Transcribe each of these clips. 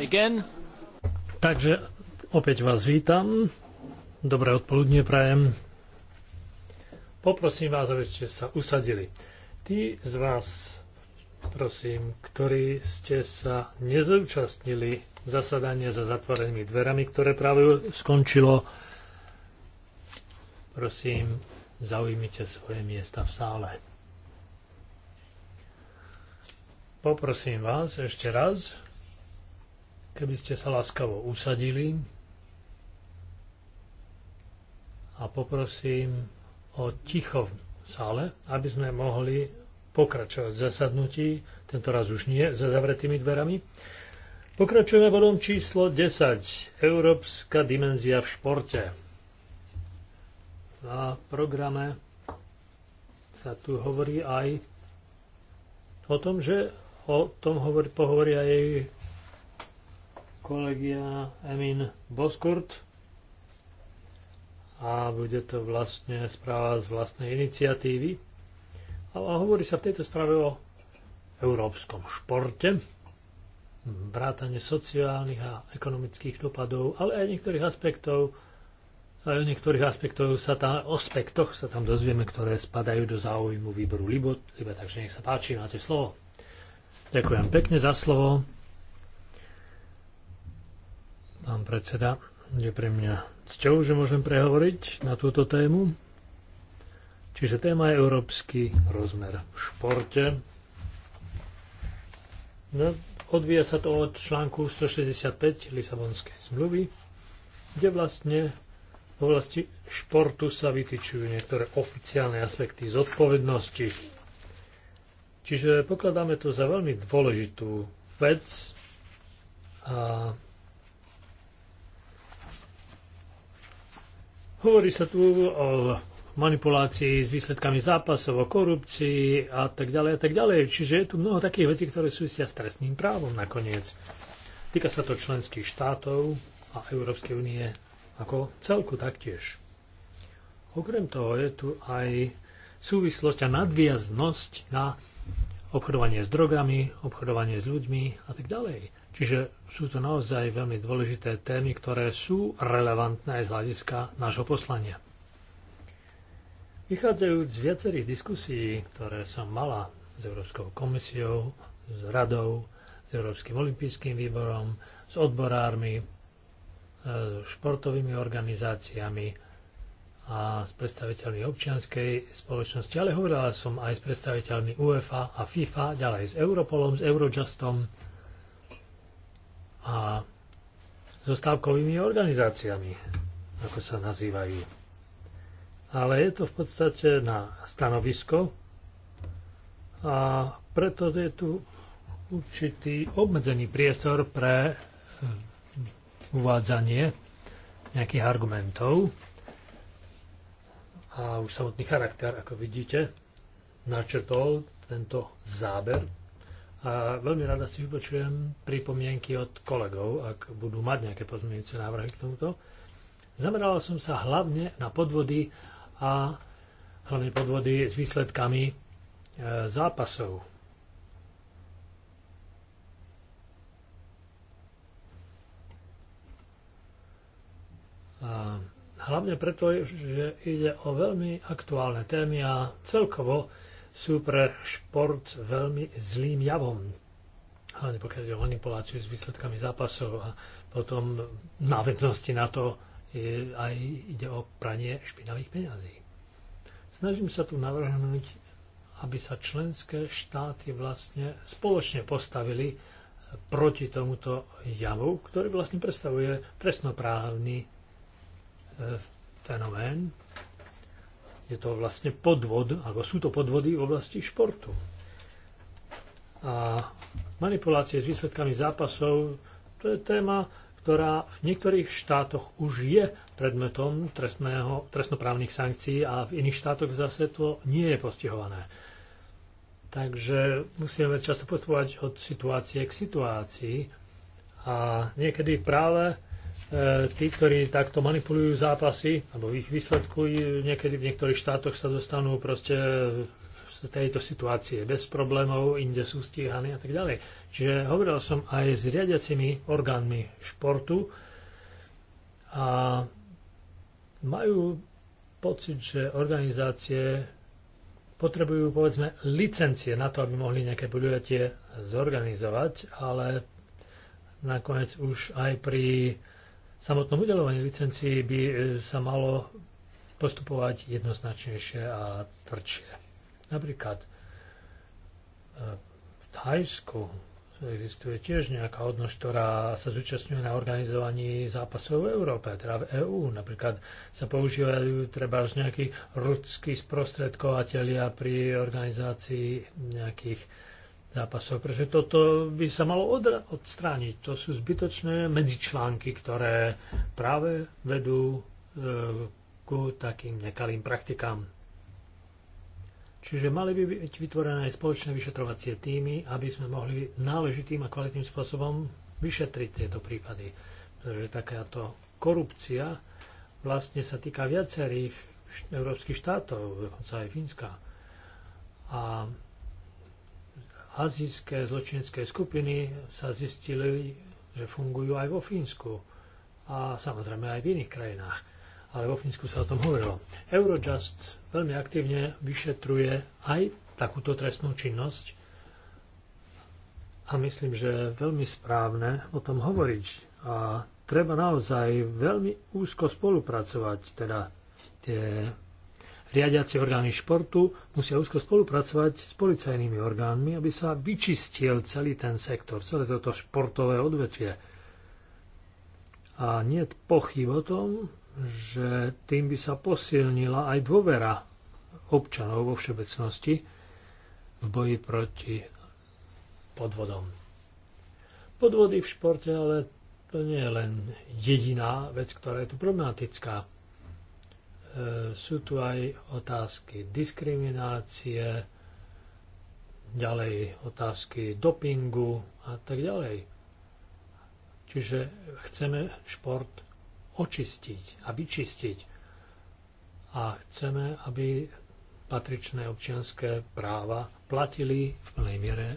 Again. Takže opäť vás vítam. Dobré odpoludne prajem. Poprosím vás, aby ste sa usadili. Tí z vás, prosím, ktorí ste sa nezúčastnili zasadanie za zatvorenými dverami, ktoré práve skončilo, prosím, zaujmite svoje miesta v sále. Poprosím vás ešte raz, keby ste sa láskavo usadili a poprosím o ticho v sále, aby sme mohli pokračovať v zasadnutí, tento raz už nie, za zavretými dverami. Pokračujeme bodom číslo 10. Európska dimenzia v športe. Na programe sa tu hovorí aj o tom, že o tom hovorí pohovorí aj kolegia Emin Boskurt a bude to vlastne správa z vlastnej iniciatívy. A hovorí sa v tejto správe o európskom športe, vrátane sociálnych a ekonomických dopadov, ale aj niektorých aspektov, aj o niektorých aspektov sa tam, o aspektoch sa tam dozvieme, ktoré spadajú do záujmu výboru Libo, iba, takže nech sa páči, máte slovo. Ďakujem pekne za slovo pán predseda. Je pre mňa cťou, že môžem prehovoriť na túto tému. Čiže téma je európsky rozmer v športe. No, odvíja sa to od článku 165 Lisabonskej zmluvy, kde vlastne v oblasti športu sa vytýčujú niektoré oficiálne aspekty zodpovednosti. Čiže pokladáme to za veľmi dôležitú vec a Hovorí sa tu o manipulácii s výsledkami zápasov, o korupcii a tak ďalej a tak ďalej. Čiže je tu mnoho takých vecí, ktoré súvisia s trestným právom nakoniec. Týka sa to členských štátov a Európskej únie ako celku taktiež. Okrem toho je tu aj súvislosť a nadviaznosť na obchodovanie s drogami, obchodovanie s ľuďmi a tak ďalej. Čiže sú to naozaj veľmi dôležité témy, ktoré sú relevantné aj z hľadiska nášho poslania. Vychádzajúc z viacerých diskusí, ktoré som mala s Európskou komisiou, s radou, s Európskym olympijským výborom, s odborármi, e, športovými organizáciami a s predstaviteľmi občianskej spoločnosti, ale hovorila som aj s predstaviteľmi UEFA a FIFA, ďalej s Europolom, s Eurojustom, a so stávkovými organizáciami, ako sa nazývajú. Ale je to v podstate na stanovisko a preto je tu určitý obmedzený priestor pre uvádzanie nejakých argumentov a už samotný charakter, ako vidíte, načrtol tento záber a veľmi rada si vypočujem pripomienky od kolegov, ak budú mať nejaké pozmeňujúce návrhy k tomuto. Zamerala som sa hlavne na podvody a hlavne podvody s výsledkami e, zápasov. A hlavne preto, že ide o veľmi aktuálne témy a celkovo sú pre šport veľmi zlým javom. Hlavne pokiaľ ide o manipuláciu s výsledkami zápasov a potom návednosti na to je, aj ide o pranie špinavých peňazí. Snažím sa tu navrhnúť, aby sa členské štáty vlastne spoločne postavili proti tomuto javu, ktorý vlastne predstavuje e, fenomén je to vlastne podvod, alebo sú to podvody v oblasti športu. A manipulácie s výsledkami zápasov, to je téma, ktorá v niektorých štátoch už je predmetom trestného, trestnoprávnych sankcií a v iných štátoch zase to nie je postihované. Takže musíme často postupovať od situácie k situácii a niekedy práve E, tí, ktorí takto manipulujú zápasy, alebo ich výsledku niekedy v niektorých štátoch sa dostanú proste z tejto situácie bez problémov, inde sú stíhaní a tak ďalej. Čiže hovoril som aj s riadiacimi orgánmi športu a majú pocit, že organizácie potrebujú povedzme licencie na to, aby mohli nejaké podujatie zorganizovať, ale nakoniec už aj pri samotnom udelovaní licencií by e, sa malo postupovať jednoznačnejšie a tvrdšie. Napríklad e, v Thajsku existuje tiež nejaká odnož, ktorá sa zúčastňuje na organizovaní zápasov v Európe, teda v EÚ. Napríklad sa používajú treba už nejakí rudskí sprostredkovateľia pri organizácii nejakých zápasoch, pretože toto by sa malo odstrániť. To sú zbytočné medzičlánky, ktoré práve vedú e, ku takým nekalým praktikám. Čiže mali by byť vytvorené aj spoločné vyšetrovacie týmy, aby sme mohli náležitým a kvalitným spôsobom vyšetriť tieto prípady. Pretože takáto korupcia vlastne sa týka viacerých európskych štátov, dokonca aj Fínska. A azijské zločinecké skupiny sa zistili, že fungujú aj vo Fínsku a samozrejme aj v iných krajinách. Ale vo Fínsku sa o tom hovorilo. Eurojust veľmi aktívne vyšetruje aj takúto trestnú činnosť a myslím, že je veľmi správne o tom hovoriť. A treba naozaj veľmi úzko spolupracovať, teda tie riadiaci orgány športu musia úzko spolupracovať s policajnými orgánmi, aby sa vyčistil celý ten sektor, celé toto športové odvetvie. A nie pochyb o tom, že tým by sa posilnila aj dôvera občanov vo všeobecnosti v boji proti podvodom. Podvody v športe ale to nie je len jediná vec, ktorá je tu problematická E, sú tu aj otázky diskriminácie, ďalej otázky dopingu a tak ďalej. Čiže chceme šport očistiť a vyčistiť a chceme, aby patričné občianské práva platili v plnej miere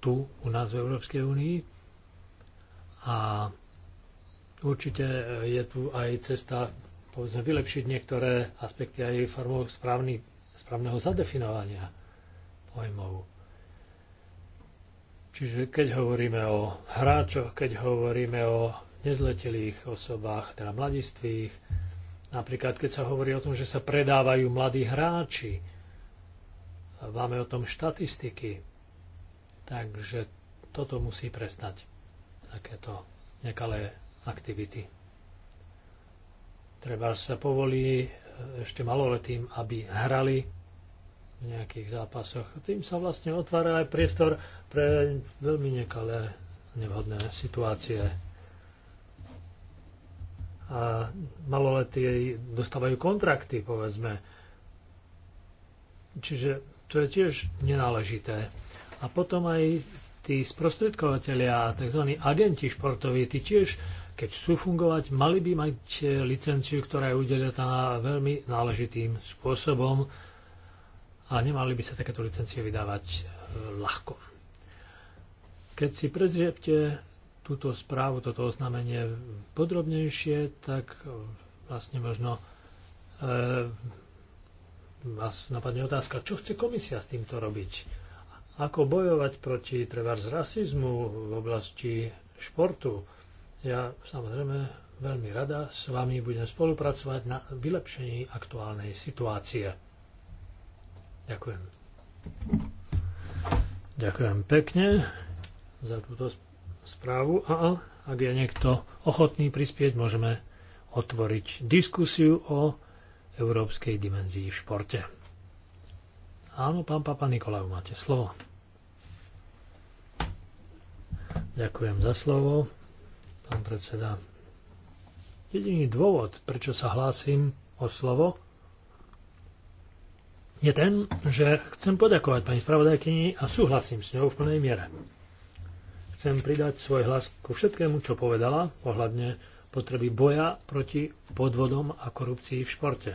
tu u nás v Európskej únii a určite je tu aj cesta povedzme, vylepšiť niektoré aspekty aj formou správny, správneho zadefinovania pojmov. Čiže keď hovoríme o hráčoch, keď hovoríme o nezletilých osobách, teda mladistvých, napríklad keď sa hovorí o tom, že sa predávajú mladí hráči, máme o tom štatistiky, takže toto musí prestať, takéto nekalé aktivity. Treba sa povolí e, ešte maloletým, aby hrali v nejakých zápasoch. tým sa vlastne otvára aj priestor pre veľmi nekalé nevhodné situácie. A maloletí dostávajú kontrakty, povedzme. Čiže to je tiež nenáležité. A potom aj tí sprostredkovateľia, tzv. agenti športoví, tí tiež keď chcú fungovať, mali by mať eh, licenciu, ktorá je udelená veľmi náležitým spôsobom a nemali by sa takéto licencie vydávať eh, ľahko. Keď si prezriete túto správu, toto oznámenie podrobnejšie, tak eh, vlastne možno e, vás napadne otázka, čo chce komisia s týmto robiť? Ako bojovať proti trebárs rasizmu v oblasti športu? Ja samozrejme veľmi rada s vami budem spolupracovať na vylepšení aktuálnej situácie. Ďakujem. Ďakujem pekne za túto správu a ak je niekto ochotný prispieť, môžeme otvoriť diskusiu o európskej dimenzii v športe. Áno, pán Papa Nikolau, máte slovo. Ďakujem za slovo pán predseda. Jediný dôvod, prečo sa hlásim o slovo, je ten, že chcem poďakovať pani spravodajkyni a súhlasím s ňou v plnej miere. Chcem pridať svoj hlas ku všetkému, čo povedala ohľadne potreby boja proti podvodom a korupcii v športe.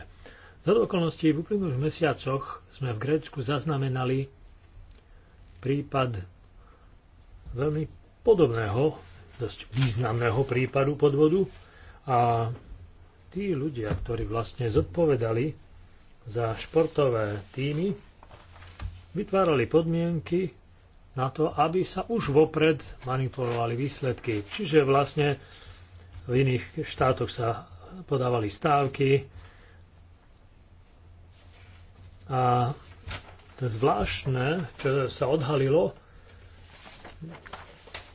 Za okolností v uplynulých mesiacoch sme v Grécku zaznamenali prípad veľmi podobného dosť významného prípadu podvodu a tí ľudia, ktorí vlastne zodpovedali za športové týmy, vytvárali podmienky na to, aby sa už vopred manipulovali výsledky. Čiže vlastne v iných štátoch sa podávali stávky a to zvláštne, čo sa odhalilo,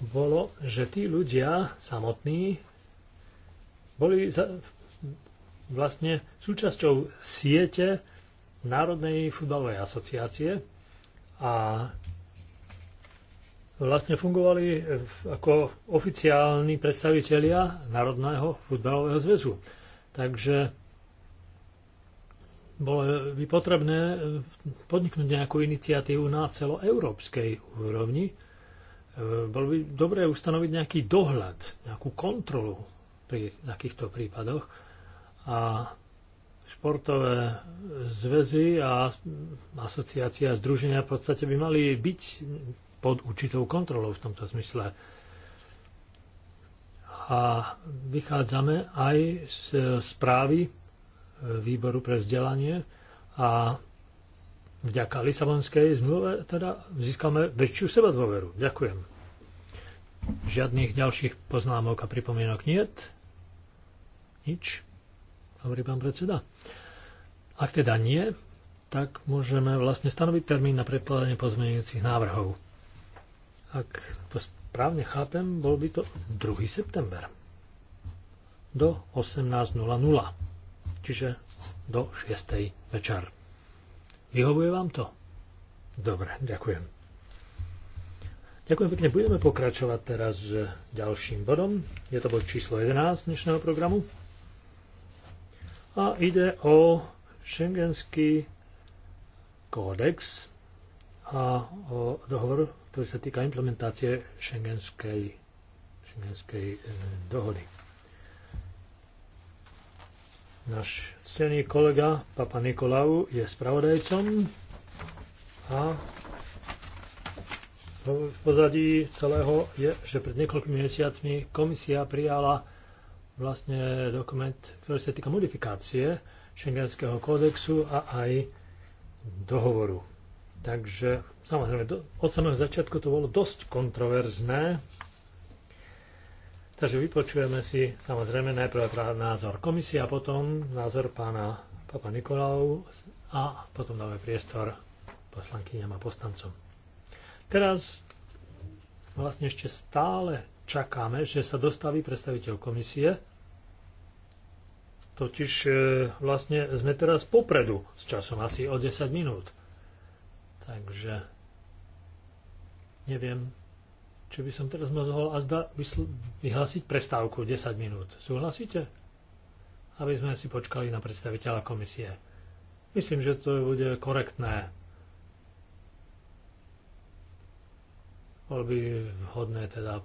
bolo, že tí ľudia samotní boli za, vlastne súčasťou siete Národnej futbalovej asociácie a vlastne fungovali ako oficiálni predstavitelia Národného futbalového zväzu. Takže bolo by potrebné podniknúť nejakú iniciatívu na celoeurópskej úrovni, E, bolo by dobré ustanoviť nejaký dohľad, nejakú kontrolu pri takýchto prípadoch a športové zväzy a asociácia a združenia v podstate by mali byť pod určitou kontrolou v tomto zmysle. A vychádzame aj z správy e, výboru pre vzdelanie a vďaka Lisabonskej zmluve teda získame väčšiu sebadôveru. Ďakujem. Žiadnych ďalších poznámok a pripomienok niet? Nič? Hovorí pán predseda. Ak teda nie, tak môžeme vlastne stanoviť termín na predkladanie pozmeňujúcich návrhov. Ak to správne chápem, bol by to 2. september do 18.00, čiže do 6. večer. Vyhovuje vám to? Dobre, ďakujem. Ďakujem pekne. Budeme pokračovať teraz s ďalším bodom. Je to bod číslo 11 dnešného programu. A ide o šengenský kódex a o dohovor, ktorý sa týka implementácie šengenskej, šengenskej eh, dohody. Náš ctený kolega Papa Nikolau je spravodajcom a v pozadí celého je, že pred niekoľkými mesiacmi komisia prijala vlastne dokument, ktorý sa týka modifikácie Schengenského kódexu a aj dohovoru. Takže samozrejme, od samého začiatku to bolo dosť kontroverzné, Takže vypočujeme si samozrejme najprv teda názor a potom názor pána Papa Nikolau a potom dáme priestor poslankyňam a poslancom. Teraz vlastne ešte stále čakáme, že sa dostaví predstaviteľ komisie. Totiž e, vlastne sme teraz popredu s časom asi o 10 minút. Takže neviem, či by som teraz mohol azda vyhlásiť prestávku 10 minút. Súhlasíte? Aby sme si počkali na predstaviteľa komisie. Myslím, že to bude korektné. Bol by vhodné teda,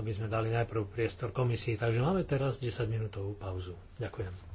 aby sme dali najprv priestor komisii. Takže máme teraz 10 minútovú pauzu. Ďakujem.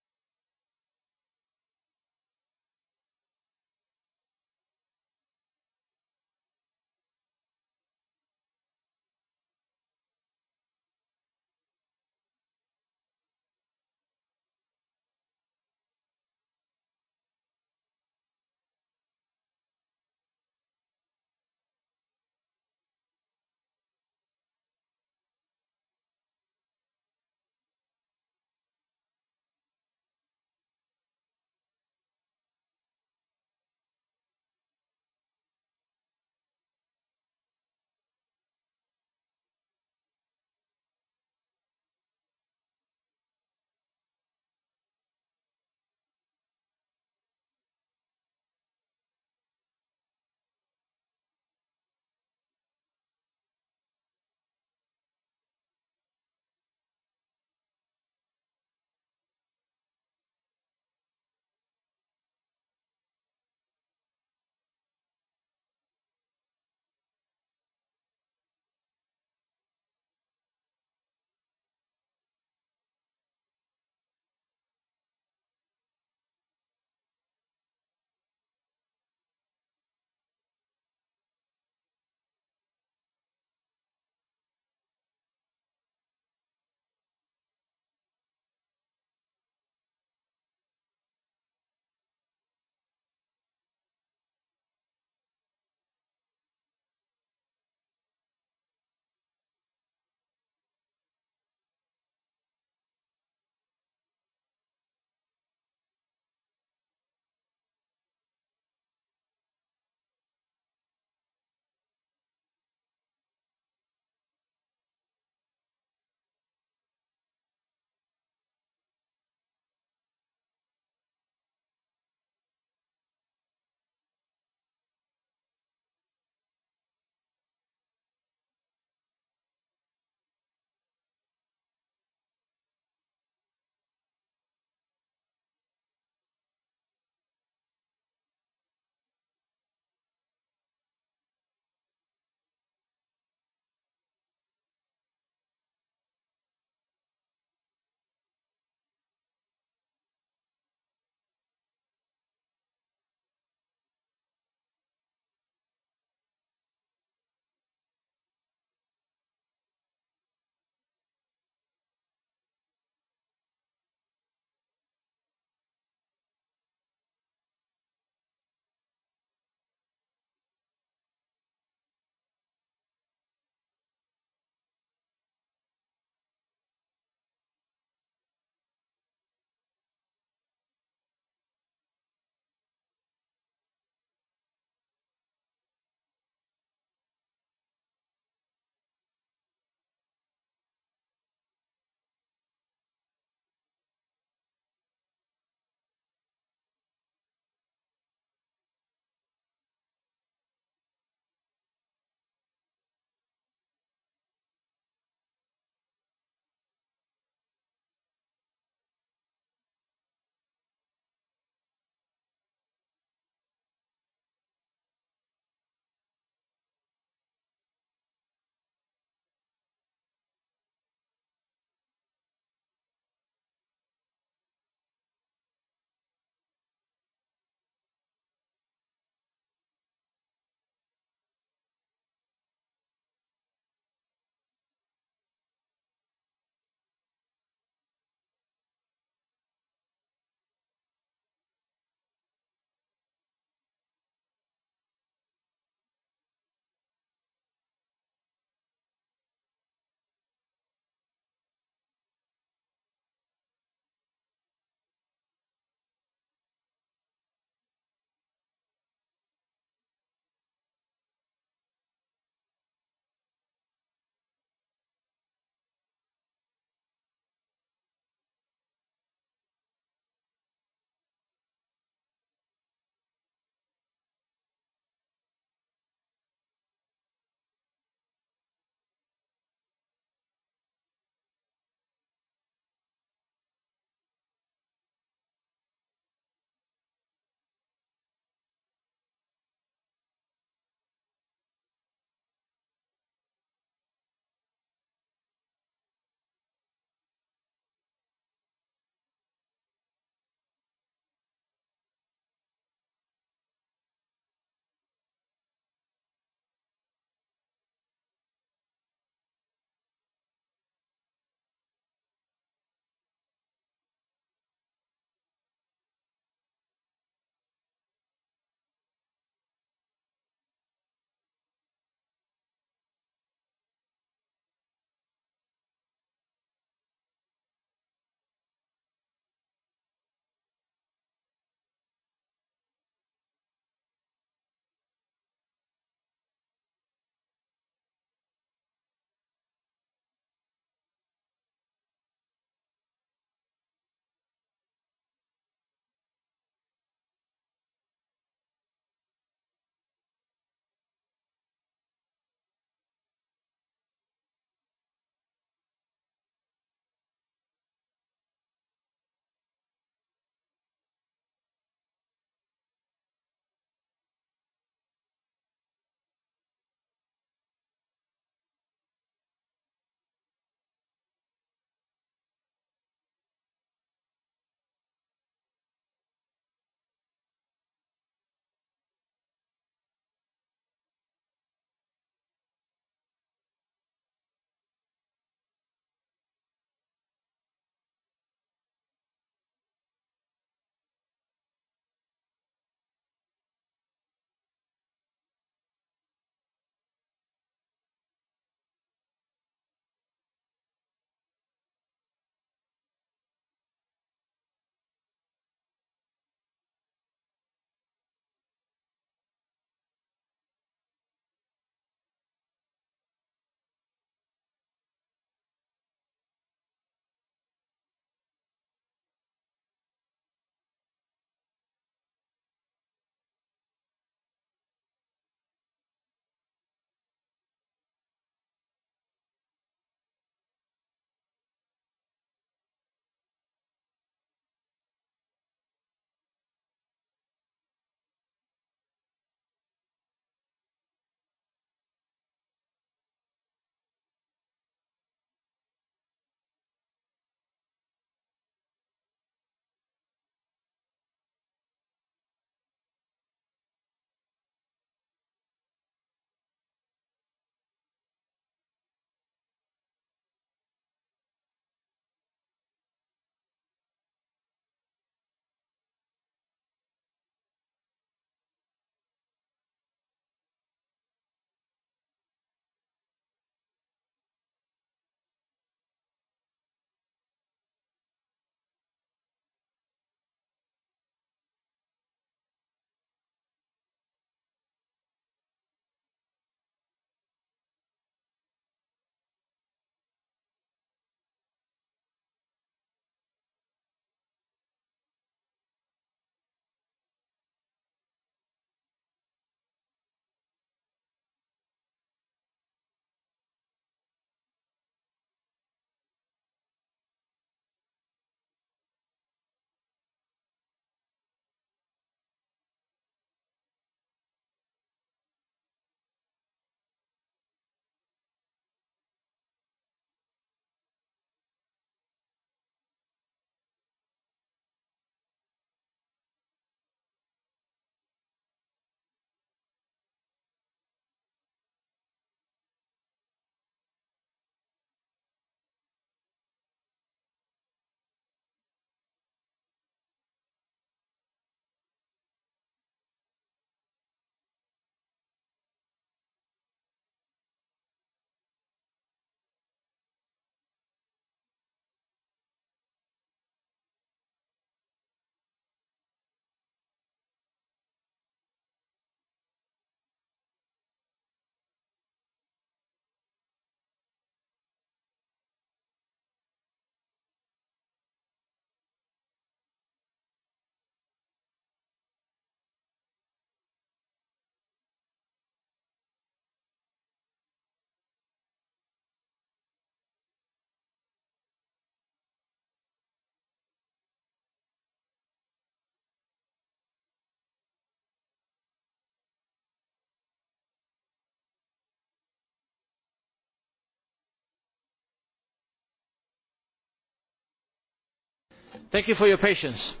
Thank you for your patience.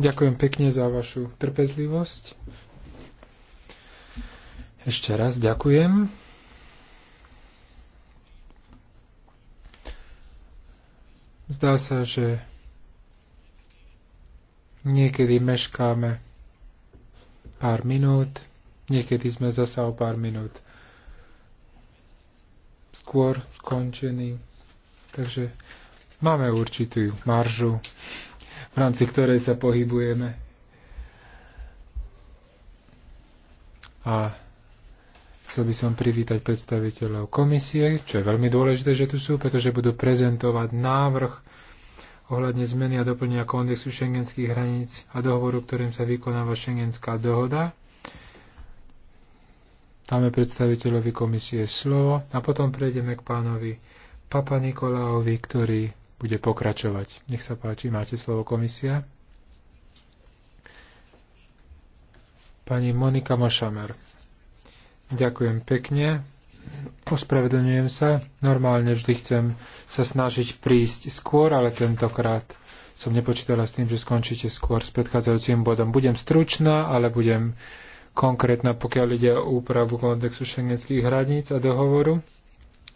Ďakujem pekne za vašu trpezlivosť. Ešte raz ďakujem. Zdá sa, že niekedy meškáme pár minút, niekedy sme zasa o pár minút skôr skončení. Takže Máme určitú maržu, v rámci ktorej sa pohybujeme. A chcel by som privítať predstaviteľov komisie, čo je veľmi dôležité, že tu sú, pretože budú prezentovať návrh ohľadne zmeny a doplnenia kondexu šengenských hraníc a dohovoru, ktorým sa vykonáva šengenská dohoda. Dáme predstaviteľovi komisie slovo a potom prejdeme k pánovi Papa Nikolaovi, ktorý bude pokračovať. Nech sa páči, máte slovo komisia. Pani Monika Mošamer. Ďakujem pekne. Ospravedlňujem sa. Normálne vždy chcem sa snažiť prísť skôr, ale tentokrát som nepočítala s tým, že skončíte skôr s predchádzajúcim bodom. Budem stručná, ale budem konkrétna, pokiaľ ide o úpravu kontextu šengenských hraníc a dohovoru,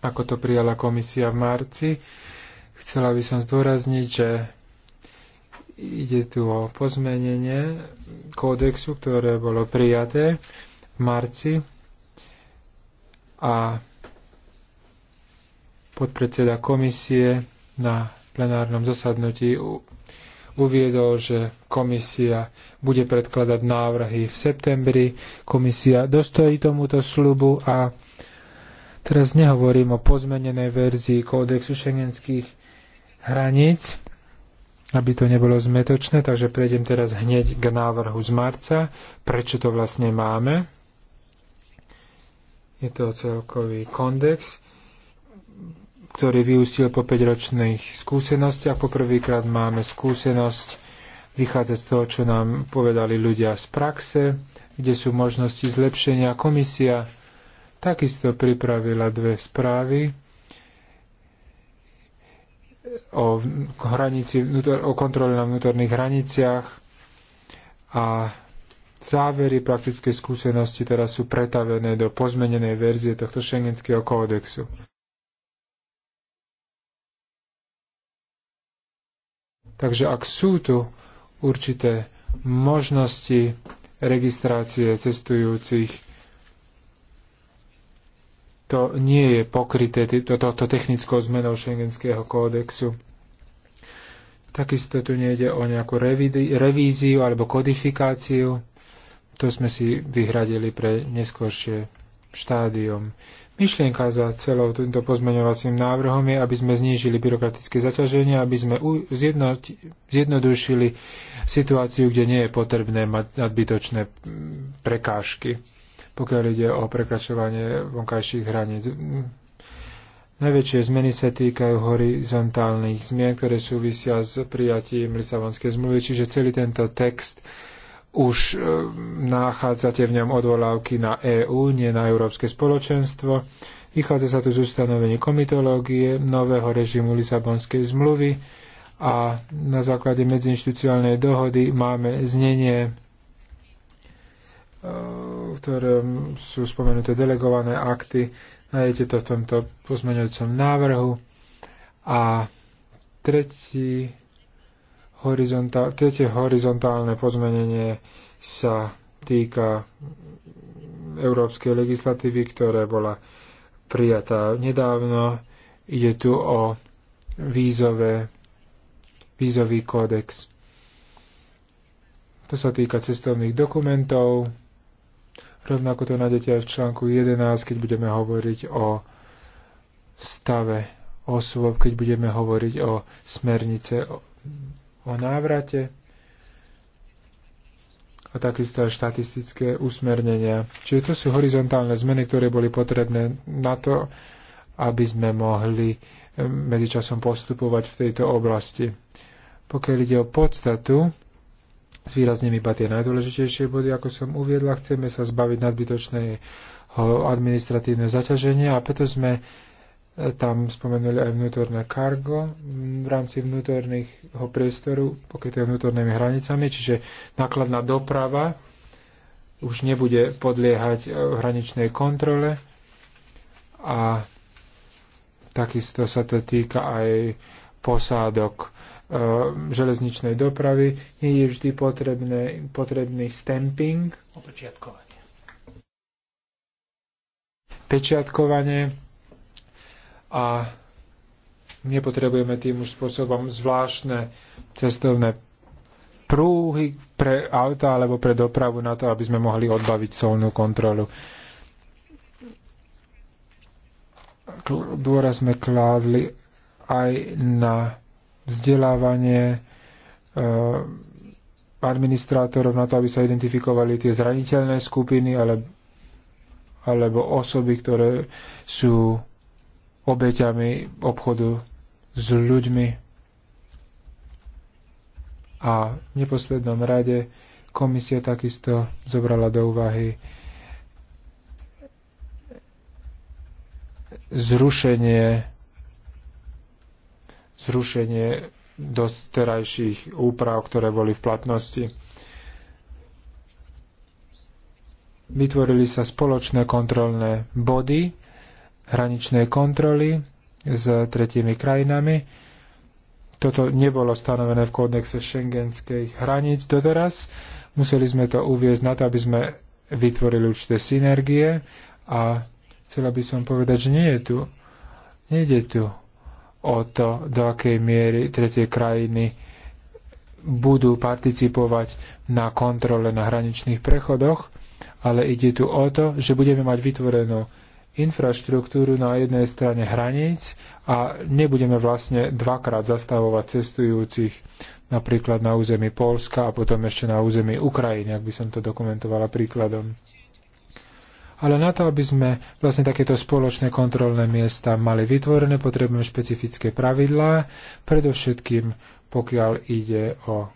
ako to prijala komisia v marci. Chcela by som zdôrazniť, že ide tu o pozmenenie kódexu, ktoré bolo prijaté v marci a podpredseda komisie na plenárnom zasadnutí uviedol, že komisia bude predkladať návrhy v septembri. Komisia dostojí tomuto slubu a teraz nehovorím o pozmenenej verzii kódexu šengenských hraníc, aby to nebolo zmetočné, takže prejdem teraz hneď k návrhu z marca, prečo to vlastne máme. Je to celkový kondex, ktorý vyústil po 5-ročných skúsenostiach. Poprvýkrát máme skúsenosť vychádzať z toho, čo nám povedali ľudia z praxe, kde sú možnosti zlepšenia. Komisia takisto pripravila dve správy, o, hranici, o kontrole na vnútorných hraniciach a závery praktickej skúsenosti teraz sú pretavené do pozmenenej verzie tohto šengenského kódexu. Takže ak sú tu určité možnosti registrácie cestujúcich to nie je pokryté to technickou zmenou šengenského kódexu. Takisto tu nejde o nejakú revíziu alebo kodifikáciu. To sme si vyhradili pre neskôršie štádium. Myšlienka za celou týmto pozmeňovacím návrhom je, aby sme znížili byrokratické zaťaženie, aby sme zjednodušili situáciu, kde nie je potrebné mať nadbytočné prekážky pokiaľ ide o prekračovanie vonkajších hraníc. Najväčšie zmeny sa týkajú horizontálnych zmien, ktoré súvisia s prijatím Lisabonskej zmluvy, čiže celý tento text už e, nachádzate v ňom odvolávky na EÚ, nie na Európske spoločenstvo. Vychádza sa tu z ustanovení komitológie, nového režimu Lisabonskej zmluvy a na základe medziinstitucionálnej dohody máme znenie ktoré sú spomenuté delegované akty. Nájdete to v tomto pozmeňujúcom návrhu. A tretí horizontál, tretie horizontálne pozmenenie sa týka európskej legislatívy, ktorá bola prijatá nedávno. Ide tu o vízové, vízový kódex. To sa týka cestovných dokumentov, Rovnako to nájdete aj v článku 11, keď budeme hovoriť o stave osôb, keď budeme hovoriť o smernice o, o návrate a takisto aj štatistické usmernenia. Čiže to sú horizontálne zmeny, ktoré boli potrebné na to, aby sme mohli eh, medzičasom postupovať v tejto oblasti. Pokiaľ ide o podstatu Zvýrazním iba tie najdôležitejšie body, ako som uviedla. Chceme sa zbaviť nadbytočné administratívne zaťaženie a preto sme e, tam spomenuli aj vnútorné kargo v rámci vnútorného priestoru, je vnútornými hranicami, čiže nákladná doprava už nebude podliehať e, hraničnej kontrole a takisto sa to týka aj posádok Eh, železničnej dopravy, nie je vždy potrebné, potrebný stamping, pečiatkovanie. pečiatkovanie a nepotrebujeme tým už spôsobom zvláštne cestovné prúhy pre auta alebo pre dopravu na to, aby sme mohli odbaviť solnú kontrolu. Dôraz sme kládli aj na vzdelávanie e, administrátorov na to, aby sa identifikovali tie zraniteľné skupiny ale, alebo osoby, ktoré sú obeťami obchodu s ľuďmi. A v neposlednom rade komisia takisto zobrala do úvahy zrušenie zrušenie dosterajších úprav, ktoré boli v platnosti. Vytvorili sa spoločné kontrolné body, hraničné kontroly s tretími krajinami. Toto nebolo stanovené v kódexe šengenských hraníc doteraz. Museli sme to uviezť na to, aby sme vytvorili určité synergie a chcela by som povedať, že nie je tu. je tu o to, do akej miery tretie krajiny budú participovať na kontrole na hraničných prechodoch, ale ide tu o to, že budeme mať vytvorenú infraštruktúru na jednej strane hraníc a nebudeme vlastne dvakrát zastavovať cestujúcich napríklad na území Polska a potom ešte na území Ukrajiny, ak by som to dokumentovala príkladom. Ale na to, aby sme vlastne takéto spoločné kontrolné miesta mali vytvorené, potrebujeme špecifické pravidlá, predovšetkým pokiaľ ide o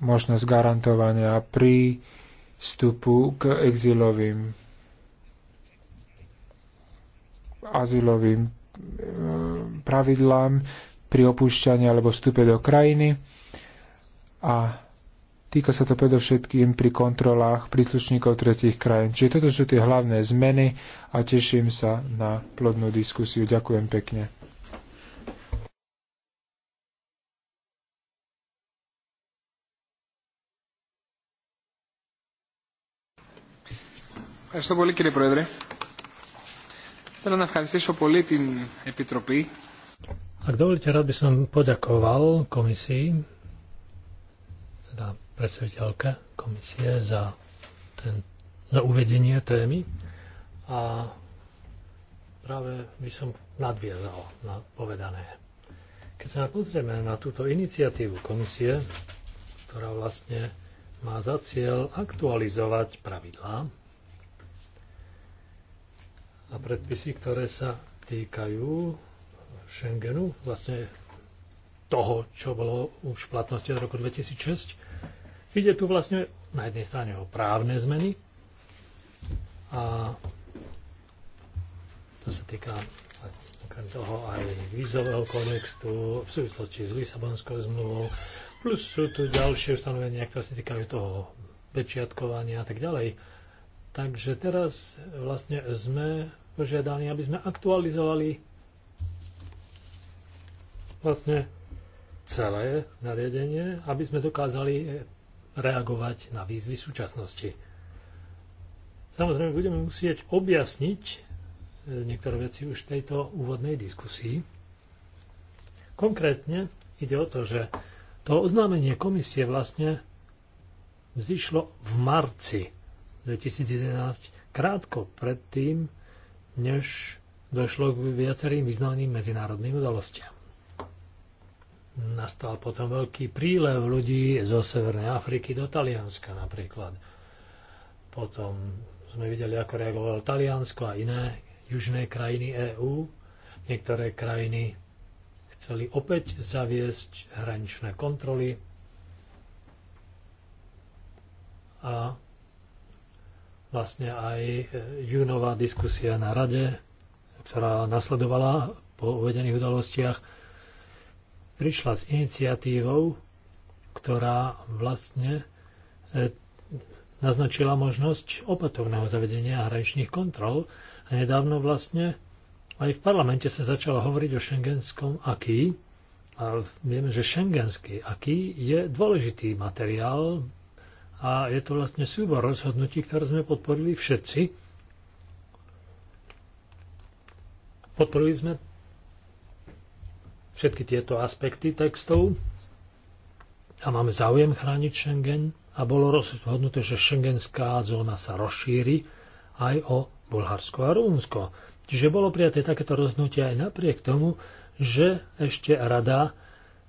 možnosť garantovania prístupu k exilovým azylovým e, pravidlám pri opúšťaní alebo vstupe do krajiny a Týka sa to predovšetkým pri kontrolách príslušníkov tretich krajín. Čiže toto sú tie hlavné zmeny a teším sa na plodnú diskusiu. Ďakujem pekne. Ευχαριστώ πολύ κύριε Πρόεδρε. Θέλω να ευχαριστήσω πολύ την Επιτροπή. Ak dovolíte, rád by som poďakoval komisii, teda predstaviteľke komisie za, ten, za uvedenie témy a práve by som nadviazal na povedané. Keď sa pozrieme na túto iniciatívu komisie, ktorá vlastne má za cieľ aktualizovať pravidlá a predpisy, ktoré sa týkajú Schengenu, vlastne toho, čo bolo už v platnosti od roku 2006, Ide tu vlastne na jednej strane o právne zmeny a to sa týka okrem toho aj vízového kontextu v súvislosti s Lisabonskou zmluvou, plus sú tu ďalšie ustanovenia, ktoré sa týkajú toho pečiatkovania a tak ďalej. Takže teraz vlastne sme požiadali, aby sme aktualizovali vlastne celé nariadenie, aby sme dokázali reagovať na výzvy súčasnosti. Samozrejme, budeme musieť objasniť e, niektoré veci už v tejto úvodnej diskusii. Konkrétne ide o to, že to oznámenie komisie vlastne vzýšlo v marci 2011, krátko predtým, než došlo k viacerým významným medzinárodným udalostiam nastal potom veľký prílev ľudí zo Severnej Afriky do Talianska napríklad. Potom sme videli, ako reagovalo Taliansko a iné južné krajiny EÚ. Niektoré krajiny chceli opäť zaviesť hraničné kontroly a vlastne aj e, júnová diskusia na rade, ktorá nasledovala po uvedených udalostiach, prišla s iniciatívou, ktorá vlastne e, naznačila možnosť opatovného zavedenia hraničných kontrol a nedávno vlastne aj v parlamente sa začalo hovoriť o šengenskom aký a vieme, že šengenský aký je dôležitý materiál a je to vlastne súbor rozhodnutí, ktoré sme podporili všetci. Podporili sme všetky tieto aspekty textov a máme záujem chrániť Schengen a bolo rozhodnuté, že šengenská zóna sa rozšíri aj o Bulharsko a Rumunsko. Čiže bolo prijaté takéto rozhodnutie aj napriek tomu, že ešte rada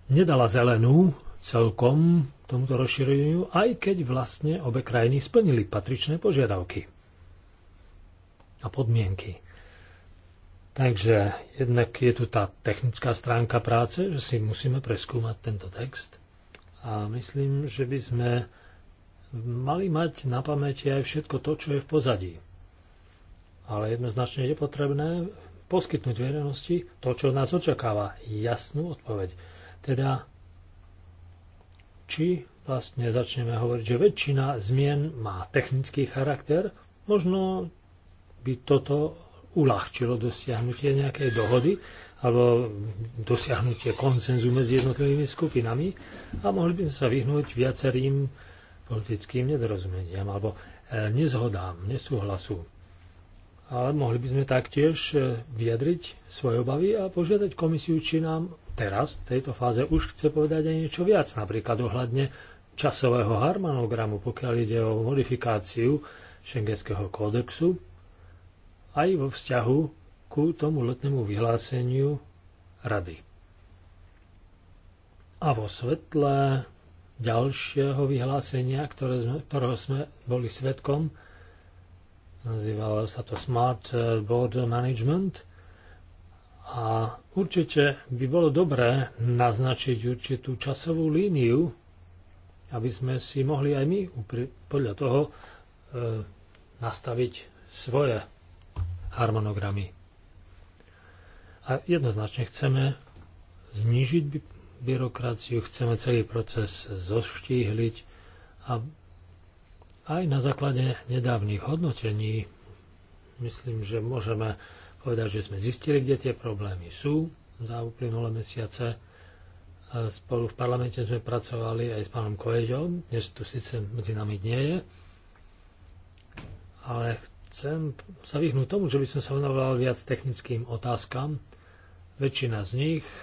nedala zelenú celkom tomuto rozšíreniu, aj keď vlastne obe krajiny splnili patričné požiadavky a podmienky. Takže jednak je tu tá technická stránka práce, že si musíme preskúmať tento text a myslím, že by sme mali mať na pamäti aj všetko to, čo je v pozadí. Ale jednoznačne je potrebné poskytnúť verejnosti to, čo od nás očakáva. Jasnú odpoveď. Teda, či vlastne začneme hovoriť, že väčšina zmien má technický charakter, možno by toto uľahčilo dosiahnutie nejakej dohody alebo dosiahnutie koncenzu medzi jednotlivými skupinami a mohli by sme sa vyhnúť viacerým politickým nedorozumeniam alebo e, nezhodám, nesúhlasu. Ale mohli by sme taktiež e, vyjadriť svoje obavy a požiadať komisiu, či nám teraz, v tejto fáze, už chce povedať aj niečo viac, napríklad ohľadne časového harmonogramu, pokiaľ ide o modifikáciu Schengenského kódexu aj vo vzťahu ku tomu letnému vyhláseniu rady. A vo svetle ďalšieho vyhlásenia, ktoré sme, ktorého sme boli svetkom, nazývalo sa to Smart eh, Board Management, a určite by bolo dobré naznačiť určitú časovú líniu, aby sme si mohli aj my podľa toho e, nastaviť svoje harmonogramy. A jednoznačne chceme znížiť byrokraciu, chceme celý proces zoštíhliť a aj na základe nedávnych hodnotení myslím, že môžeme povedať, že sme zistili, kde tie problémy sú za uplynulé mesiace. Spolu v parlamente sme pracovali aj s pánom Koeďom, dnes tu síce medzi nami nie je, ale chcem sa vyhnúť tomu, že by som sa venoval viac technickým otázkam. Väčšina z nich e,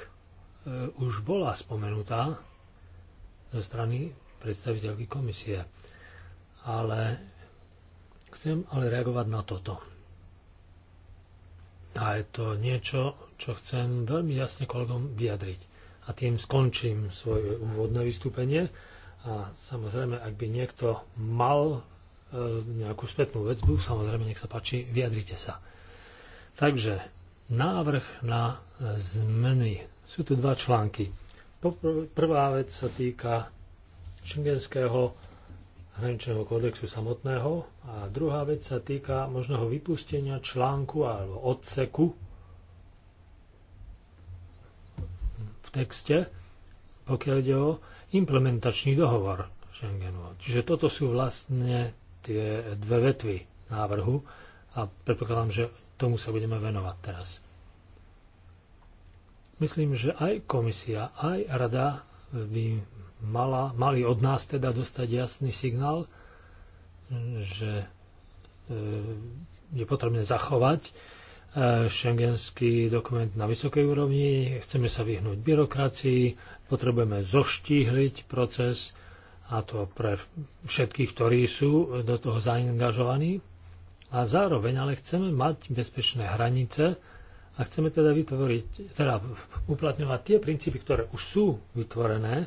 už bola spomenutá zo strany predstaviteľky komisie. Ale chcem ale reagovať na toto. A je to niečo, čo chcem veľmi jasne kolegom vyjadriť. A tým skončím svoje úvodné vystúpenie. A samozrejme, ak by niekto mal E, nejakú spätnú väzbu, samozrejme, nech sa páči, vyjadrite sa. Takže návrh na e, zmeny. Sú tu dva články. Prvá vec sa týka šengenského hraničného kódexu samotného a druhá vec sa týka možného vypustenia článku alebo odseku v texte, pokiaľ ide o implementačný dohovor Schengenu. Čiže toto sú vlastne tie dve vetvy návrhu a predpokladám, že tomu sa budeme venovať teraz. Myslím, že aj komisia, aj rada by mala, mali od nás teda dostať jasný signál, že e, je potrebné zachovať e, šengenský dokument na vysokej úrovni, chceme sa vyhnúť byrokracii, potrebujeme zoštíhliť proces, a to pre všetkých, ktorí sú do toho zaangažovaní. A zároveň ale chceme mať bezpečné hranice a chceme teda vytvoriť, teda uplatňovať tie princípy, ktoré už sú vytvorené.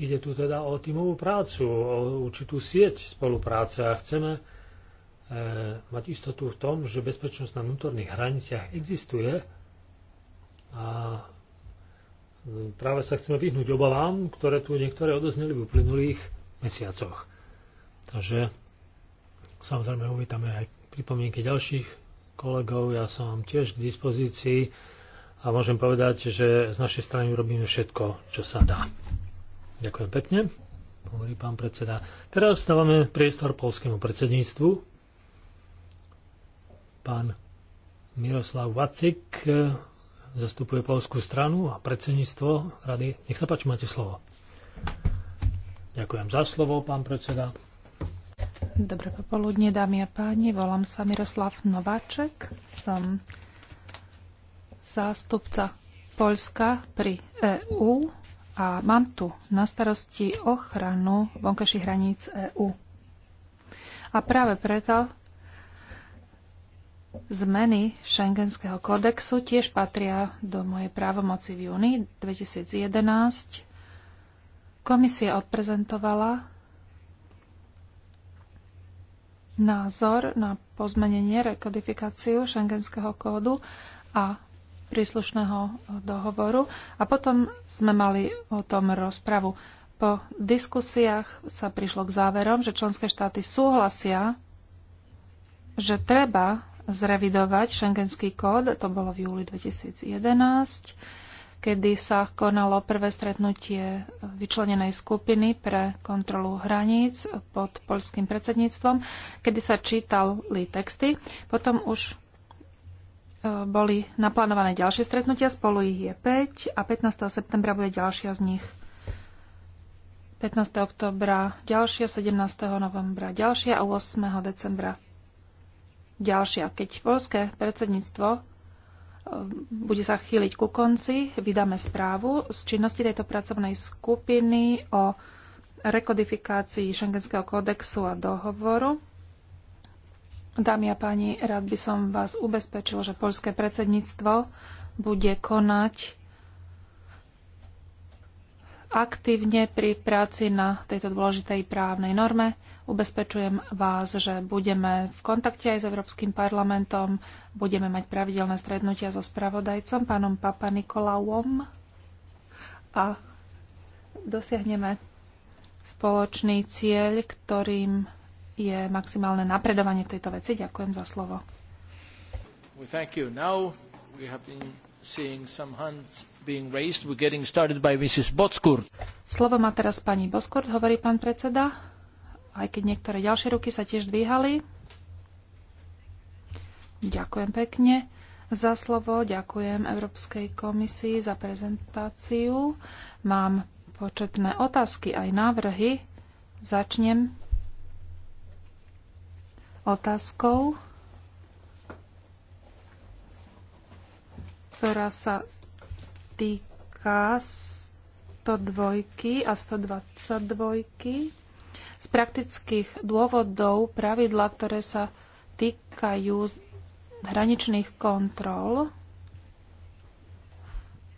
Ide tu teda o tímovú prácu, o určitú sieť spolupráce a chceme e, mať istotu v tom, že bezpečnosť na vnútorných hraniciach existuje a práve sa chceme vyhnúť obavám, ktoré tu niektoré odozneli v uplynulých mesiacoch. Takže samozrejme uvítame aj pripomienky ďalších kolegov, ja som vám tiež k dispozícii a môžem povedať, že z našej strany urobíme všetko, čo sa dá. Ďakujem pekne, hovorí pán predseda. Teraz stávame priestor polskému predsedníctvu. Pán Miroslav Vacik zastupuje polskú stranu a predsedníctvo rady. Nech sa páči, máte slovo. Ďakujem za slovo, pán predseda. Dobré popoludne, dámy a páni. Volám sa Miroslav Nováček. Som zástupca Polska pri EÚ a mám tu na starosti ochranu vonkajších hraníc EÚ. A práve preto Zmeny Schengenského kodexu tiež patria do mojej právomoci v júni 2011. Komisia odprezentovala názor na pozmenenie, rekodifikáciu Schengenského kódu a príslušného eh, dohovoru. A potom sme mali o tom rozpravu. Po diskusiách sa prišlo k záverom, že členské štáty súhlasia, že treba zrevidovať šengenský kód, to bolo v júli 2011, kedy sa konalo prvé stretnutie vyčlenenej skupiny pre kontrolu hraníc pod poľským predsedníctvom, kedy sa čítali texty. Potom už e, boli naplánované ďalšie stretnutia, spolu ich je 5 a 15. septembra bude ďalšia z nich. 15. oktobra ďalšia, 17. novembra ďalšia a 8. decembra ďalšia. Keď polské predsedníctvo e, bude sa chýliť ku konci, vydáme správu z činnosti tejto pracovnej skupiny o rekodifikácii Schengenského kódexu a dohovoru. Dámy a páni, rád by som vás ubezpečil, že poľské predsedníctvo bude konať aktívne pri práci na tejto dôležitej právnej norme Ubezpečujem vás, že budeme v kontakte aj s Európskym parlamentom, budeme mať pravidelné strednutia so spravodajcom, pánom Papa Nikolauom a dosiahneme spoločný cieľ, ktorým je maximálne napredovanie tejto veci. Ďakujem za slovo. Slovo má teraz pani Boskurt, hovorí pán predseda aj keď niektoré ďalšie ruky sa tiež dvíhali. Ďakujem pekne za slovo, ďakujem Európskej komisii za prezentáciu. Mám početné otázky aj návrhy. Začnem otázkou, ktorá sa týka 102 a 122. Z praktických dôvodov pravidla, ktoré sa týkajú hraničných kontrol,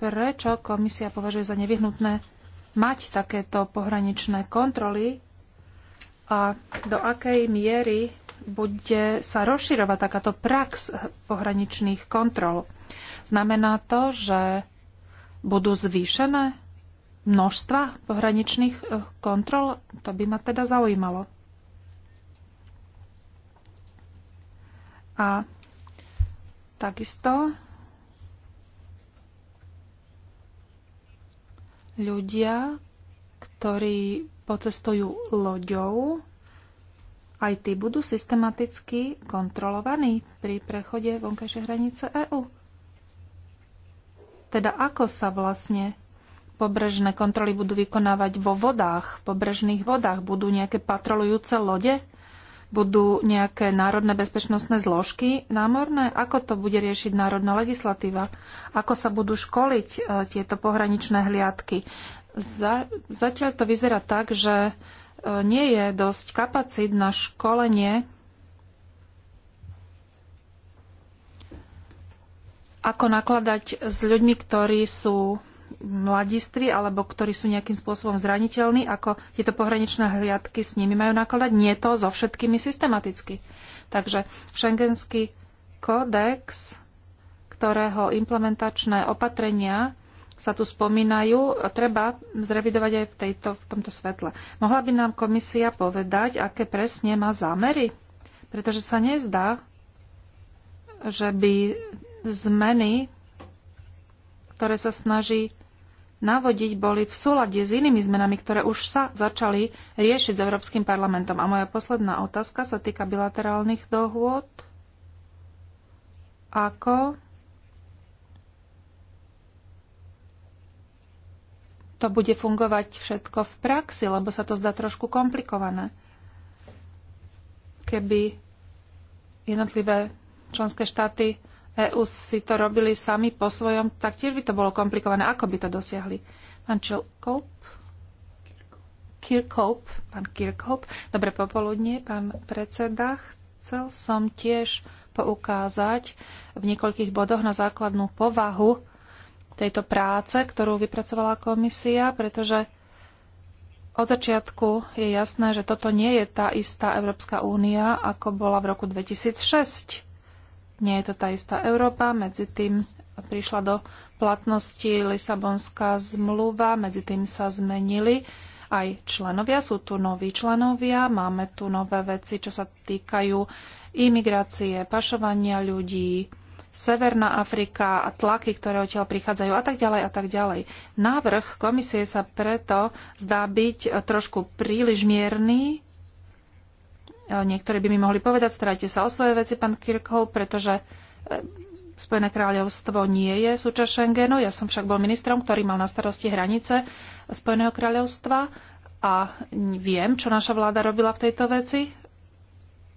prečo komisia považuje za nevyhnutné mať takéto pohraničné kontroly a do akej miery bude sa rozširovať takáto prax pohraničných kontrol. Znamená to, že budú zvýšené množstva pohraničných e, kontrol? To by ma teda zaujímalo. A takisto ľudia, ktorí pocestujú loďou, aj tí budú systematicky kontrolovaní pri prechode vonkajšej hranice EÚ. Teda ako sa vlastne pobrežné kontroly budú vykonávať vo vodách, pobrežných vodách? Budú nejaké patrolujúce lode? Budú nejaké národné bezpečnostné zložky námorné? Ako to bude riešiť národná legislatíva? Ako sa budú školiť e, tieto pohraničné hliadky? Za, zatiaľ to vyzerá tak, že e, nie je dosť kapacít na školenie ako nakladať s ľuďmi, ktorí sú mladiství alebo ktorí sú nejakým spôsobom zraniteľní, ako tieto pohraničné hliadky s nimi majú nakladať. Nie to so všetkými systematicky. Takže šengenský kódex, ktorého implementačné opatrenia sa tu spomínajú, treba zrevidovať aj v, tejto, v tomto svetle. Mohla by nám komisia povedať, aké presne má zámery? Pretože sa nezdá, že by zmeny, ktoré sa snaží navodiť, boli v súlade s inými zmenami, ktoré už sa začali riešiť s Európskym parlamentom. A moja posledná otázka sa týka bilaterálnych dohôd. Ako to bude fungovať všetko v praxi, lebo sa to zdá trošku komplikované. Keby jednotlivé členské štáty EU si to robili sami po svojom, tak tiež by to bolo komplikované. Ako by to dosiahli? Pán Čilkop? Kirkoup. pán Kirkoup. Dobre popoludne, pán predseda. Chcel som tiež poukázať v niekoľkých bodoch na základnú povahu tejto práce, ktorú vypracovala komisia, pretože od začiatku je jasné, že toto nie je tá istá Európska únia, ako bola v roku 2006 nie je to tá istá Európa. Medzi tým prišla do platnosti Lisabonská zmluva, medzi tým sa zmenili aj členovia, sú tu noví členovia, máme tu nové veci, čo sa týkajú imigrácie, pašovania ľudí, Severná Afrika a tlaky, ktoré odtiaľ prichádzajú a tak ďalej a tak ďalej. Návrh komisie sa preto zdá byť trošku príliš mierný Niektorí by mi mohli povedať, starajte sa o svoje veci, pán Kirchhoff, pretože e, Spojené kráľovstvo nie je súčasť Schengenu. Ja som však bol ministrom, ktorý mal na starosti hranice Spojeného kráľovstva a viem, čo naša vláda robila v tejto veci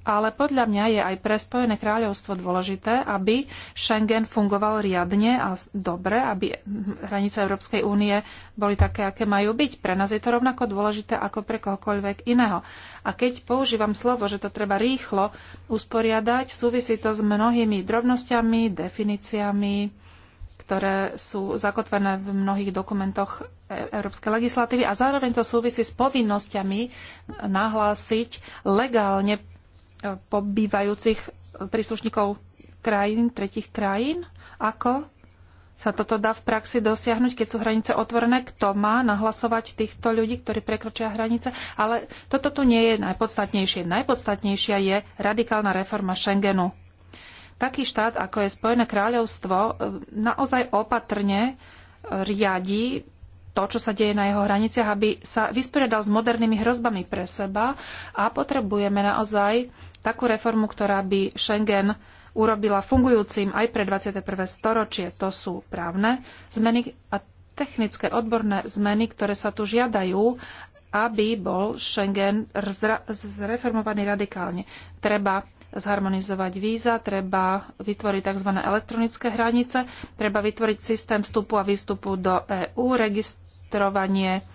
ale podľa mňa je aj pre Spojené kráľovstvo dôležité, aby Schengen fungoval riadne a dobre, aby hranice Európskej únie boli také, aké majú byť. Pre nás je to rovnako dôležité ako pre kohokoľvek iného. A keď používam slovo, že to treba rýchlo usporiadať, súvisí to s mnohými drobnosťami, definíciami, ktoré sú zakotvené v mnohých dokumentoch e- európskej legislatívy a zároveň to súvisí s povinnosťami nahlásiť legálne pobývajúcich príslušníkov krajín, tretich krajín? Ako sa toto dá v praxi dosiahnuť, keď sú hranice otvorené? Kto má nahlasovať týchto ľudí, ktorí prekročia hranice? Ale toto tu nie je najpodstatnejšie. Najpodstatnejšia je radikálna reforma Schengenu. Taký štát, ako je Spojené kráľovstvo, naozaj opatrne riadi to, čo sa deje na jeho hraniciach, aby sa vysporiadal s modernými hrozbami pre seba a potrebujeme naozaj takú reformu, ktorá by Schengen urobila fungujúcim aj pre 21. storočie. To sú právne zmeny a technické odborné zmeny, ktoré sa tu žiadajú, aby bol Schengen zreformovaný radikálne. Treba zharmonizovať víza, treba vytvoriť tzv. elektronické hranice, treba vytvoriť systém vstupu a výstupu do EÚ, registrovanie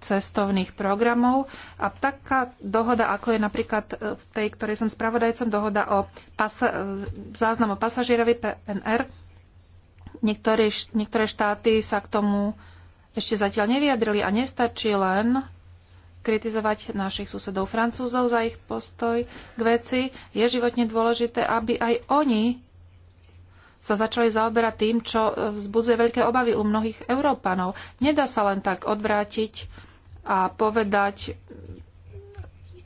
cestovných programov. A taká dohoda, ako je napríklad e, v tej, ktorej som spravodajcom, dohoda o pasa- e, záznamu pasažierovi PNR, Niektoré, niektoré štáty sa k tomu ešte zatiaľ nevyjadrili a nestačí len kritizovať našich susedov Francúzov za ich postoj k veci. Je životne dôležité, aby aj oni sa začali zaoberať tým, čo e, vzbudzuje veľké obavy u mnohých Európanov. Nedá sa len tak odvrátiť a povedať,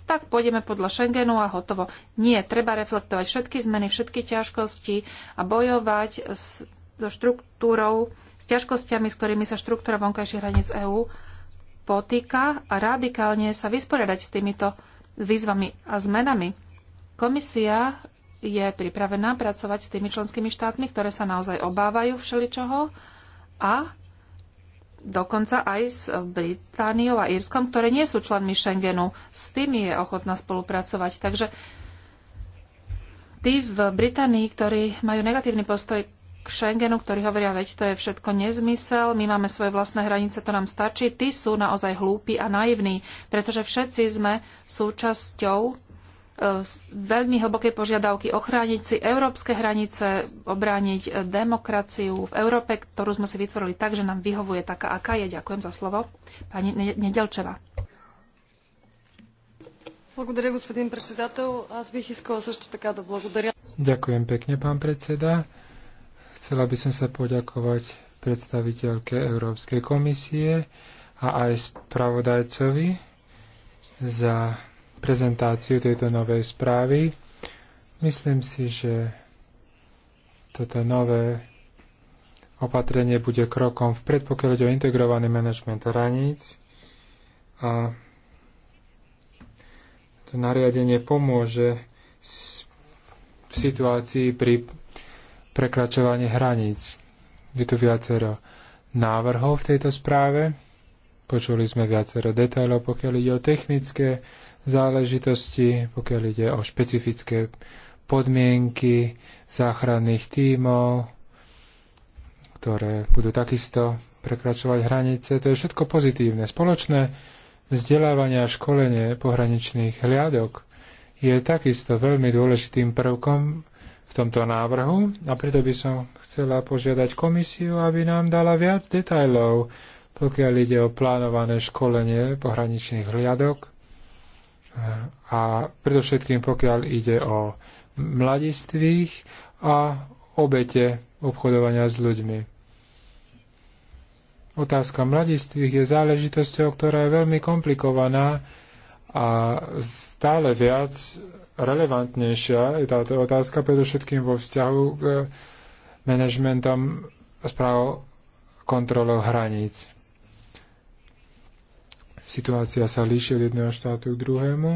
tak pôjdeme podľa Schengenu a hotovo. Nie, treba reflektovať všetky zmeny, všetky ťažkosti a bojovať s, so štruktúrou, s ťažkosťami, s ktorými sa štruktúra vonkajších hraníc EÚ potýka a radikálne sa vysporiadať s týmito výzvami a zmenami. Komisia je pripravená pracovať s tými členskými štátmi, ktoré sa naozaj obávajú všeličoho a dokonca aj s Britániou a Írskom, ktoré nie sú členmi Schengenu. S tými je ochotná spolupracovať. Takže tí v Británii, ktorí majú negatívny postoj k Schengenu, ktorí hovoria, veď to je všetko nezmysel, my máme svoje vlastné hranice, to nám stačí, tí sú naozaj hlúpi a naivní, pretože všetci sme súčasťou E, veľmi hlboké požiadavky ochrániť si európske hranice, obrániť demokraciu v Európe, ktorú sme si vytvorili tak, že nám vyhovuje taká, aká je. Ďakujem za slovo. Pani Nedelčeva. Ďakujem pekne, pán predseda. Chcela by som sa poďakovať predstaviteľke Európskej komisie a aj spravodajcovi za prezentáciu tejto novej správy. Myslím si, že toto nové opatrenie bude krokom v pokiaľ o integrovaný manažment hraníc a to nariadenie pomôže v situácii pri prekračovaní hraníc. Je tu viacero návrhov v tejto správe. Počuli sme viacero detailov, pokiaľ ide o technické záležitosti, pokiaľ ide o špecifické podmienky záchranných tímov, ktoré budú takisto prekračovať hranice. To je všetko pozitívne. Spoločné vzdelávanie a školenie pohraničných hliadok je takisto veľmi dôležitým prvkom v tomto návrhu a preto by som chcela požiadať komisiu, aby nám dala viac detajlov, pokiaľ ide o plánované školenie pohraničných hliadok a predovšetkým pokiaľ ide o mladistvých a obete obchodovania s ľuďmi. Otázka mladistvých je záležitosťou, ktorá je veľmi komplikovaná a stále viac relevantnejšia je táto otázka, predovšetkým vo vzťahu k manažmentom správ kontrolou hraníc situácia sa líši od jedného štátu k druhému.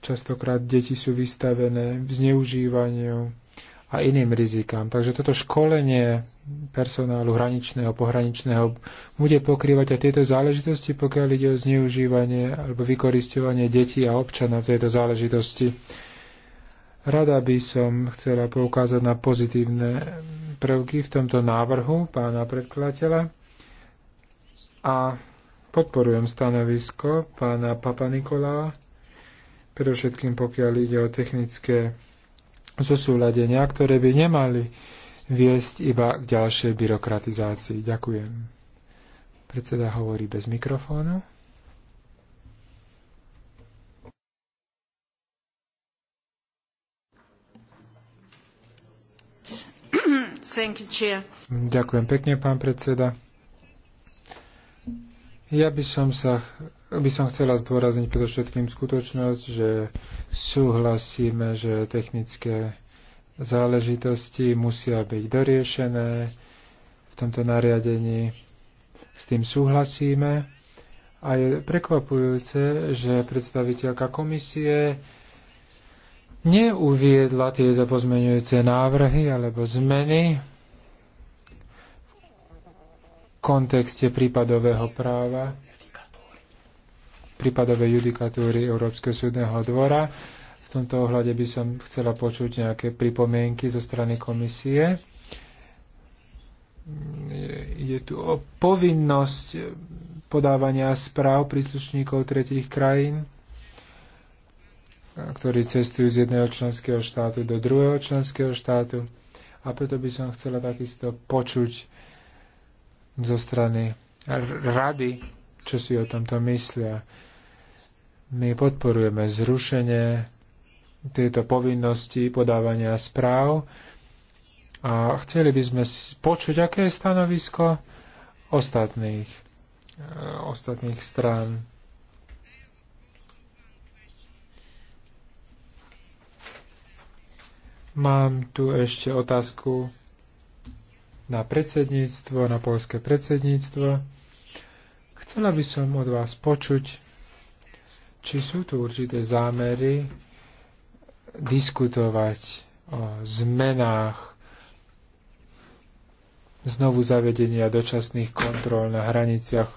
Častokrát deti sú vystavené zneužívaniu a iným rizikám. Takže toto školenie personálu hraničného, pohraničného bude pokrývať aj tieto záležitosti, pokiaľ ide o zneužívanie alebo vykoristovanie detí a občana v tejto záležitosti. Rada by som chcela poukázať na pozitívne prvky v tomto návrhu pána predkladateľa a podporujem stanovisko pána Papa Nikola, predovšetkým pokiaľ ide o technické zosúladenia, ktoré by nemali viesť iba k ďalšej byrokratizácii. Ďakujem. Predseda hovorí bez mikrofónu. Ďakujem pekne, pán predseda. Ja by som sa by som chcela zdôrazniť predovšetkým skutočnosť, že súhlasíme, že technické záležitosti musia byť doriešené v tomto nariadení. S tým súhlasíme. A je prekvapujúce, že predstaviteľka komisie neuviedla tieto pozmeňujúce návrhy alebo zmeny kontexte prípadového práva, prípadovej judikatúry Európskeho súdneho dvora. V tomto ohľade by som chcela počuť nejaké pripomienky zo strany komisie. Je tu o povinnosť podávania správ príslušníkov tretich krajín, ktorí cestujú z jedného členského štátu do druhého členského štátu. A preto by som chcela takisto počuť zo strany rady, čo si o tomto myslia. My podporujeme zrušenie tejto povinnosti podávania správ a chceli by sme počuť, aké je stanovisko ostatných, eh, ostatných strán. Mám tu ešte otázku na predsedníctvo, na polské predsedníctvo. Chcela by som od vás počuť, či sú tu určité zámery diskutovať o zmenách znovu zavedenia dočasných kontrol na hraniciach.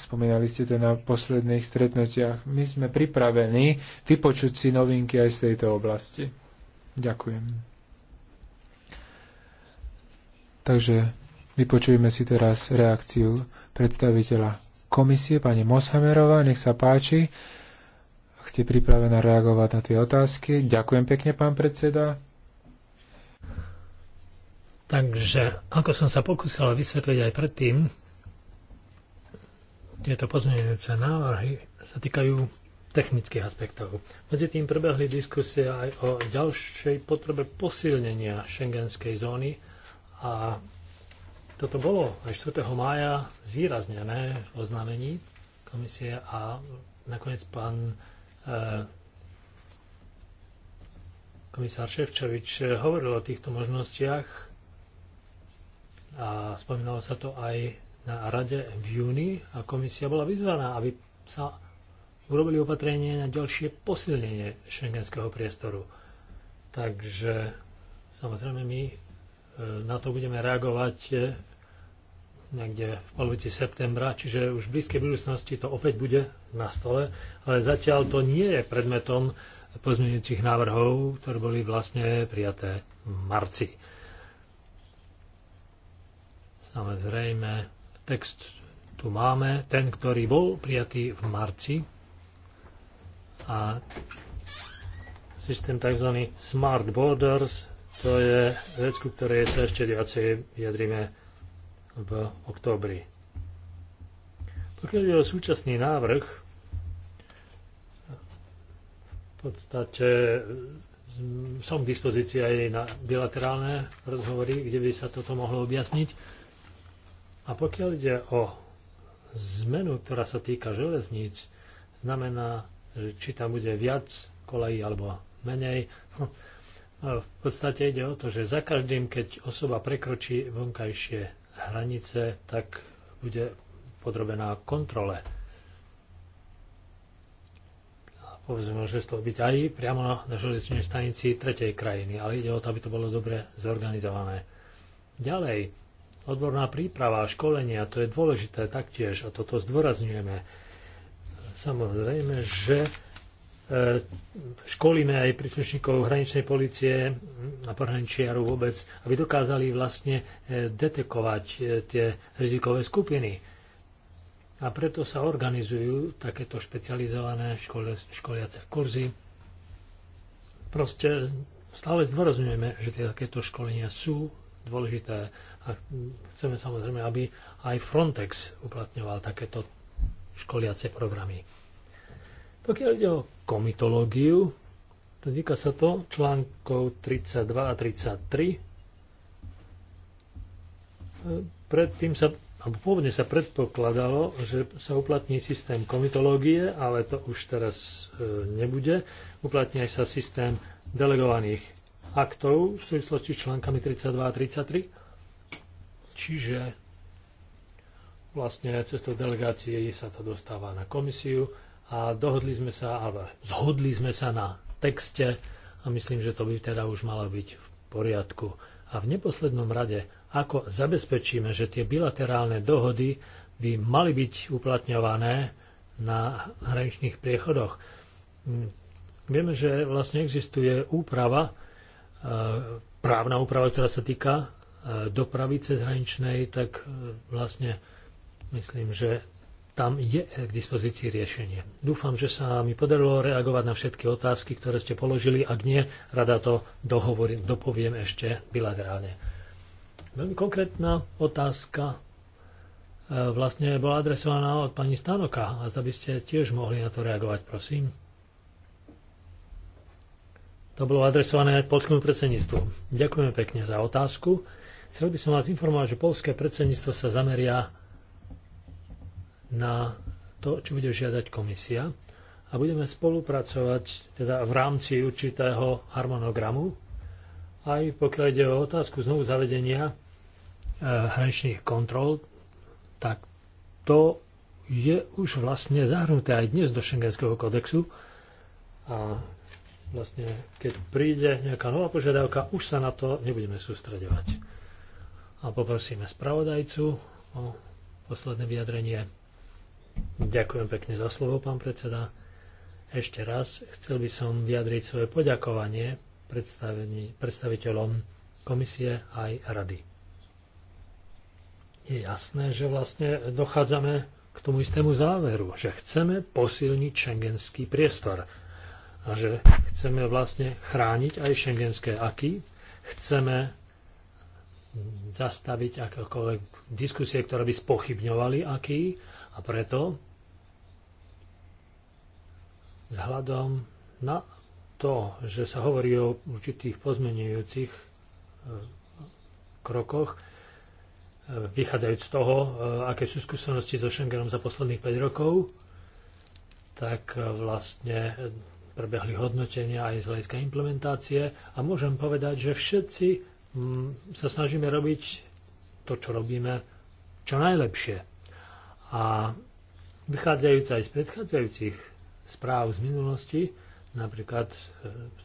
Spomínali ste to na posledných stretnutiach. My sme pripravení vypočuť si novinky aj z tejto oblasti. Ďakujem. Takže vypočujeme si teraz reakciu predstaviteľa komisie, pani Moshamerová, nech sa páči. Ak ste pripravená reagovať na tie otázky. Ďakujem pekne, pán predseda. Takže, ako som sa pokúsil vysvetliť aj predtým, tieto pozmeňujúce návrhy sa týkajú technických aspektov. Medzi tým prebehli diskusie aj o ďalšej potrebe posilnenia šengenskej zóny a toto bolo aj 4. mája zvýraznené v oznámení komisie a nakoniec pán e, komisár Ševčovič hovoril o týchto možnostiach a spomínalo sa to aj na rade v júni a komisia bola vyzvaná, aby sa urobili opatrenie na ďalšie posilnenie šengenského priestoru. Takže samozrejme my na to budeme reagovať e, niekde v polovici septembra, čiže už v blízkej budúcnosti to opäť bude na stole, ale zatiaľ to nie je predmetom pozmeňujúcich návrhov, ktoré boli vlastne prijaté v marci. Samozrejme, text tu máme, ten, ktorý bol prijatý v marci a systém tzv. Smart Borders to je vec, ku ktorej sa ešte viacej vyjadrime v októbri. Pokiaľ je o súčasný návrh, v podstate mm, som k dispozícii aj na bilaterálne rozhovory, kde by sa toto mohlo objasniť. A pokiaľ ide o zmenu, ktorá sa týka železníc, znamená, že či tam bude viac kolejí alebo menej, v podstate ide o to, že za každým, keď osoba prekročí vonkajšie hranice, tak bude podrobená kontrole. A povedzme, môže to byť aj priamo na, na železničnej stanici tretej krajiny, ale ide o to, aby to bolo dobre zorganizované. Ďalej, odborná príprava a školenia, to je dôležité taktiež a toto zdôrazňujeme. Samozrejme, že E, školíme aj príslušníkov hraničnej policie a pohraničiarov vôbec, aby dokázali vlastne e, detekovať e, tie rizikové skupiny. A preto sa organizujú takéto špecializované škole, školiace kurzy. Proste stále zdôrazňujeme, že tie takéto školenia sú dôležité a chceme samozrejme, aby aj Frontex uplatňoval takéto školiace programy. Pokiaľ ide o komitológiu, to týka sa to článkov 32 a 33. Predtým sa, alebo pôvodne sa predpokladalo, že sa uplatní systém komitológie, ale to už teraz e, nebude. Uplatní aj sa systém delegovaných aktov v súvislosti s článkami 32 a 33. Čiže vlastne to delegácie sa to dostáva na komisiu a dohodli sme sa, ale zhodli sme sa na texte a myslím, že to by teda už malo byť v poriadku. A v neposlednom rade, ako zabezpečíme, že tie bilaterálne dohody by mali byť uplatňované na hraničných priechodoch. Vieme, že vlastne existuje úprava, e, právna úprava, ktorá sa týka e, dopravy cez hraničnej, tak e, vlastne myslím, že tam je k dispozícii riešenie. Dúfam, že sa mi podarilo reagovať na všetky otázky, ktoré ste položili. Ak nie, rada to dohovorím, dopoviem ešte bilaterálne. Veľmi konkrétna otázka e, vlastne bola adresovaná od pani Stanoka a zda by ste tiež mohli na to reagovať, prosím. To bolo adresované aj polskému predsedníctvu. Ďakujeme pekne za otázku. Chcel by som vás informovať, že polské predsedníctvo sa zameria na to, čo bude žiadať komisia a budeme spolupracovať teda v rámci určitého harmonogramu, aj pokiaľ ide o otázku znovu zavedenia e, hraničných kontrol, tak to je už vlastne zahrnuté aj dnes do Schengenského kodexu a vlastne keď príde nejaká nová požiadavka, už sa na to nebudeme sústredovať. A poprosíme spravodajcu o posledné vyjadrenie. Ďakujem pekne za slovo, pán predseda. Ešte raz chcel by som vyjadriť svoje poďakovanie predstaviteľom komisie aj rady. Je jasné, že vlastne dochádzame k tomu istému záveru, že chceme posilniť šengenský priestor a že chceme vlastne chrániť aj šengenské aky, chceme zastaviť akékoľvek diskusie, ktoré by spochybňovali aký a preto vzhľadom na to, že sa hovorí o určitých pozmenujúcich e, krokoch, e, vychádzajúc z toho, e, aké sú skúsenosti so Schengenom za posledných 5 rokov, tak vlastne prebehli hodnotenia aj z hľadiska implementácie a môžem povedať, že všetci mm, sa snažíme robiť to, čo robíme, čo najlepšie. A vychádzajúca aj z predchádzajúcich správ z minulosti, napríklad e,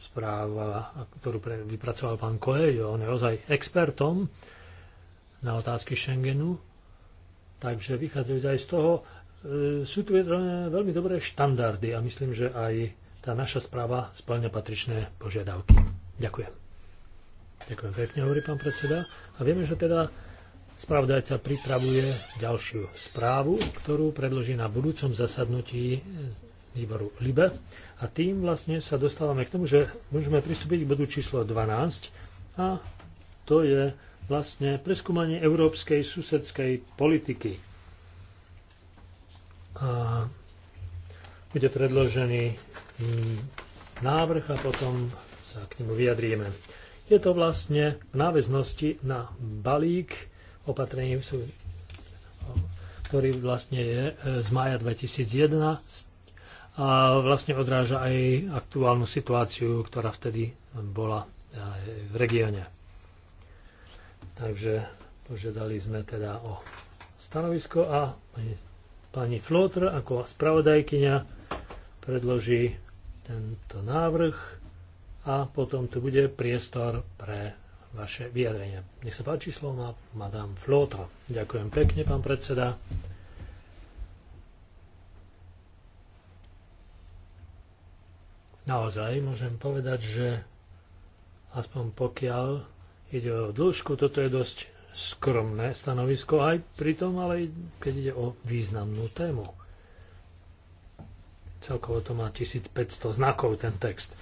správa, ktorú vypracoval pán Coelho, on je ozaj expertom na otázky Schengenu, takže vychádzajúc aj z toho, e, sú tu veľmi dobré štandardy a myslím, že aj tá naša správa splňa patričné požiadavky. Ďakujem. Ďakujem pekne, hovorí pán predseda. A vieme, že teda Spravodajca pripravuje ďalšiu správu, ktorú predloží na budúcom zasadnutí výboru LIBE. A tým vlastne sa dostávame k tomu, že môžeme pristúpiť k bodu číslo 12 a to je vlastne preskúmanie európskej susedskej politiky. A bude predložený návrh a potom sa k nemu vyjadríme. Je to vlastne v náväznosti na balík opatrení, ktorý vlastne je e, z maja 2001 a vlastne odráža aj aktuálnu situáciu, ktorá vtedy bola e, v regióne. Takže požiadali sme teda o stanovisko a pani, pani Flotr ako spravodajkyňa predloží tento návrh a potom tu bude priestor pre vaše vyjadrenie. Nech sa páči slovo má Madame Flotra. Ďakujem pekne, pán predseda. Naozaj môžem povedať, že aspoň pokiaľ ide o dĺžku, toto je dosť skromné stanovisko aj pri tom, ale keď ide o významnú tému. Celkovo to má 1500 znakov ten text.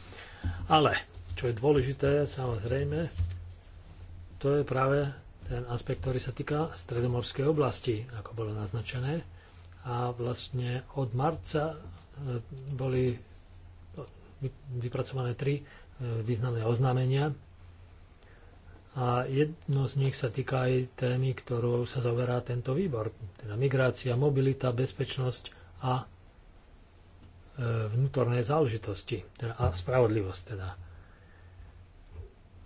Ale, čo je dôležité, samozrejme, to je práve ten aspekt, ktorý sa týka stredomorskej oblasti, ako bolo naznačené. A vlastne od marca e, boli vypracované tri e, významné oznámenia. A jedno z nich sa týka aj témy, ktorou sa zaoberá tento výbor. Teda migrácia, mobilita, bezpečnosť a e, vnútorné záležitosti. Teda a spravodlivosť teda.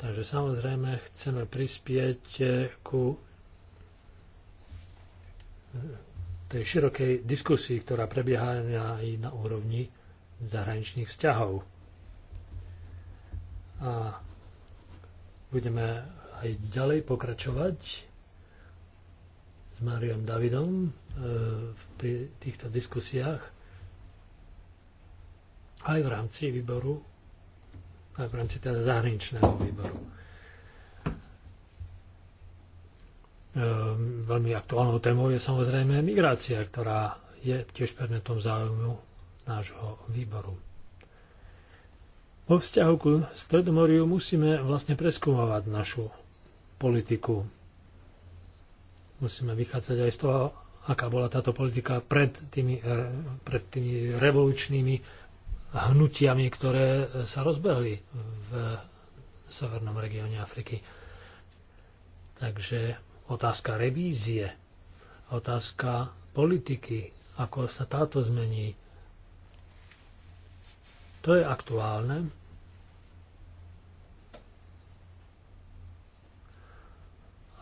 Takže samozrejme chceme prispieť eh, ku eh, tej širokej diskusii, ktorá prebieha aj na úrovni zahraničných vzťahov. A budeme aj ďalej pokračovať s Máriom Davidom eh, pri týchto diskusiách aj v rámci výboru v rámci teda zahraničného výboru. Ehm, veľmi aktuálnou témou je samozrejme migrácia, ktorá je tiež predmetom záujmu nášho výboru. Vo vzťahu ku Stredomoriu musíme vlastne preskúmovať našu politiku. Musíme vychádzať aj z toho, aká bola táto politika pred tými, eh, pred tými revolučnými hnutiami, ktoré sa rozbehli v severnom regióne Afriky. Takže otázka revízie, otázka politiky, ako sa táto zmení, to je aktuálne.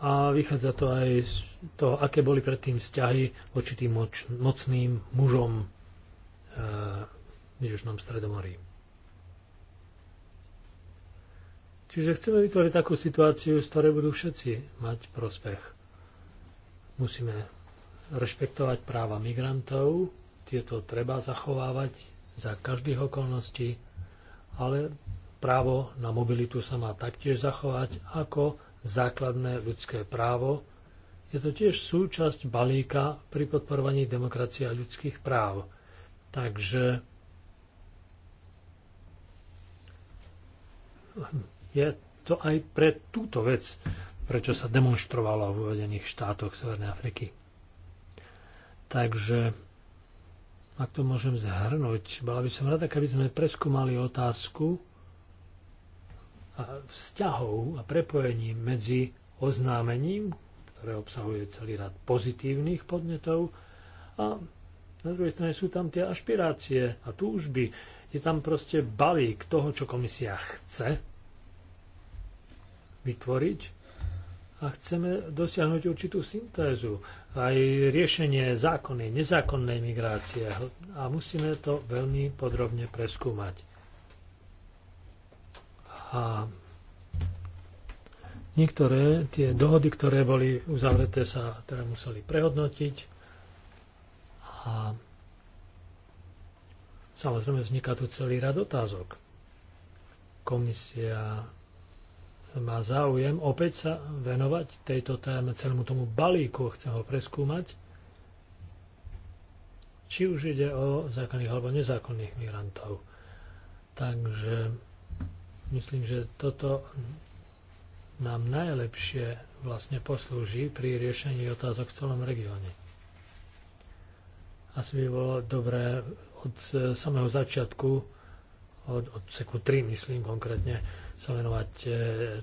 A vychádza to aj z toho, aké boli predtým vzťahy voči tým moč, mocným mužom e, Južnom Stredomorí. Čiže chceme vytvoriť takú situáciu, z ktorej budú všetci mať prospech. Musíme rešpektovať práva migrantov, tieto treba zachovávať za každých okolností, ale právo na mobilitu sa má taktiež zachovať ako základné ľudské právo. Je to tiež súčasť balíka pri podporovaní demokracie a ľudských práv. Takže je to aj pre túto vec, prečo sa demonstrovala v uvedených štátoch Severnej Afriky. Takže, ak to môžem zhrnúť, bola by som rada, keby sme preskúmali otázku vzťahov a prepojení medzi oznámením, ktoré obsahuje celý rad pozitívnych podnetov a na druhej strane sú tam tie ašpirácie a túžby, je tam proste balík toho, čo komisia chce vytvoriť a chceme dosiahnuť určitú syntézu. Aj riešenie zákonnej, nezákonnej migrácie a musíme to veľmi podrobne preskúmať. A niektoré tie dohody, ktoré boli uzavreté, sa teda museli prehodnotiť a Samozrejme vzniká tu celý rad otázok. Komisia má záujem opäť sa venovať tejto téme, celému tomu balíku, chcem ho preskúmať, či už ide o zákonných alebo nezákonných migrantov. Takže myslím, že toto nám najlepšie vlastne poslúži pri riešení otázok v celom regióne. Asi by bolo dobré od e, samého začiatku, od odseku 3 myslím konkrétne, sa venovať e,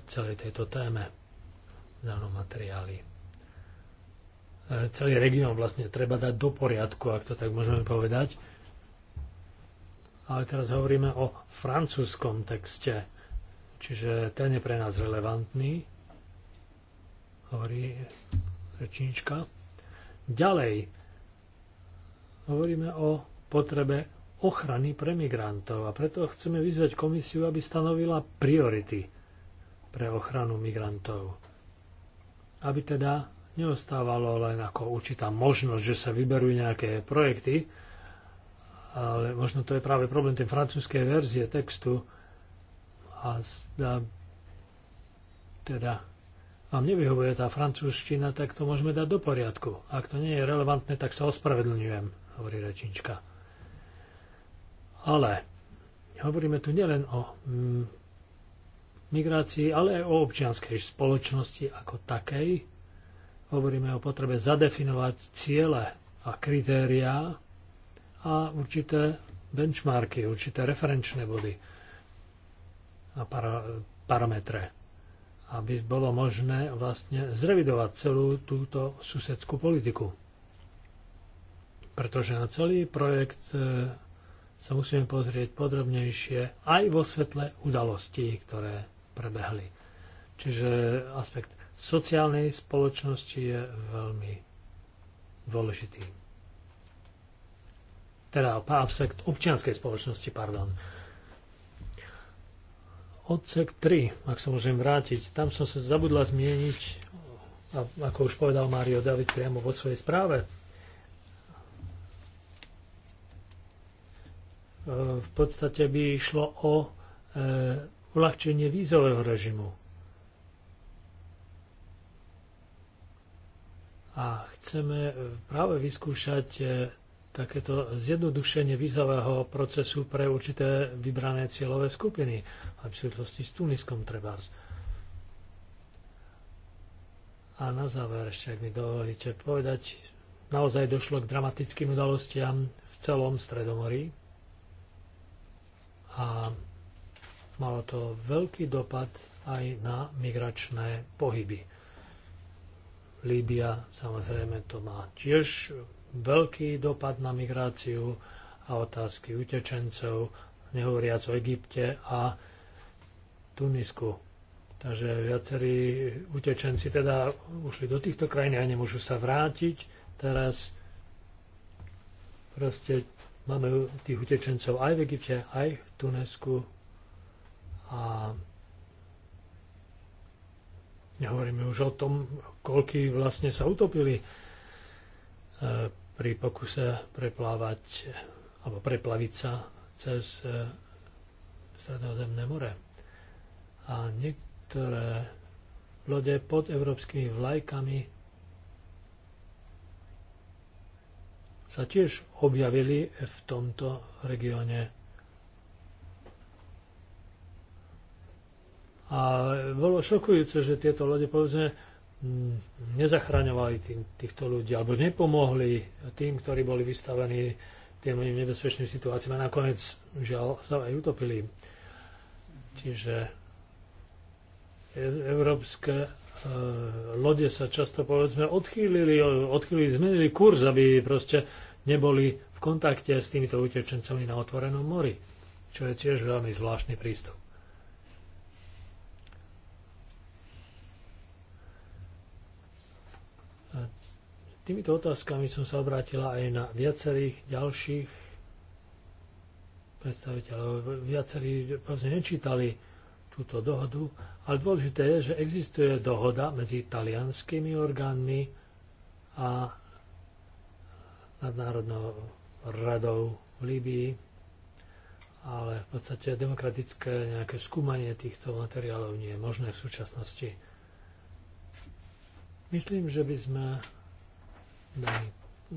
celej tejto téme nanomateriály. E, celý región vlastne treba dať do poriadku, ak to tak môžeme povedať. Ale teraz hovoríme o francúzskom texte, čiže ten je pre nás relevantný, hovorí rečníčka. Ďalej, hovoríme o potrebe ochrany pre migrantov a preto chceme vyzvať komisiu, aby stanovila priority pre ochranu migrantov. Aby teda neostávalo len ako určitá možnosť, že sa vyberú nejaké projekty, ale možno to je práve problém tej francúzskej verzie textu a teda vám nevyhovuje tá francúzština, tak to môžeme dať do poriadku. Ak to nie je relevantné, tak sa ospravedlňujem, hovorí rečnička. Ale hovoríme tu nielen o mm, migrácii, ale aj o občianskej spoločnosti ako takej. Hovoríme o potrebe zadefinovať ciele a kritériá a určité benchmarky, určité referenčné body a para, parametre, aby bolo možné vlastne zrevidovať celú túto susedskú politiku. Pretože na celý projekt e, sa musíme pozrieť podrobnejšie aj vo svetle udalostí, ktoré prebehli. Čiže aspekt sociálnej spoločnosti je veľmi dôležitý. Teda aspekt občianskej spoločnosti, pardon. Odsek 3, ak sa môžem vrátiť, tam som sa zabudla zmieniť, ako už povedal Mário David priamo vo svojej správe, v podstate by išlo o e, uľahčenie vízového režimu. A chceme práve vyskúšať e, takéto zjednodušenie vízového procesu pre určité vybrané cieľové skupiny, v súvislosti s Tuniskom trebárs. A na záver ešte, ak mi dovolíte povedať, naozaj došlo k dramatickým udalostiam v celom Stredomorí, a malo to veľký dopad aj na migračné pohyby. Líbia samozrejme to má tiež veľký dopad na migráciu a otázky utečencov, nehovoriac o Egypte a Tunisku. Takže viacerí utečenci teda ušli do týchto krajín a nemôžu sa vrátiť. Teraz proste Máme tých utečencov aj v Egypte, aj v Tunesku a nehovoríme už o tom, koľky vlastne sa utopili e, pri pokuse preplávať alebo preplaviť sa cez e, Stredozemné more. A niektoré lode pod európskymi vlajkami sa tiež objavili v tomto regióne. A bolo šokujúce, že tieto lode povedzme nezachraňovali tým, týchto ľudí alebo nepomohli tým, ktorí boli vystavení tým nebezpečným situáciám a nakoniec žiaľ sa aj utopili. Čiže e- európske E, lode sa často povedzme odchýlili, e, odchýlili, zmenili kurz, aby proste neboli v kontakte s týmito utečencami na otvorenom mori, čo je tiež veľmi zvláštny prístup. týmito otázkami som sa obrátila aj na viacerých ďalších predstaviteľov. Viacerí nečítali túto dohodu, ale dôležité je, že existuje dohoda medzi talianskými orgánmi a nadnárodnou radou v Líbii, ale v podstate demokratické nejaké skúmanie týchto materiálov nie je možné v súčasnosti. Myslím, že by sme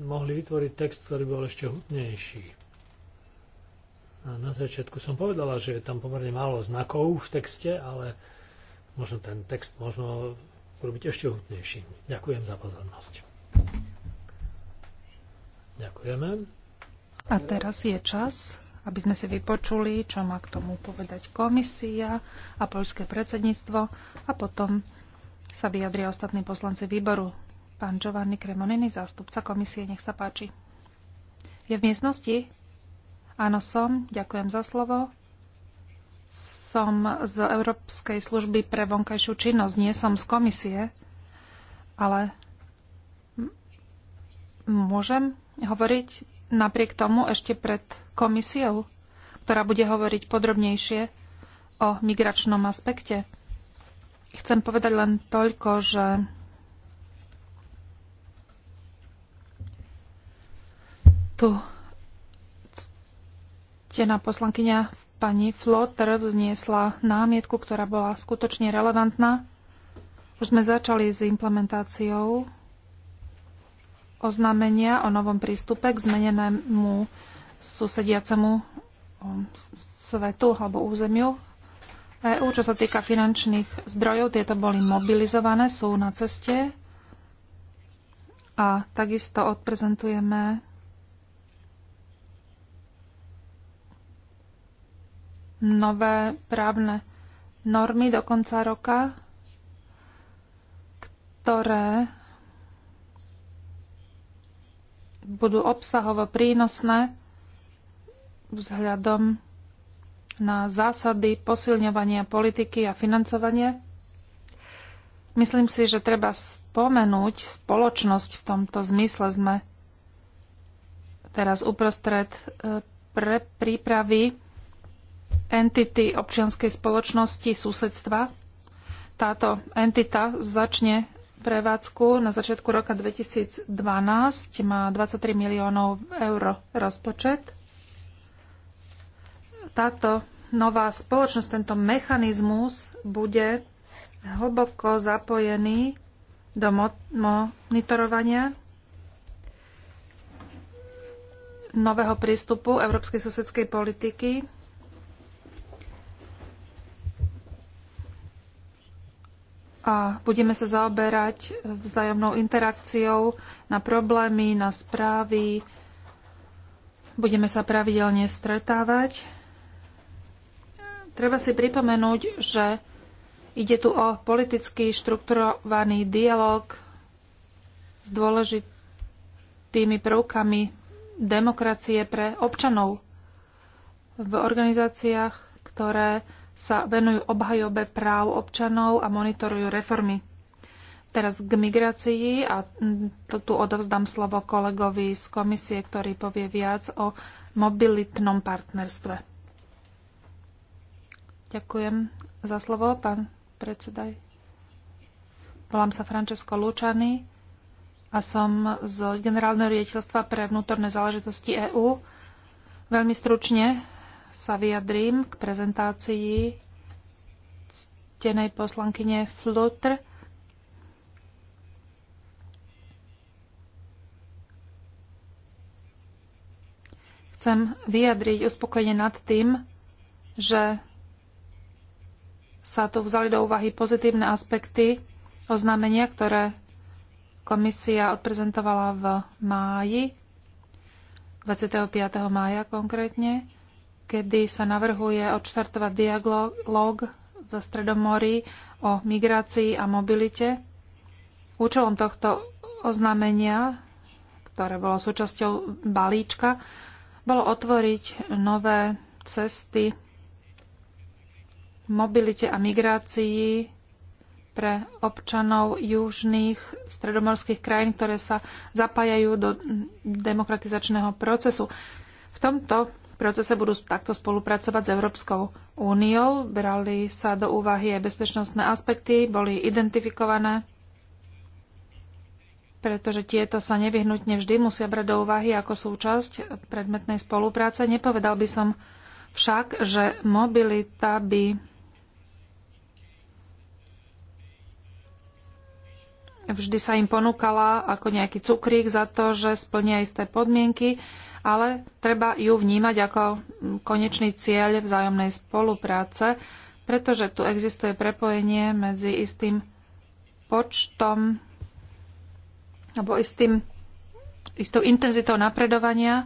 mohli vytvoriť text, ktorý bol ešte hutnejší. A na začiatku som povedala, že je tam pomerne málo znakov v texte, ale možno ten text možno urobiť ešte hutnejší. Ďakujem za pozornosť. Ďakujeme. A teraz je čas, aby sme si vypočuli, čo má k tomu povedať komisia a poľské predsedníctvo a potom sa vyjadria ostatní poslanci výboru. Pán Giovanni Kremonini, zástupca komisie, nech sa páči. Je v miestnosti? Áno, som. Ďakujem za slovo. Som z Európskej služby pre vonkajšiu činnosť. Nie som z komisie, ale môžem hovoriť napriek tomu ešte pred komisiou, ktorá bude hovoriť podrobnejšie o migračnom aspekte. Chcem povedať len toľko, že tu Tená poslankyňa pani Flotter vzniesla námietku, ktorá bola skutočne relevantná. Už sme začali s implementáciou oznámenia o novom prístupe k zmenenému susediacemu um, svetu alebo územiu EU. čo sa týka finančných zdrojov. Tieto boli mobilizované, sú na ceste a takisto odprezentujeme nové právne normy do konca roka, ktoré budú obsahovo prínosné vzhľadom na zásady posilňovania politiky a financovanie. Myslím si, že treba spomenúť spoločnosť v tomto zmysle. Sme teraz uprostred e, pre prípravy entity občianskej spoločnosti susedstva. Táto entita začne prevádzku na začiatku roka 2012, má 23 miliónov eur rozpočet. Táto nová spoločnosť, tento mechanizmus bude hlboko zapojený do monitorovania nového prístupu európskej susedskej politiky a budeme sa zaoberať vzájomnou interakciou na problémy, na správy. Budeme sa pravidelne stretávať. Treba si pripomenúť, že ide tu o politicky štrukturovaný dialog s dôležitými prvkami demokracie pre občanov v organizáciách, ktoré sa venujú obhajobe práv občanov a monitorujú reformy. Teraz k migrácii a mm, tu odovzdám slovo kolegovi z komisie, ktorý povie viac o mobilitnom partnerstve. Ďakujem za slovo, pán predsedaj. Volám sa Francesco Lučany a som z Generálneho riaditeľstva pre vnútorné záležitosti EÚ. Veľmi stručne sa vyjadrím k prezentácii ctenej poslankyne Flutr. Chcem vyjadriť uspokojenie nad tým, že sa tu vzali do úvahy pozitívne aspekty oznámenia, ktoré komisia odprezentovala v máji, 25. mája konkrétne, kedy sa navrhuje odštartovať dialog v Stredomorí o migrácii a mobilite. Účelom tohto oznámenia, ktoré bolo súčasťou balíčka, bolo otvoriť nové cesty mobilite a migrácii pre občanov južných stredomorských krajín, ktoré sa zapájajú do demokratizačného procesu. V tomto procese budú takto spolupracovať s Európskou úniou. Brali sa do úvahy aj bezpečnostné aspekty, boli identifikované, pretože tieto sa nevyhnutne vždy musia brať do úvahy ako súčasť predmetnej spolupráce. Nepovedal by som však, že mobilita by vždy sa im ponúkala ako nejaký cukrík za to, že splnia isté podmienky ale treba ju vnímať ako konečný cieľ vzájomnej spolupráce, pretože tu existuje prepojenie medzi istým počtom alebo istým, istou intenzitou napredovania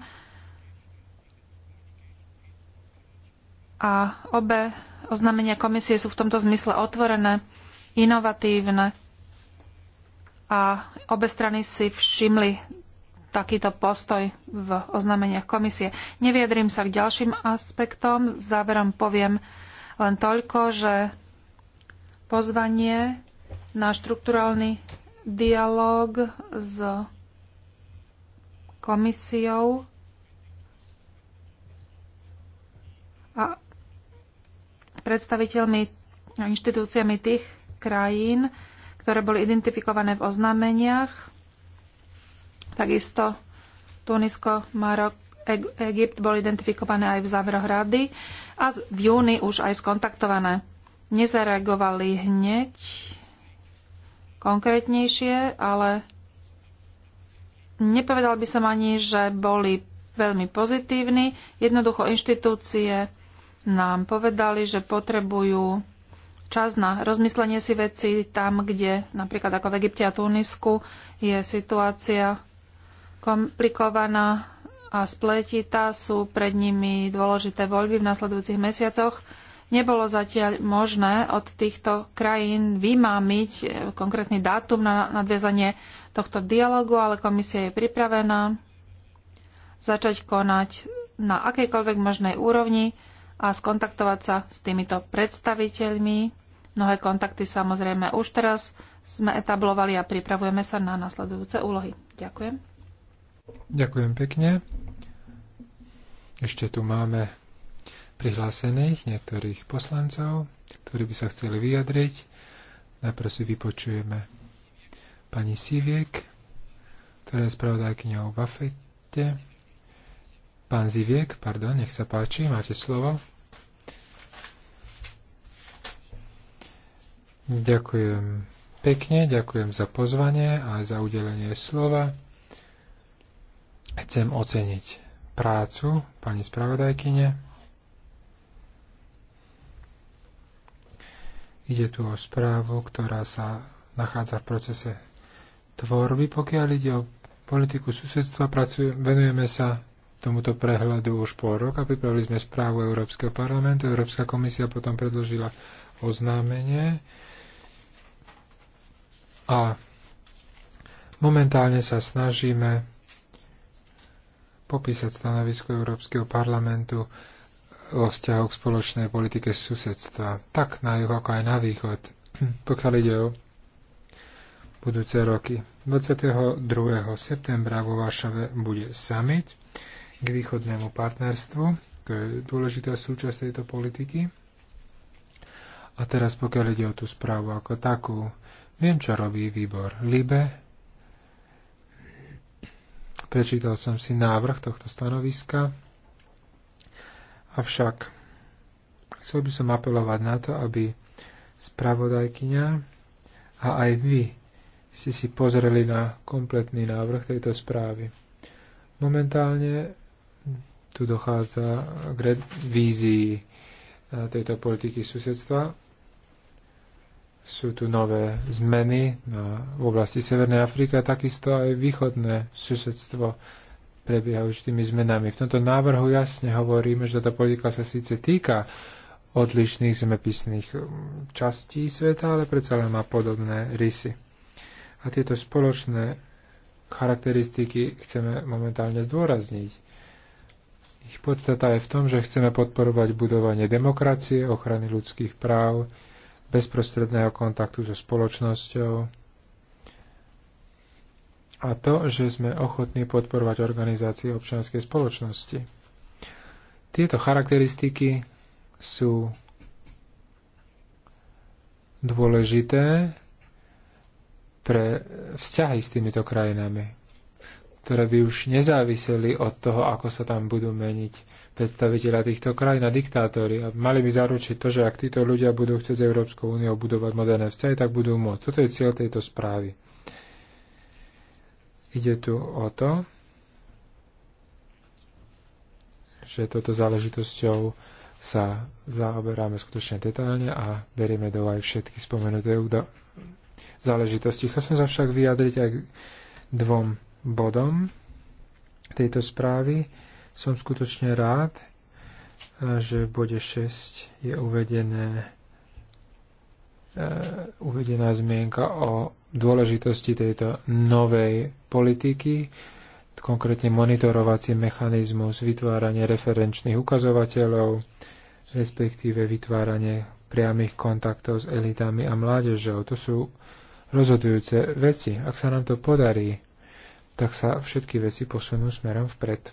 a obe oznámenia komisie sú v tomto zmysle otvorené, inovatívne a obe strany si všimli takýto postoj v oznámeniach komisie. Neviedrím sa k ďalším aspektom. Záverom poviem len toľko, že pozvanie na štrukturálny dialog s komisiou a predstaviteľmi a inštitúciami tých krajín, ktoré boli identifikované v oznámeniach Takisto Tunisko, Marok, Egypt boli identifikované aj v záveroch rady a v júni už aj skontaktované. Nezareagovali hneď konkrétnejšie, ale nepovedal by som ani, že boli veľmi pozitívni. Jednoducho inštitúcie nám povedali, že potrebujú čas na rozmyslenie si veci tam, kde napríklad ako v Egypte a Tunisku je situácia komplikovaná a spletitá, sú pred nimi dôležité voľby v nasledujúcich mesiacoch. Nebolo zatiaľ možné od týchto krajín vymámiť eh, konkrétny dátum na nadviazanie tohto dialogu, ale komisia je pripravená začať konať na akejkoľvek možnej úrovni a skontaktovať sa s týmito predstaviteľmi. Mnohé kontakty samozrejme už teraz sme etablovali a pripravujeme sa na nasledujúce úlohy. Ďakujem. Ďakujem pekne. Ešte tu máme prihlásených niektorých poslancov, ktorí by sa chceli vyjadriť. Najprv si vypočujeme pani Siviek, ktorá je spravodajkyňou v Afete. Pán Ziviek, pardon, nech sa páči, máte slovo. Ďakujem pekne, ďakujem za pozvanie a za udelenie slova. Chcem oceniť prácu pani spravodajkyne. Ide tu o správu, ktorá sa nachádza v procese tvorby. Pokiaľ ide o politiku susedstva, pracujem, venujeme sa tomuto prehľadu už pol roka. Pripravili sme správu Európskeho parlamentu. Európska komisia potom predložila oznámenie. A momentálne sa snažíme popísať stanovisko Európskeho parlamentu o vzťahu k spoločnej politike susedstva, tak na juh ako aj na východ, pokiaľ ide o budúce roky. 22. septembra vo Varšave bude summit k východnému partnerstvu. To je dôležitá súčasť tejto politiky. A teraz pokiaľ ide o tú správu ako takú, viem, čo robí výbor LIBE, Prečítal som si návrh tohto stanoviska, avšak chcel by som apelovať na to, aby spravodajkyňa a aj vy ste si pozreli na kompletný návrh tejto správy. Momentálne tu dochádza k vízii e, tejto politiky susedstva sú tu nové zmeny v oblasti Severnej Afriky a takisto aj východné susedstvo prebieha určitými zmenami. V tomto návrhu jasne hovoríme, že táto politika sa síce týka odlišných zemepisných um, častí sveta, ale predsa len má podobné rysy. A tieto spoločné charakteristiky chceme momentálne zdôrazniť. Ich podstata je v tom, že chceme podporovať budovanie demokracie, ochrany ľudských práv, bezprostredného kontaktu so spoločnosťou a to, že sme ochotní podporovať organizácie občianskej spoločnosti. Tieto charakteristiky sú dôležité pre vzťahy s týmito krajinami ktoré by už nezáviseli od toho, ako sa tam budú meniť predstaviteľa týchto krajín a diktátori. A mali by zaručiť to, že ak títo ľudia budú chcieť z Európskou úniou budovať moderné vzťahy, tak budú môcť. Toto je cieľ tejto správy. Ide tu o to, že toto záležitosťou sa zaoberáme skutočne detálne a berieme do aj všetky spomenuté záležitosti. Chcel som sa však vyjadriť aj dvom bodom tejto správy. Som skutočne rád, e, že v bode 6 je uvedené, e, uvedená zmienka o dôležitosti tejto novej politiky, konkrétne monitorovací mechanizmus, vytváranie referenčných ukazovateľov, respektíve vytváranie priamých kontaktov s elitami a mládežou. To sú rozhodujúce veci. Ak sa nám to podarí, tak sa všetky veci posunú smerom vpred.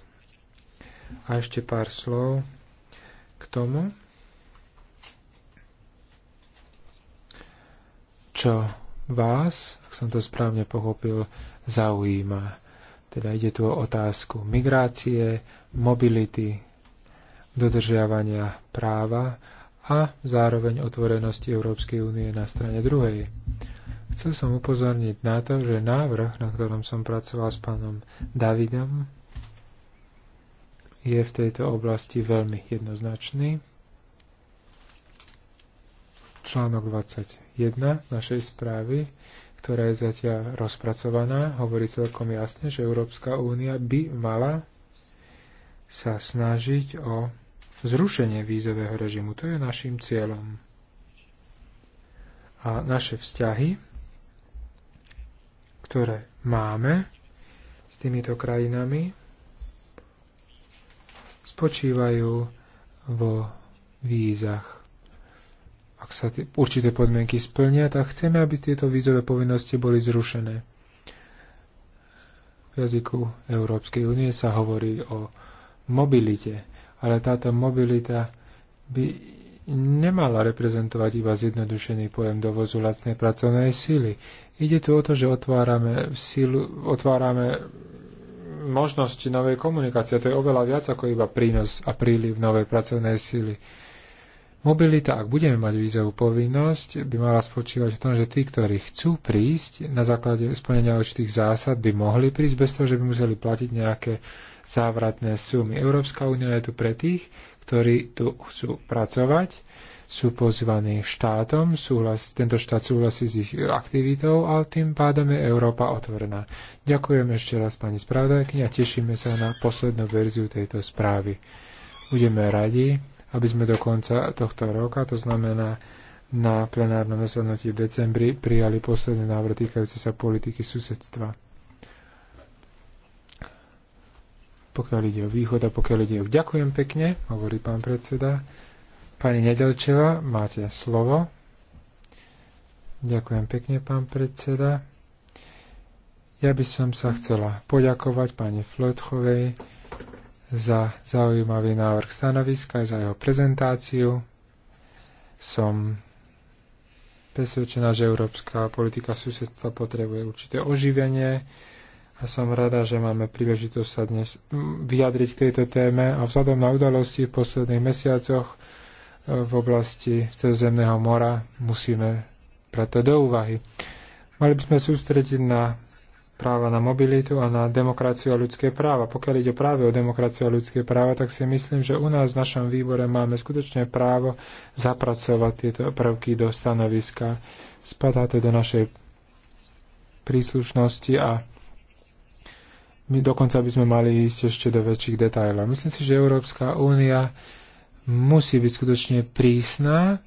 A ešte pár slov k tomu, čo vás, ak som to správne pochopil, zaujíma. Teda ide tu o otázku migrácie, mobility, dodržiavania práva a zároveň otvorenosti Európskej únie na strane druhej. Chcel som upozorniť na to, že návrh, na ktorom som pracoval s pánom Davidom, je v tejto oblasti veľmi jednoznačný. Článok 21 našej správy, ktorá je zatiaľ rozpracovaná, hovorí celkom jasne, že Európska únia by mala sa snažiť o zrušenie vízového režimu. To je našim cieľom. A naše vzťahy ktoré máme s týmito krajinami, spočívajú vo vízach. Ak sa tie určité podmienky splnia, tak chceme, aby tieto vízové povinnosti boli zrušené. V jazyku Európskej únie sa hovorí o mobilite, ale táto mobilita by nemala reprezentovať iba zjednodušený pojem dovozu lacnej pracovnej síly. Ide tu o to, že otvárame, sílu, otvárame možnosti novej komunikácie. To je oveľa viac ako iba prínos a príliv novej pracovnej síly. Mobilita, ak budeme mať vízovú povinnosť, by mala spočívať v tom, že tí, ktorí chcú prísť na základe splnenia určitých zásad, by mohli prísť bez toho, že by museli platiť nejaké závratné sumy. Európska únia je tu pre tých, ktorí tu chcú pracovať, sú pozvaní štátom, súhlas, tento štát súhlasí s ich aktivitou a tým pádom je Európa otvorená. Ďakujem ešte raz pani spravodajkyni a tešíme sa na poslednú verziu tejto správy. Budeme radi, aby sme do konca tohto roka, to znamená na plenárnom zasadnutí v decembri, prijali posledný návrh týkajúci sa politiky susedstva. pokiaľ ide o východ a pokiaľ ide o... Ďakujem pekne, hovorí pán predseda. Pani Nedelčeva, máte slovo. Ďakujem pekne, pán predseda. Ja by som sa chcela poďakovať pani Flotchovej za zaujímavý návrh stanoviska, za jeho prezentáciu. Som presvedčená, že európska politika susedstva potrebuje určité oživenie a som rada, že máme príležitosť sa dnes mm, vyjadriť k tejto téme a vzhľadom na udalosti v posledných mesiacoch e, v oblasti Stredozemného mora musíme brať to do úvahy. Mali by sme sústrediť na práva na mobilitu a na demokraciu a ľudské práva. Pokiaľ ide práve o demokraciu a ľudské práva, tak si myslím, že u nás v našom výbore máme skutočne právo zapracovať tieto prvky do stanoviska. Spadá to do našej príslušnosti a my dokonca by sme mali ísť ešte do väčších detajlov. Myslím si, že Európska únia musí byť skutočne prísna,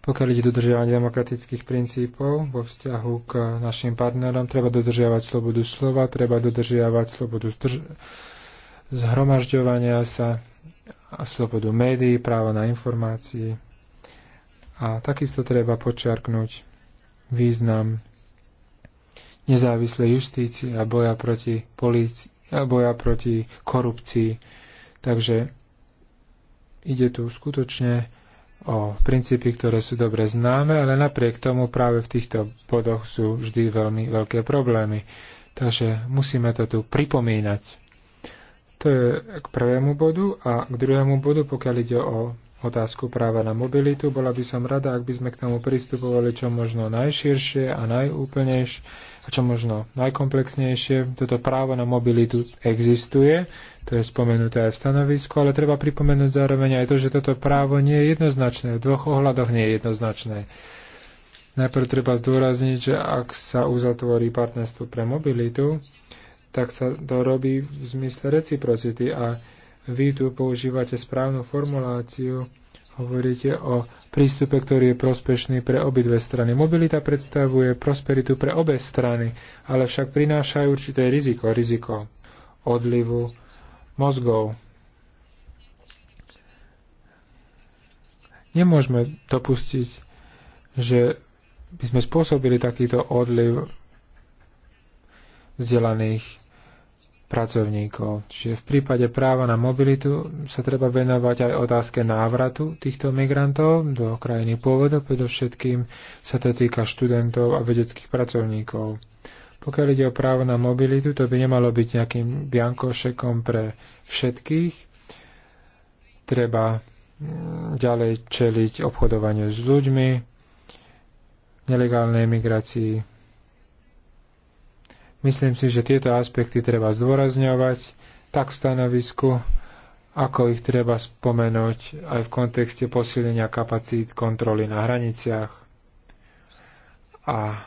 pokiaľ ide dodržiavanie demokratických princípov vo vzťahu k našim partnerom. Treba dodržiavať slobodu slova, treba dodržiavať slobodu zdrž- zhromažďovania sa a slobodu médií, práva na informácii. A takisto treba počiarknúť význam nezávislej justície a boja proti, polici- a boja proti korupcii. Takže ide tu skutočne o princípy, ktoré sú dobre známe, ale napriek tomu práve v týchto bodoch sú vždy veľmi veľké problémy. Takže musíme to tu pripomínať. To je k prvému bodu a k druhému bodu, pokiaľ ide o otázku práva na mobilitu. Bola by som rada, ak by sme k tomu pristupovali čo možno najširšie a najúplnejšie a čo možno najkomplexnejšie. Toto právo na mobilitu existuje, to je spomenuté aj v stanovisku, ale treba pripomenúť zároveň aj to, že toto právo nie je jednoznačné, v dvoch ohľadoch nie je jednoznačné. Najprv treba zdôrazniť, že ak sa uzatvorí partnerstvo pre mobilitu, tak sa to robí v zmysle reciprocity a vy tu používate správnu formuláciu, hovoríte o prístupe, ktorý je prospešný pre obidve strany. Mobilita predstavuje prosperitu pre obe strany, ale však prináša aj určité riziko, riziko odlivu mozgov. Nemôžeme dopustiť, že by sme spôsobili takýto odliv vzdelaných pracovníkov. Čiže v prípade práva na mobilitu sa treba venovať aj otázke návratu týchto migrantov do krajiny pôvodu, predovšetkým sa to týka študentov a vedeckých pracovníkov. Pokiaľ ide o právo na mobilitu, to by nemalo byť nejakým biankošekom pre všetkých. Treba mm, ďalej čeliť obchodovaniu s ľuďmi, nelegálnej migrácii, Myslím si, že tieto aspekty treba zdôrazňovať tak v stanovisku, ako ich treba spomenúť aj v kontexte posilenia kapacít kontroly na hraniciach a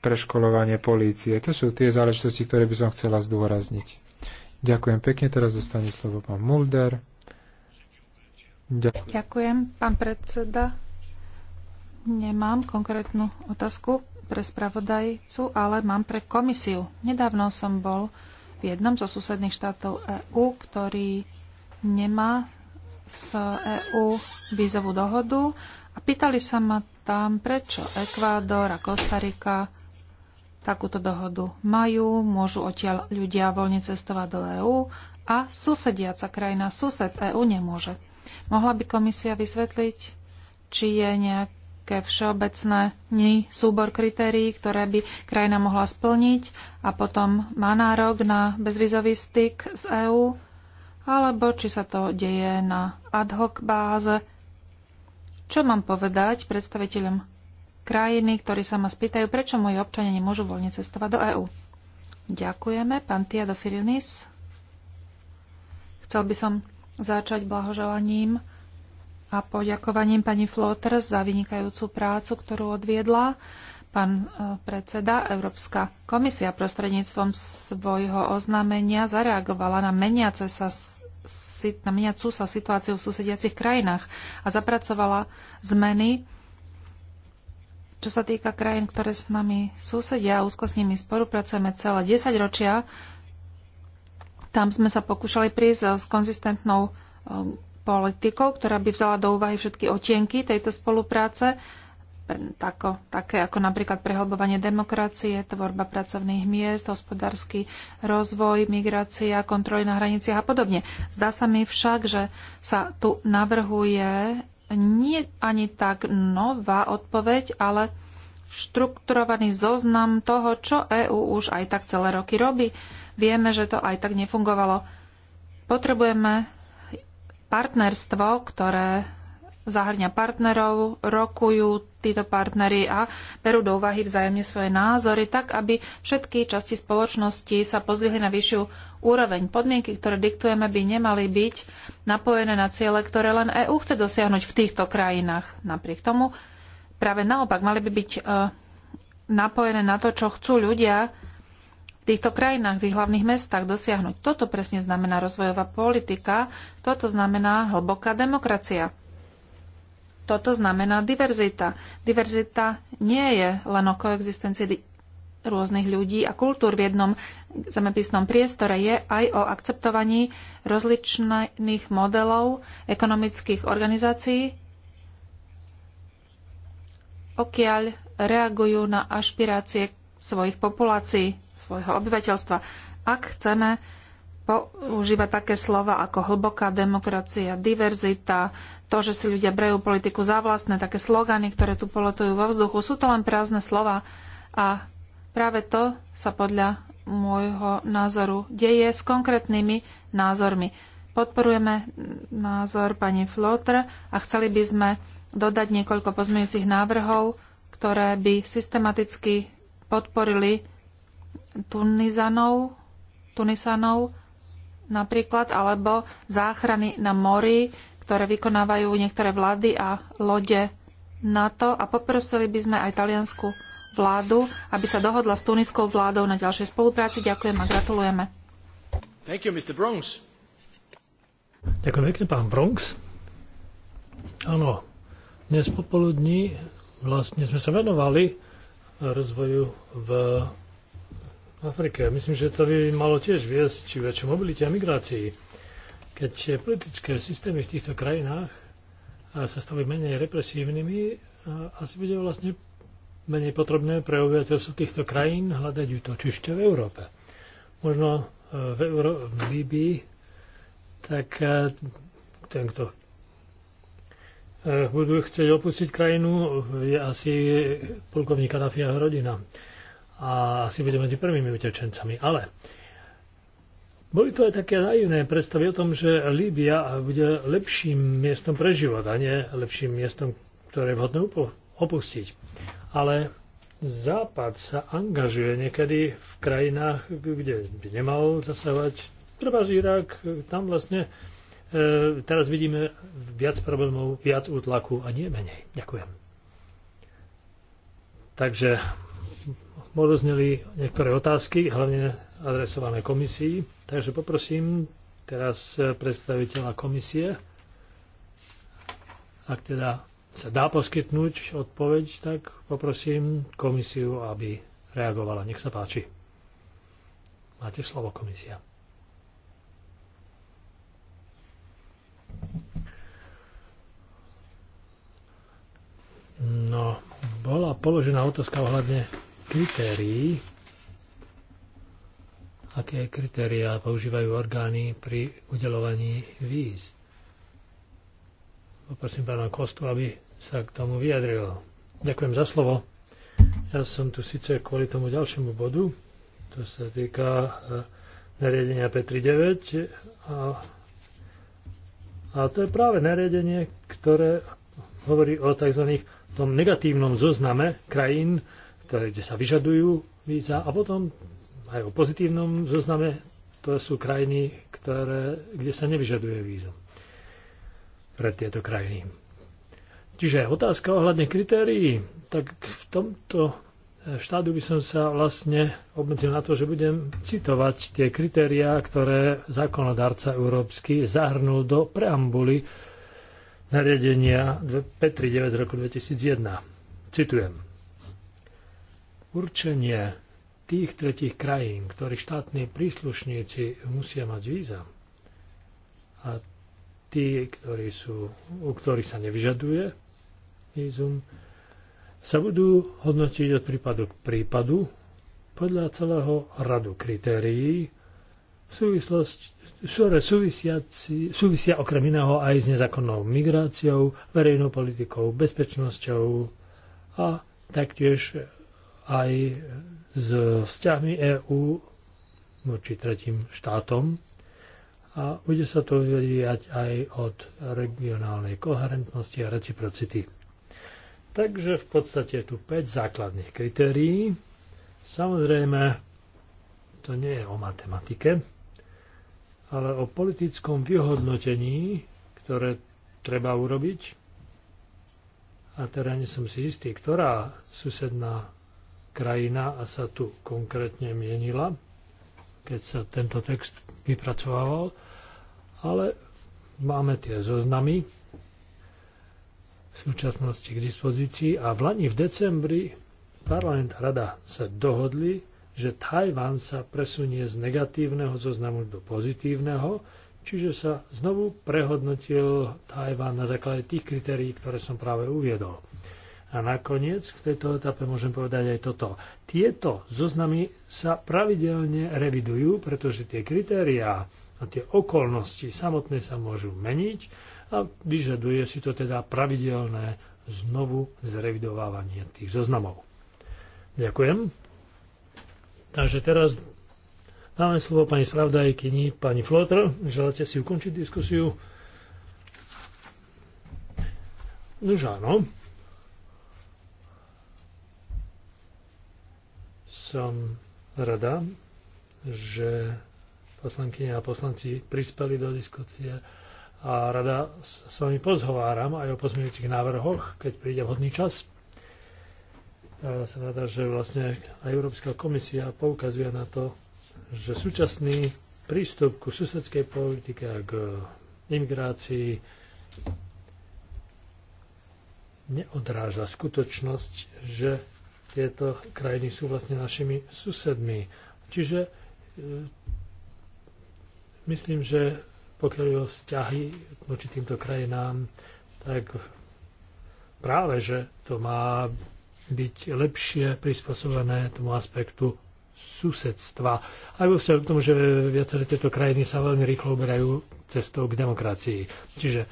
preškolovanie polície. To sú tie záležitosti, ktoré by som chcela zdôrazniť. Ďakujem pekne, teraz dostane slovo pán Mulder. Ďakujem. Ďakujem, pán predseda. Nemám konkrétnu otázku pre spravodajcu, ale mám pre komisiu. Nedávno som bol v jednom zo susedných štátov EÚ, ktorý nemá z EÚ vízovú dohodu a pýtali sa ma tam, prečo Ekvádor a Kostarika takúto dohodu majú, môžu odtiaľ ľudia voľne cestovať do EÚ a susediaca krajina, sused EÚ nemôže. Mohla by komisia vysvetliť, či je nejaký nejaké všeobecné súbor kritérií, ktoré by krajina mohla splniť a potom má nárok na bezvizový styk z EÚ, alebo či sa to deje na ad hoc báze. Čo mám povedať predstaviteľom krajiny, ktorí sa ma spýtajú, prečo moji občania nemôžu voľne cestovať do EÚ? Ďakujeme, pán Tia do Firinis. Chcel by som začať blahoželaním a poďakovaním pani Flotr za vynikajúcu prácu, ktorú odviedla. Pán e, predseda, Európska komisia prostredníctvom svojho oznámenia zareagovala na meniace sa na meniacú sa situáciu v susediacich krajinách a zapracovala zmeny, čo sa týka krajín, ktoré s nami susedia a úzko s nimi spolupracujeme celé 10 ročia. Tam sme sa pokúšali prísť s konzistentnou e, politikou, ktorá by vzala do úvahy všetky otienky tejto spolupráce, tako, také ako napríklad prehlbovanie demokracie, tvorba pracovných miest, hospodársky rozvoj, migrácia, kontroly na hraniciach a podobne. Zdá sa mi však, že sa tu navrhuje nie ani tak nová odpoveď, ale štrukturovaný zoznam toho, čo EÚ už aj tak celé roky robí. Vieme, že to aj tak nefungovalo. Potrebujeme partnerstvo, ktoré zahrňa partnerov, rokujú títo partnery a berú do úvahy vzájomne svoje názory, tak aby všetky časti spoločnosti sa pozdvihli na vyššiu úroveň. Podmienky, ktoré diktujeme, by nemali byť napojené na ciele, ktoré len EÚ chce dosiahnuť v týchto krajinách. Napriek tomu, práve naopak, mali by byť eh, napojené na to, čo chcú ľudia týchto krajinách, v ich hlavných mestách dosiahnuť. Toto presne znamená rozvojová politika, toto znamená hlboká demokracia. Toto znamená diverzita. Diverzita nie je len o koexistencii rôznych ľudí a kultúr v jednom zemepisnom priestore je aj o akceptovaní rozličných modelov ekonomických organizácií, okiaľ reagujú na ašpirácie svojich populácií svojho obyvateľstva. Ak chceme používať také slova ako hlboká demokracia, diverzita, to, že si ľudia brejú politiku za vlastné, také slogany, ktoré tu polotujú vo vzduchu, sú to len prázdne slova. A práve to sa podľa môjho názoru deje s konkrétnymi názormi. Podporujeme názor pani Flotr a chceli by sme dodať niekoľko pozmeňujúcich návrhov, ktoré by systematicky podporili Tunizanov, Tunisanov napríklad, alebo záchrany na mori, ktoré vykonávajú niektoré vlády a lode NATO a poprosili by sme aj taliansku vládu, aby sa dohodla s tuniskou vládou na ďalšej spolupráci. Ďakujem a gratulujeme. Thank you, Mr. Bronx. Ďakujem pekne, pán Bronx. Áno, dnes popoludní vlastne sme sa venovali rozvoju v Afrike. Myslím, že to by malo tiež viesť či väčšej mobilite a migrácii. Keď politické systémy v týchto krajinách eh, sa stali menej represívnymi, eh, asi bude vlastne menej potrebné pre obyvateľstvo týchto krajín hľadať útočište v Európe. Možno eh, v, Euró- v Líbii, tak ten, kto budú chcieť opustiť krajinu, je asi plukovník Kadáfiaho rodina a asi bude medzi prvými utečencami. Ale boli to aj také naivné predstavy o tom, že Líbia bude lepším miestom pre život a nie lepším miestom, ktoré je vhodné opustiť. Ale Západ sa angažuje niekedy v krajinách, kde by nemal zasahovať. Treba Irak, tam vlastne e, teraz vidíme viac problémov, viac útlaku a nie menej. Ďakujem. Takže bolo niektoré otázky, hlavne adresované komisii, takže poprosím teraz predstaviteľa komisie, ak teda sa dá poskytnúť odpoveď, tak poprosím komisiu, aby reagovala. Nech sa páči. Máte slovo, komisia. No, bola položená otázka ohľadne kritérií, aké kritériá používajú orgány pri udelovaní víz. Poprosím pána Kostu, aby sa k tomu vyjadril. Ďakujem za slovo. Ja som tu síce kvôli tomu ďalšiemu bodu, to sa týka eh, nariadenia P39 a, a to je práve nariadenie, ktoré hovorí o tzv. tom negatívnom zozname krajín, ktoré, kde sa vyžadujú víza a potom aj o pozitívnom zozname to sú krajiny, ktoré, kde sa nevyžaduje víza. pre tieto krajiny. Čiže otázka ohľadne kritérií, tak v tomto štádu by som sa vlastne obmedzil na to, že budem citovať tie kritériá, ktoré zákonodárca európsky zahrnul do preambuly nariadenia 539 z roku 2001. Citujem určenie tých tretich krajín, ktorí štátni príslušníci musia mať víza a tí, ktorí sú, u ktorých sa nevyžaduje vízum, sa budú hodnotiť od prípadu k prípadu podľa celého radu kritérií, súvislosť, ktoré súvisia okrem iného aj s nezákonnou migráciou, verejnou politikou, bezpečnosťou a taktiež aj s vzťahmi EÚ voči tretím štátom a bude sa to vyvíjať aj od regionálnej koherentnosti a reciprocity. Takže v podstate tu 5 základných kritérií. Samozrejme, to nie je o matematike, ale o politickom vyhodnotení, ktoré treba urobiť. A teda nie som si istý, ktorá susedná krajina a sa tu konkrétne mienila, keď sa tento text vypracovával, ale máme tie zoznamy v súčasnosti k dispozícii a v Lani v decembri parlament a rada sa dohodli, že Tajván sa presunie z negatívneho zoznamu do pozitívneho, čiže sa znovu prehodnotil Tajván na základe tých kritérií, ktoré som práve uviedol. A nakoniec v tejto etape môžem povedať aj toto. Tieto zoznamy sa pravidelne revidujú, pretože tie kritériá a tie okolnosti samotné sa môžu meniť a vyžaduje si to teda pravidelné znovu zrevidovávanie tých zoznamov. Ďakujem. Takže teraz dáme slovo pani spravdajkyni, pani Flotr. Želáte si ukončiť diskusiu? že áno. Som rada, že poslankyne a poslanci prispeli do diskusie a rada s vami pozhováram aj o pozmeňujúcich návrhoch, keď príde vhodný čas. Ja som rada, že vlastne aj Európska komisia poukazuje na to, že súčasný prístup ku susedskej politike a k imigrácii neodráža skutočnosť, že tieto krajiny sú vlastne našimi susedmi. Čiže e, myslím, že pokiaľ je o vzťahy voči týmto krajinám, tak práve, že to má byť lepšie prispôsobené tomu aspektu susedstva. Aj vo vzťahu k tomu, že viaceré tieto krajiny sa veľmi rýchlo uberajú cestou k demokracii. Čiže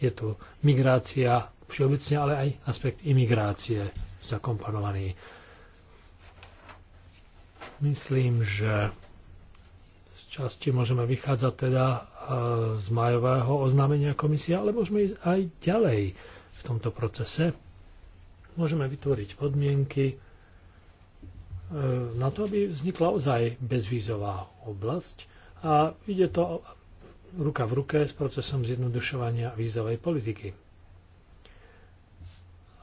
je tu migrácia všeobecne, ale aj aspekt imigrácie zakomponovaný. Myslím, že z časti môžeme vychádzať teda e, z majového oznámenia komisie, ale môžeme ísť aj ďalej v tomto procese. Môžeme vytvoriť podmienky e, na to, aby vznikla ozaj bezvízová oblasť a ide to ruka v ruke s procesom zjednodušovania vízovej politiky.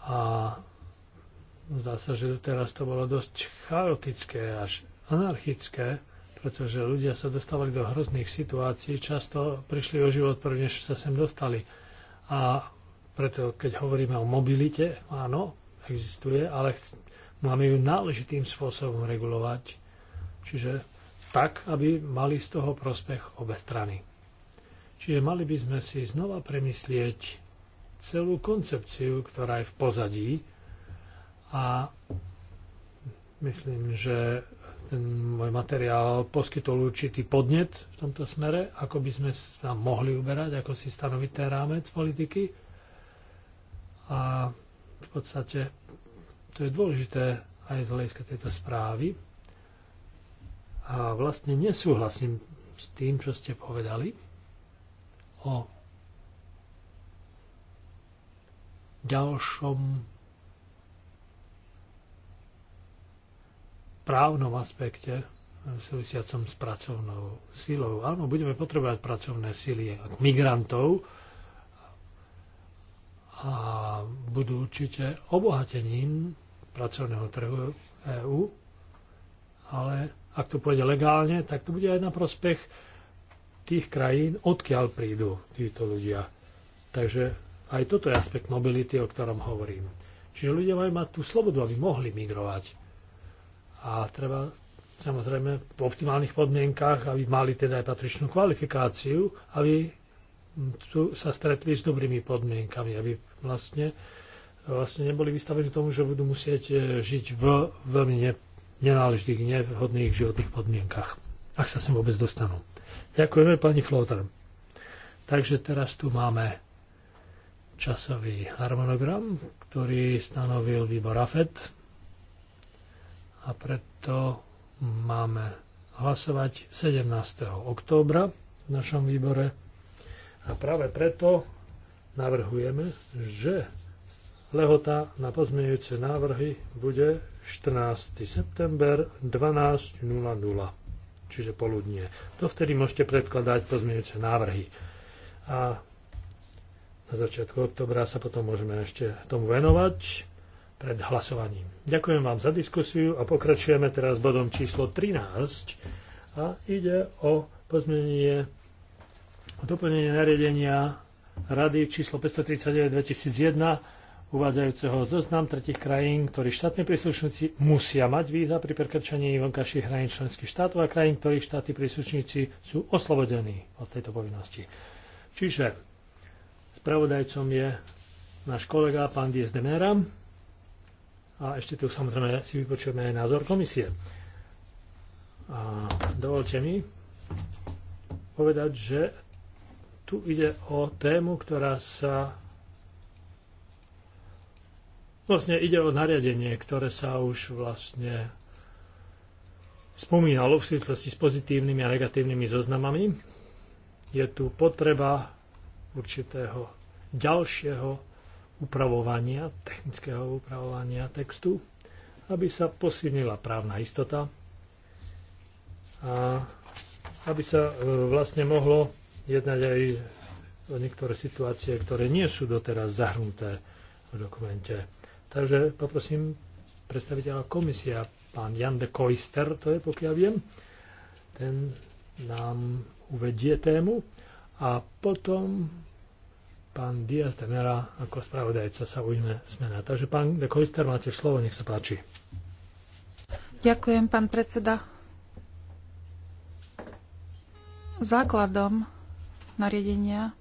A Zdá sa, že teraz to bolo dosť chaotické, až anarchické, pretože ľudia sa dostávali do hrozných situácií, často prišli o život, prvne sa sem dostali. A preto, keď hovoríme o mobilite, áno, existuje, ale máme ju náležitým spôsobom regulovať. Čiže tak, aby mali z toho prospech obe strany. Čiže mali by sme si znova premyslieť celú koncepciu, ktorá je v pozadí a myslím, že ten môj materiál poskytol určitý podnet v tomto smere, ako by sme sa mohli uberať, ako si stanoviť ten rámec politiky. A v podstate to je dôležité aj z hľadiska tejto správy. A vlastne nesúhlasím s tým, čo ste povedali o ďalšom právnom aspekte e, súvisiacom s pracovnou silou. Áno, budeme potrebovať pracovné sily ako migrantov a budú určite obohatením pracovného trhu EÚ, ale ak to pôjde legálne, tak to bude aj na prospech tých krajín, odkiaľ prídu títo ľudia. Takže aj toto je aspekt mobility, o ktorom hovorím. Čiže ľudia majú mať tú slobodu, aby mohli migrovať a treba samozrejme v optimálnych podmienkách, aby mali teda aj patričnú kvalifikáciu, aby tu sa stretli s dobrými podmienkami, aby vlastne, vlastne neboli vystavení tomu, že budú musieť e, žiť v veľmi ne, nenáležitých, nevhodných životných podmienkach, ak sa sem vôbec dostanú. Ďakujeme pani Flotter. Takže teraz tu máme časový harmonogram, ktorý stanovil výbor AFED a preto máme hlasovať 17. októbra v našom výbore a práve preto navrhujeme, že lehota na pozmeňujúce návrhy bude 14. september 12.00, čiže poludnie. vtedy môžete predkladať pozmeňujúce návrhy. A na začiatku oktobra sa potom môžeme ešte tomu venovať pred hlasovaním. Ďakujem vám za diskusiu a pokračujeme teraz bodom číslo 13 a ide o pozmenenie o doplnenie nariadenia Rady číslo 539 2001 uvádzajúceho zoznam tretich krajín, ktorí štátni príslušníci musia mať víza pri prekračení vonkajších hraní členských štátov a krajín, ktorých štátni príslušníci sú oslobodení od tejto povinnosti. Čiže spravodajcom je náš kolega pán Dies de Mera. A ešte tu samozrejme si vypočujeme aj názor komisie. A dovolte mi povedať, že tu ide o tému, ktorá sa Vlastne ide o nariadenie, ktoré sa už vlastne spomínalo v súvislosti s pozitívnymi a negatívnymi zoznamami. Je tu potreba určitého ďalšieho upravovania, technického upravovania textu, aby sa posilnila právna istota a aby sa e, vlastne mohlo jednať aj o niektoré situácie, ktoré nie sú doteraz zahrnuté v dokumente. Takže poprosím predstaviteľa komisia, pán Jan de Koister, to je pokiaľ viem, ten nám uvedie tému a potom pán Diaz de Mera ako spravodajca sa ujme smena. Takže pán de Koister, máte slovo, nech sa páči. Ďakujem, pán predseda. Základom nariadenia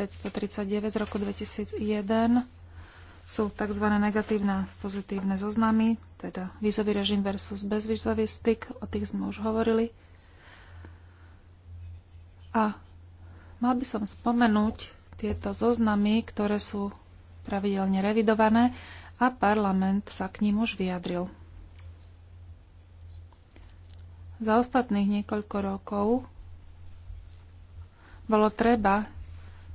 539 z roku 2001 sú tzv. negatívne a pozitívne zoznamy, teda vízový režim versus bezvízový styk, o tých sme už hovorili. A mal by som spomenúť, tieto zoznamy, ktoré sú pravidelne revidované a parlament sa k ním už vyjadril. Za ostatných niekoľko rokov bolo treba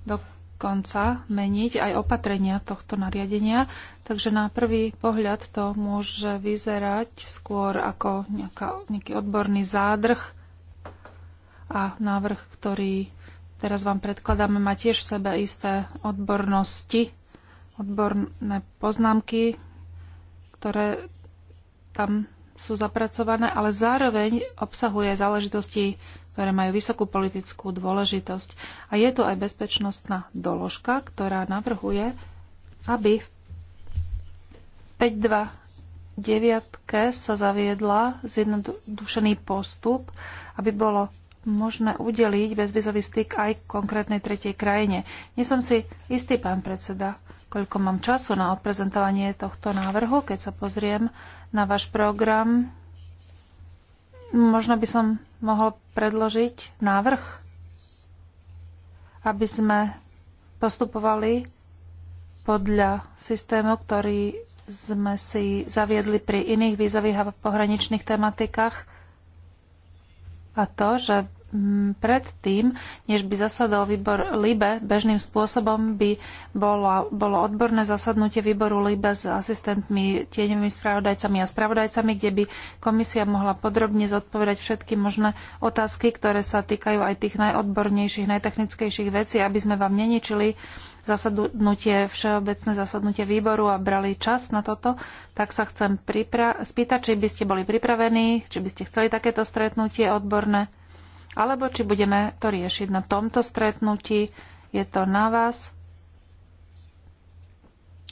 dokonca meniť aj opatrenia tohto nariadenia, takže na prvý pohľad to môže vyzerať skôr ako nejaká, nejaký odborný zádrh a návrh, ktorý Teraz vám predkladáme, má tiež v sebe isté odbornosti, odborné poznámky, ktoré tam sú zapracované, ale zároveň obsahuje záležitosti, ktoré majú vysokú politickú dôležitosť. A je tu aj bezpečnostná doložka, ktorá navrhuje, aby v 5.2.9 sa zaviedla zjednodušený postup, aby bolo možné udeliť bezvizový styk aj konkrétnej tretej krajine. Nie som si istý, pán predseda, koľko mám času na odprezentovanie tohto návrhu, keď sa pozriem na váš program. Možno by som mohol predložiť návrh, aby sme postupovali podľa systému, ktorý sme si zaviedli pri iných vízových a pohraničných tematikách a to, že mm, predtým, než by zasadol výbor LIBE, bežným spôsobom by bolo, bolo odborné zasadnutie výboru LIBE s asistentmi, tieňovými spravodajcami a spravodajcami, kde by komisia mohla podrobne zodpovedať všetky možné otázky, ktoré sa týkajú aj tých najodbornejších, najtechnickejších vecí, aby sme vám neničili zasadnutie, všeobecné zasadnutie výboru a brali čas na toto, tak sa chcem spýtať, či by ste boli pripravení, či by ste chceli takéto stretnutie odborné, alebo či budeme to riešiť na tomto stretnutí. Je to na vás.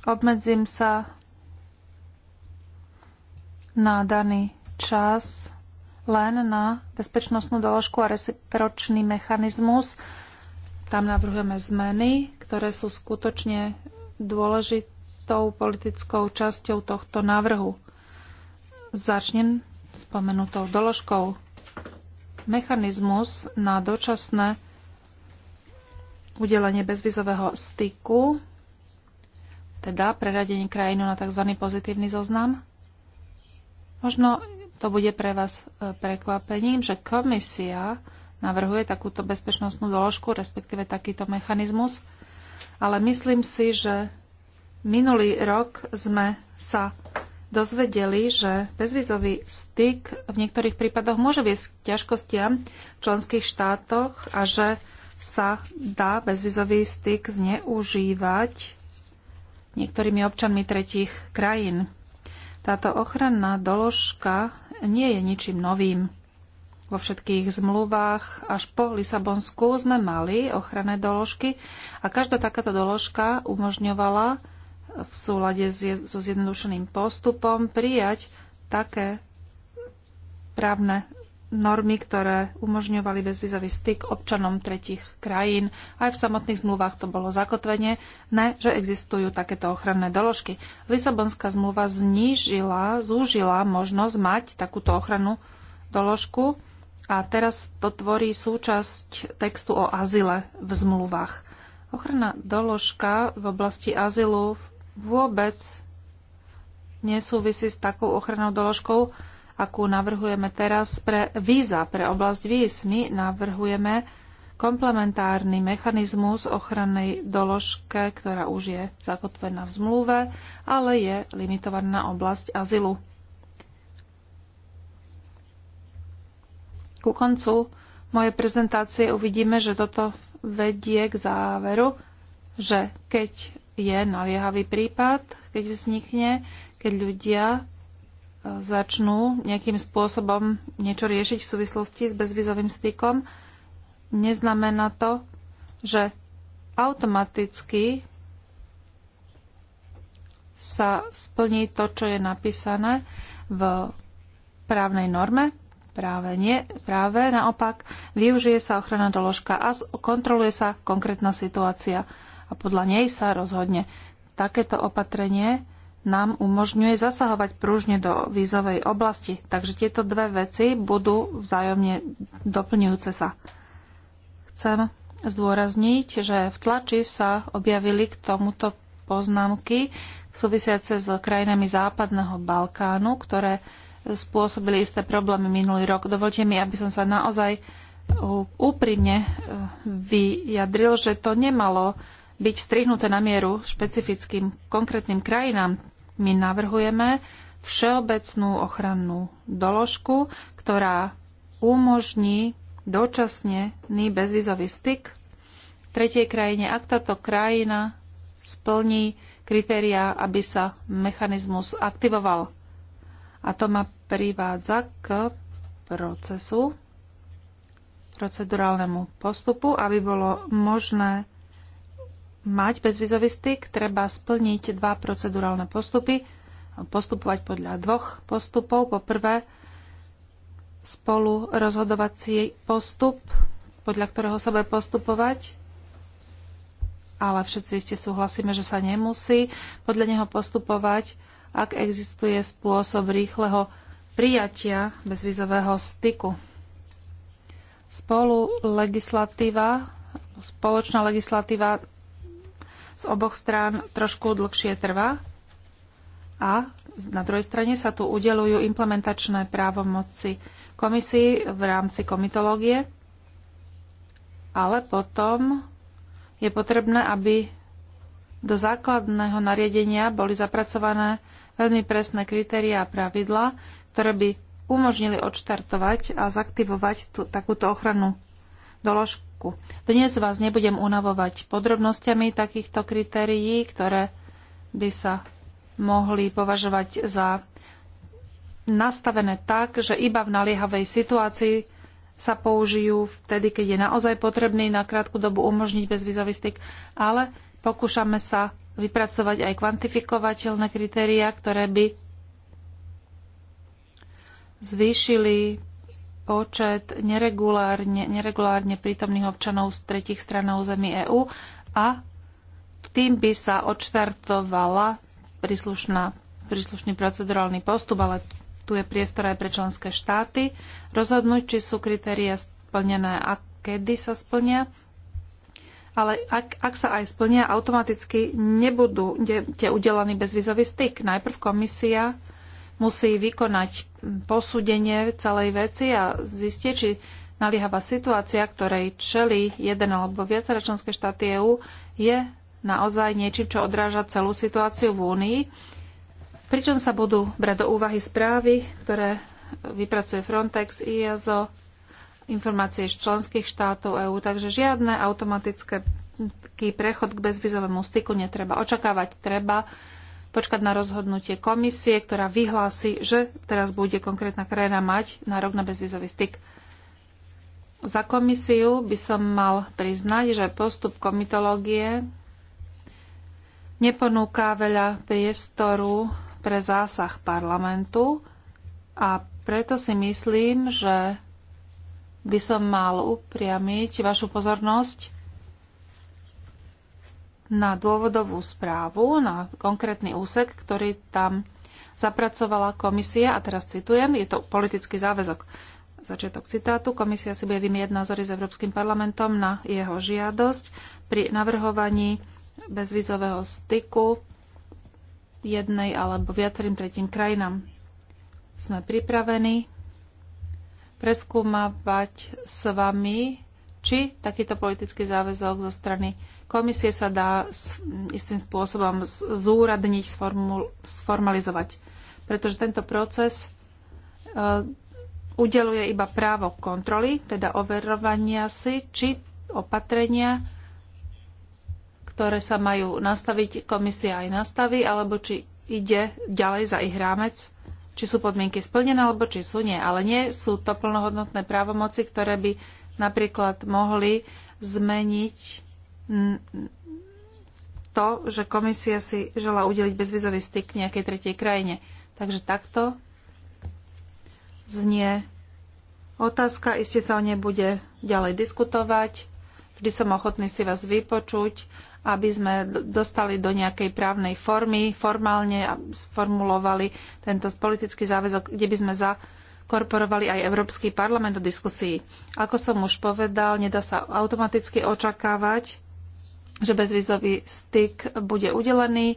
Obmedzím sa na daný čas len na bezpečnostnú doložku a recipročný mechanizmus tam navrhujeme zmeny, ktoré sú skutočne dôležitou politickou časťou tohto návrhu. Začnem spomenutou doložkou. Mechanizmus na dočasné udelenie bezvizového styku, teda preradenie krajinu na tzv. pozitívny zoznam. Možno to bude pre vás e, prekvapením, že komisia navrhuje takúto bezpečnostnú doložku, respektíve takýto mechanizmus. Ale myslím si, že minulý rok sme sa dozvedeli, že bezvizový styk v niektorých prípadoch môže viesť k ťažkostiam v členských štátoch a že sa dá bezvizový styk zneužívať niektorými občanmi tretích krajín. Táto ochranná doložka nie je ničím novým vo všetkých zmluvách až po Lisabonsku sme mali ochranné doložky a každá takáto doložka umožňovala v súlade so zjednodušeným postupom prijať také právne normy, ktoré umožňovali bezvizový styk občanom tretich krajín. Aj v samotných zmluvách to bolo zakotvenie, ne, že existujú takéto ochranné doložky. Lisabonská zmluva znížila, zúžila možnosť mať takúto ochranu doložku a teraz to tvorí súčasť textu o azile v zmluvách. Ochranná doložka v oblasti azylu vôbec nesúvisí s takou ochrannou doložkou, akú navrhujeme teraz pre víza, pre oblasť víz. My navrhujeme komplementárny mechanizmus ochrannej doložke, ktorá už je zakotvená v zmluve, ale je limitovaná na oblasť azylu. ku koncu mojej prezentácie uvidíme, že toto vedie k záveru, že keď je naliehavý prípad, keď vznikne, keď ľudia e, začnú nejakým spôsobom niečo riešiť v súvislosti s bezvizovým stykom, neznamená to, že automaticky sa splní to, čo je napísané v právnej norme, Práve nie, práve naopak využije sa ochranná doložka a kontroluje sa konkrétna situácia a podľa nej sa rozhodne. Takéto opatrenie nám umožňuje zasahovať pružne do vízovej oblasti, takže tieto dve veci budú vzájomne doplňujúce sa. Chcem zdôrazniť, že v tlači sa objavili k tomuto poznámky súvisiace s krajinami Západného Balkánu, ktoré spôsobili isté problémy minulý rok. Dovolte mi, aby som sa naozaj úprimne e, vyjadril, že to nemalo byť strihnuté na mieru špecifickým konkrétnym krajinám. My navrhujeme všeobecnú ochrannú doložku, ktorá umožní dočasne bezvizový styk v tretej krajine, ak táto krajina splní kritéria, aby sa mechanizmus aktivoval. A to ma privádza k procesu, procedurálnemu postupu, aby bolo možné mať bezvizový styk, treba splniť dva procedurálne postupy, postupovať podľa dvoch postupov. Po prvé, spolu rozhodovací postup, podľa ktorého sa bude postupovať, ale všetci ste súhlasíme, že sa nemusí podľa neho postupovať ak existuje spôsob rýchleho prijatia bezvizového styku. Spolu legislatíva, spoločná legislatíva z oboch strán trošku dlhšie trvá a na druhej strane sa tu udelujú implementačné právomoci komisii v rámci komitológie, ale potom je potrebné, aby do základného nariadenia boli zapracované veľmi presné kritériá a pravidlá, ktoré by umožnili odštartovať a zaktivovať tú, takúto ochranu doložku. Dnes vás nebudem unavovať podrobnosťami takýchto kritérií, ktoré by sa mohli považovať za nastavené tak, že iba v naliehavej situácii sa použijú vtedy, keď je naozaj potrebný na krátku dobu umožniť bezvizový styk, ale pokúšame sa vypracovať aj kvantifikovateľné kritériá, ktoré by zvýšili počet neregulárne, neregulárne prítomných občanov z tretich stran na území EÚ a tým by sa odštartovala príslušná, príslušný procedurálny postup, ale tu je priestor aj pre členské štáty rozhodnúť, či sú kritéria splnené a kedy sa splnia ale ak, ak sa aj splnia, automaticky nebudú tie udelený bezvizový styk. Najprv komisia musí vykonať posúdenie celej veci a zistiť, či naliehavá situácia, ktorej čeli jeden alebo viaceré členské štáty EÚ, je naozaj niečím, čo odráža celú situáciu v Únii, pričom sa budú brať do úvahy správy, ktoré vypracuje Frontex, IAZO, informácie z členských štátov EÚ, takže žiadne automatické prechod k bezvizovému styku netreba očakávať. Treba počkať na rozhodnutie komisie, ktorá vyhlási, že teraz bude konkrétna krajina mať nárok na bezvizový styk. Za komisiu by som mal priznať, že postup komitológie neponúka veľa priestoru pre zásah parlamentu a preto si myslím, že by som mal upriamiť vašu pozornosť na dôvodovú správu, na konkrétny úsek, ktorý tam zapracovala komisia, a teraz citujem, je to politický záväzok. Začiatok citátu. Komisia si bude vymieť názory s Európskym parlamentom na jeho žiadosť pri navrhovaní bezvizového styku jednej alebo viacerým tretím krajinám. Sme pripravení preskúmavať s vami, či takýto politický záväzok zo strany komisie sa dá istým spôsobom zúradniť, sformalizovať. Pretože tento proces e, udeluje iba právo kontroly, teda overovania si, či opatrenia, ktoré sa majú nastaviť, komisia aj nastaví, alebo či ide ďalej za ich rámec či sú podmienky splnené alebo či sú nie. Ale nie sú to plnohodnotné právomoci, ktoré by napríklad mohli zmeniť to, že komisia si žela udeliť bezvizový styk k nejakej tretej krajine. Takže takto znie otázka. Iste sa o nej bude ďalej diskutovať. Vždy som ochotný si vás vypočuť aby sme dostali do nejakej právnej formy, formálne a sformulovali tento politický záväzok, kde by sme zakorporovali aj Európsky parlament do diskusí. Ako som už povedal, nedá sa automaticky očakávať, že bezvizový styk bude udelený.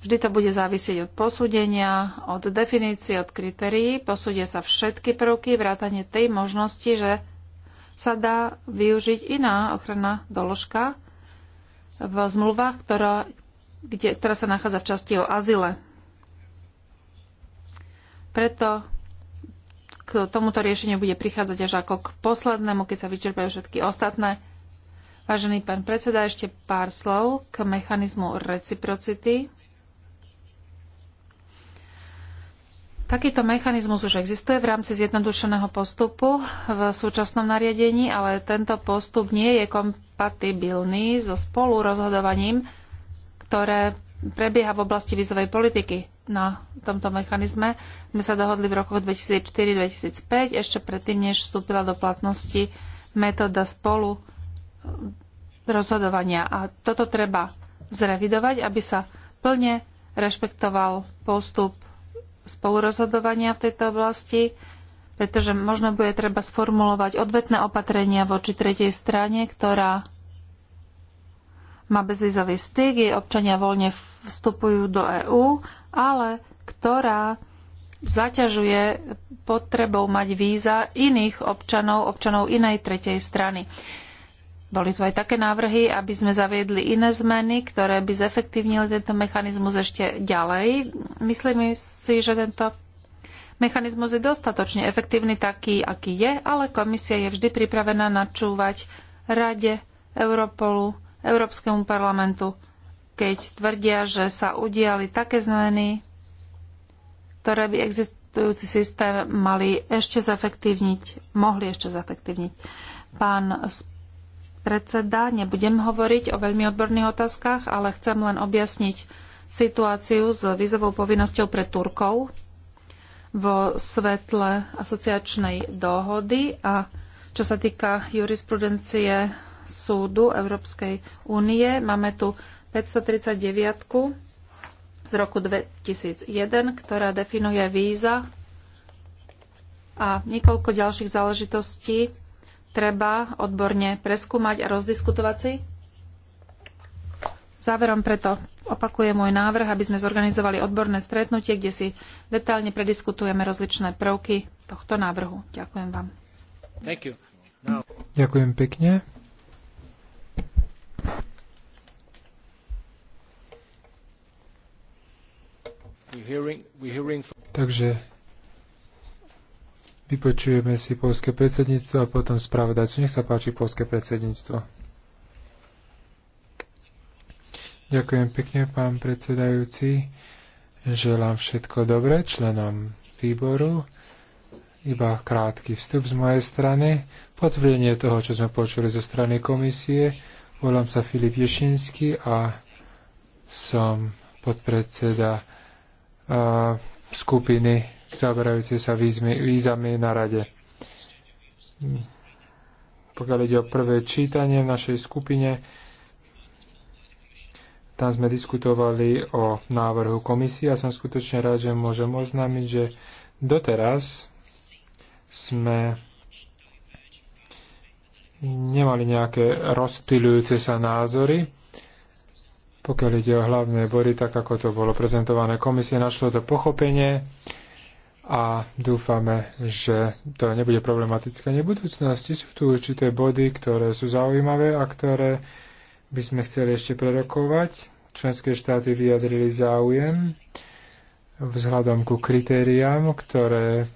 Vždy to bude závisieť od posúdenia, od definície, od kritérií. Posúdia sa všetky prvky, vrátane tej možnosti, že sa dá využiť iná ochranná doložka, v zmluvách, ktorá, kde, ktorá sa nachádza v časti o azile. Preto k tomuto riešeniu bude prichádzať až ako k poslednému, keď sa vyčerpajú všetky ostatné. Vážený pán predseda, ešte pár slov k mechanizmu reciprocity. Takýto mechanizmus už existuje v rámci zjednodušeného postupu v súčasnom nariadení, ale tento postup nie je kompatibilný so spolurozhodovaním, ktoré prebieha v oblasti vízovej politiky. Na tomto mechanizme sme sa dohodli v rokoch 2004-2005, ešte predtým, než vstúpila do platnosti metóda spolu rozhodovania. A toto treba zrevidovať, aby sa plne rešpektoval postup spolurozhodovania v tejto oblasti, pretože možno bude treba sformulovať odvetné opatrenia voči tretej strane, ktorá má bezvizový styk, jej občania voľne vstupujú do EÚ, ale ktorá zaťažuje potrebou mať víza iných občanov, občanov inej tretej strany. Boli tu aj také návrhy, aby sme zaviedli iné zmeny, ktoré by zefektívnili tento mechanizmus ešte ďalej. Myslím si, že tento mechanizmus je dostatočne efektívny taký, aký je, ale komisia je vždy pripravená načúvať Rade, Europolu, Európskemu parlamentu, keď tvrdia, že sa udiali také zmeny, ktoré by existujúci systém mali ešte zefektívniť, mohli ešte zefektívniť. Pán predseda. Nebudem hovoriť o veľmi odborných otázkach, ale chcem len objasniť situáciu s vízovou povinnosťou pre Turkov vo svetle asociačnej dohody a čo sa týka jurisprudencie súdu Európskej únie, máme tu 539 z roku 2001, ktorá definuje víza a niekoľko ďalších záležitostí, treba odborne preskúmať a rozdiskutovať si. Záverom preto opakuje môj návrh, aby sme zorganizovali odborné stretnutie, kde si detailne prediskutujeme rozličné prvky tohto návrhu. Ďakujem vám. Ďakujem pekne. We're hearing, we're hearing... Takže Vypočujeme si polské predsedníctvo a potom spravodajcu. Nech sa páči polské predsedníctvo. Ďakujem pekne, pán predsedajúci. Želám všetko dobré členom výboru. Iba krátky vstup z mojej strany. Potvrdenie toho, čo sme počuli zo strany komisie. Volám sa Filip Ješinský a som podpredseda uh, skupiny zaoberajúce sa výzmy, výzami na rade. Pokiaľ ide o prvé čítanie v našej skupine, tam sme diskutovali o návrhu komisie a som skutočne rád, že môžem oznámiť, že doteraz sme nemali nejaké rozptýľujúce sa názory. Pokiaľ ide o hlavné body, tak ako to bolo prezentované komisie, našlo to pochopenie a dúfame, že to nebude problematické. V budúcnosti sú tu určité body, ktoré sú zaujímavé a ktoré by sme chceli ešte prerokovať. Členské štáty vyjadrili záujem vzhľadom ku kritériám, ktoré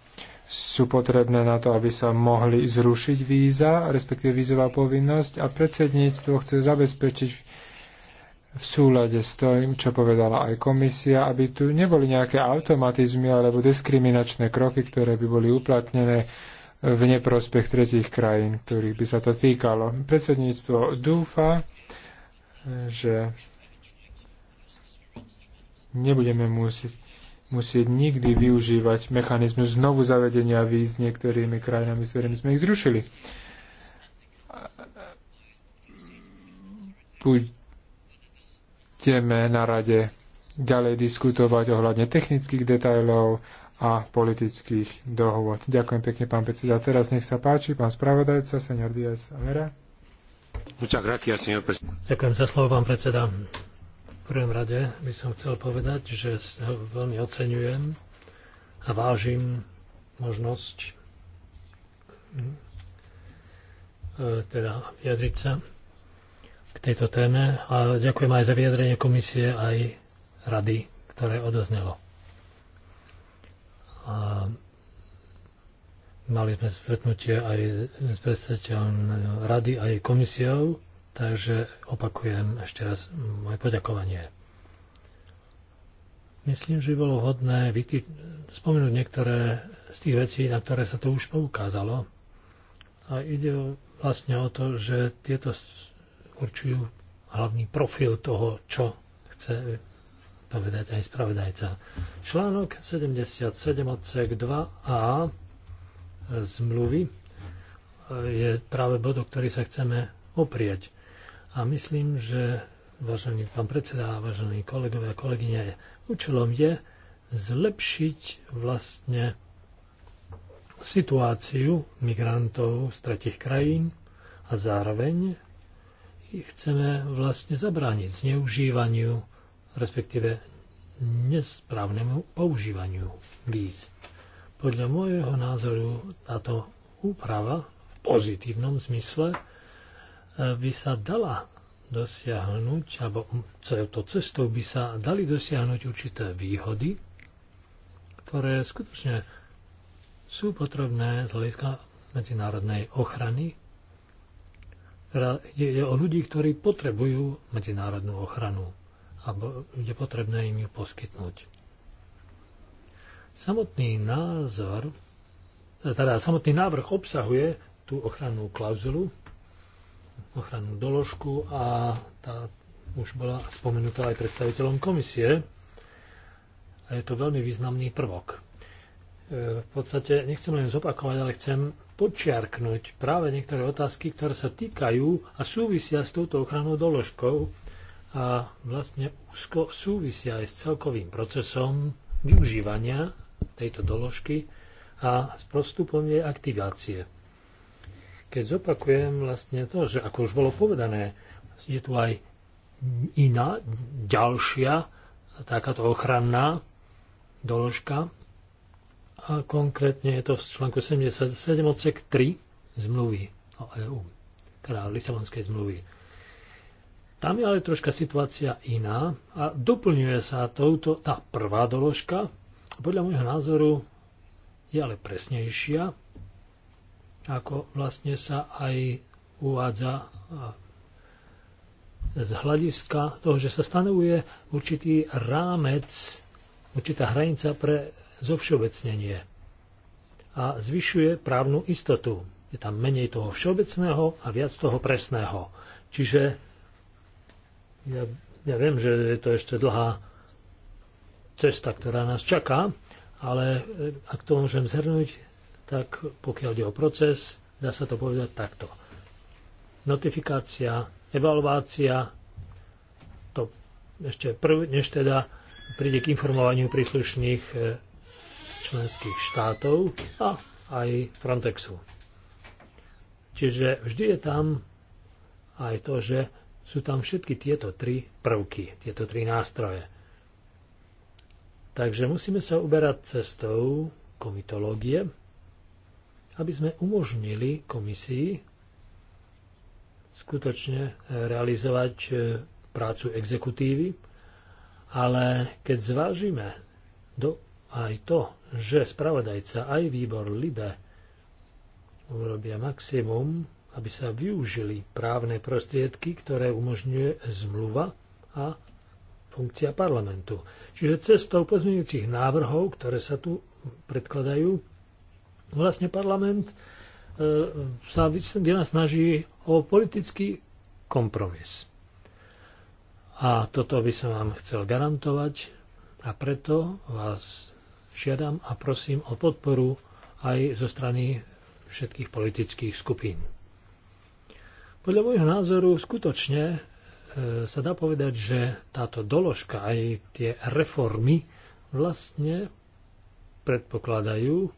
sú potrebné na to, aby sa mohli zrušiť víza, respektíve vízová povinnosť a predsedníctvo chce zabezpečiť v súlade s tým, čo povedala aj komisia, aby tu neboli nejaké automatizmy alebo diskriminačné kroky, ktoré by boli uplatnené v neprospech tretich krajín, ktorých by sa to týkalo. Predsedníctvo dúfa, že nebudeme musieť, musieť nikdy využívať mechanizmus znovu zavedenia víz niektorými krajinami, s ktorými sme ich zrušili. Buď budeme na rade ďalej diskutovať ohľadne technických detajlov a politických dohôd. Ďakujem pekne, pán predseda. Teraz nech sa páči, pán spravodajca, senior Díaz Avera. Ďakujem za slovo, pán predseda. V prvom rade by som chcel povedať, že ho veľmi oceňujem a vážim možnosť hm, e, teda vyjadriť sa k tejto téme a ďakujem aj za vyjadrenie komisie aj rady, ktoré odoznelo. A mali sme stretnutie aj s predstaviteľom rady, aj komisiou, takže opakujem ešte raz moje poďakovanie. Myslím, že bolo vhodné spomenúť niektoré z tých vecí, na ktoré sa to už poukázalo. A ide vlastne o to, že tieto určujú hlavný profil toho, čo chce povedať aj spravodajca. Článok 77 odsek 2a zmluvy e, je práve bod, o ktorý sa chceme oprieť. A myslím, že vážený pán predseda, vážení kolegovia a kolegyne, účelom je zlepšiť vlastne situáciu migrantov z tretich krajín a zároveň chceme vlastne zabrániť zneužívaniu, respektíve nesprávnemu používaniu víz. Podľa môjho názoru táto úprava v pozitívnom zmysle e, by sa dala dosiahnuť, alebo to cestou by sa dali dosiahnuť určité výhody, ktoré skutočne sú potrebné z hľadiska medzinárodnej ochrany je teda o ľudí, ktorí potrebujú medzinárodnú ochranu a je potrebné im ju poskytnúť. Samotný názor, teda samotný návrh obsahuje tú ochrannú klauzulu, ochrannú doložku a tá už bola spomenutá aj predstaviteľom komisie. A je to veľmi významný prvok. E, v podstate nechcem len zopakovať, ale chcem podčiarknúť práve niektoré otázky, ktoré sa týkajú a súvisia s touto ochranou doložkou a vlastne úzko súvisia aj s celkovým procesom využívania tejto doložky a s prostupom jej aktivácie. Keď zopakujem vlastne to, že ako už bolo povedané, je tu aj iná, ďalšia takáto ochranná doložka a konkrétne je to v článku 77 odsek 3 zmluvy o EU, teda Lisabonskej zmluvy. Tam je ale troška situácia iná a doplňuje sa touto, tá prvá doložka, podľa môjho názoru je ale presnejšia, ako vlastne sa aj uvádza z hľadiska toho, že sa stanovuje určitý rámec, určitá hranica pre zovšeobecnenie a zvyšuje právnu istotu. Je tam menej toho všeobecného a viac toho presného. Čiže ja, ja viem, že je to ešte dlhá cesta, ktorá nás čaká, ale eh, ak to môžem zhrnúť, tak pokiaľ ide o proces, dá sa to povedať takto. Notifikácia, evaluácia, to ešte prv, než teda príde k informovaniu príslušných eh, členských štátov a aj Frontexu. Čiže vždy je tam aj to, že sú tam všetky tieto tri prvky, tieto tri nástroje. Takže musíme sa uberať cestou komitológie, aby sme umožnili komisii skutočne realizovať e, prácu exekutívy, ale keď zvážime, do aj to, že spravodajca aj výbor LIBE urobia maximum, aby sa využili právne prostriedky, ktoré umožňuje zmluva a funkcia parlamentu. Čiže cestou pozmeňujúcich návrhov, ktoré sa tu predkladajú, vlastne parlament e, sa vyna snaží o politický kompromis. A toto by som vám chcel garantovať a preto vás žiadam a prosím o podporu aj zo strany všetkých politických skupín. Podľa môjho názoru skutočne e, sa dá povedať, že táto doložka aj tie reformy vlastne predpokladajú, e,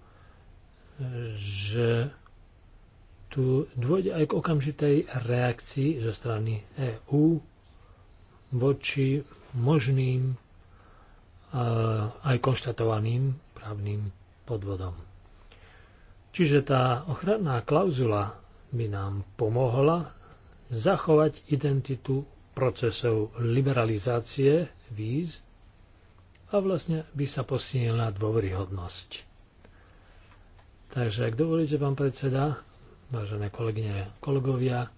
že tu dôjde aj k okamžitej reakcii zo strany EÚ voči možným aj konštatovaným právnym podvodom. Čiže tá ochranná klauzula by nám pomohla zachovať identitu procesov liberalizácie víz a vlastne by sa posilnila dôveryhodnosť. Takže, ak dovolíte, pán predseda, vážené kolegyne, kolegovia,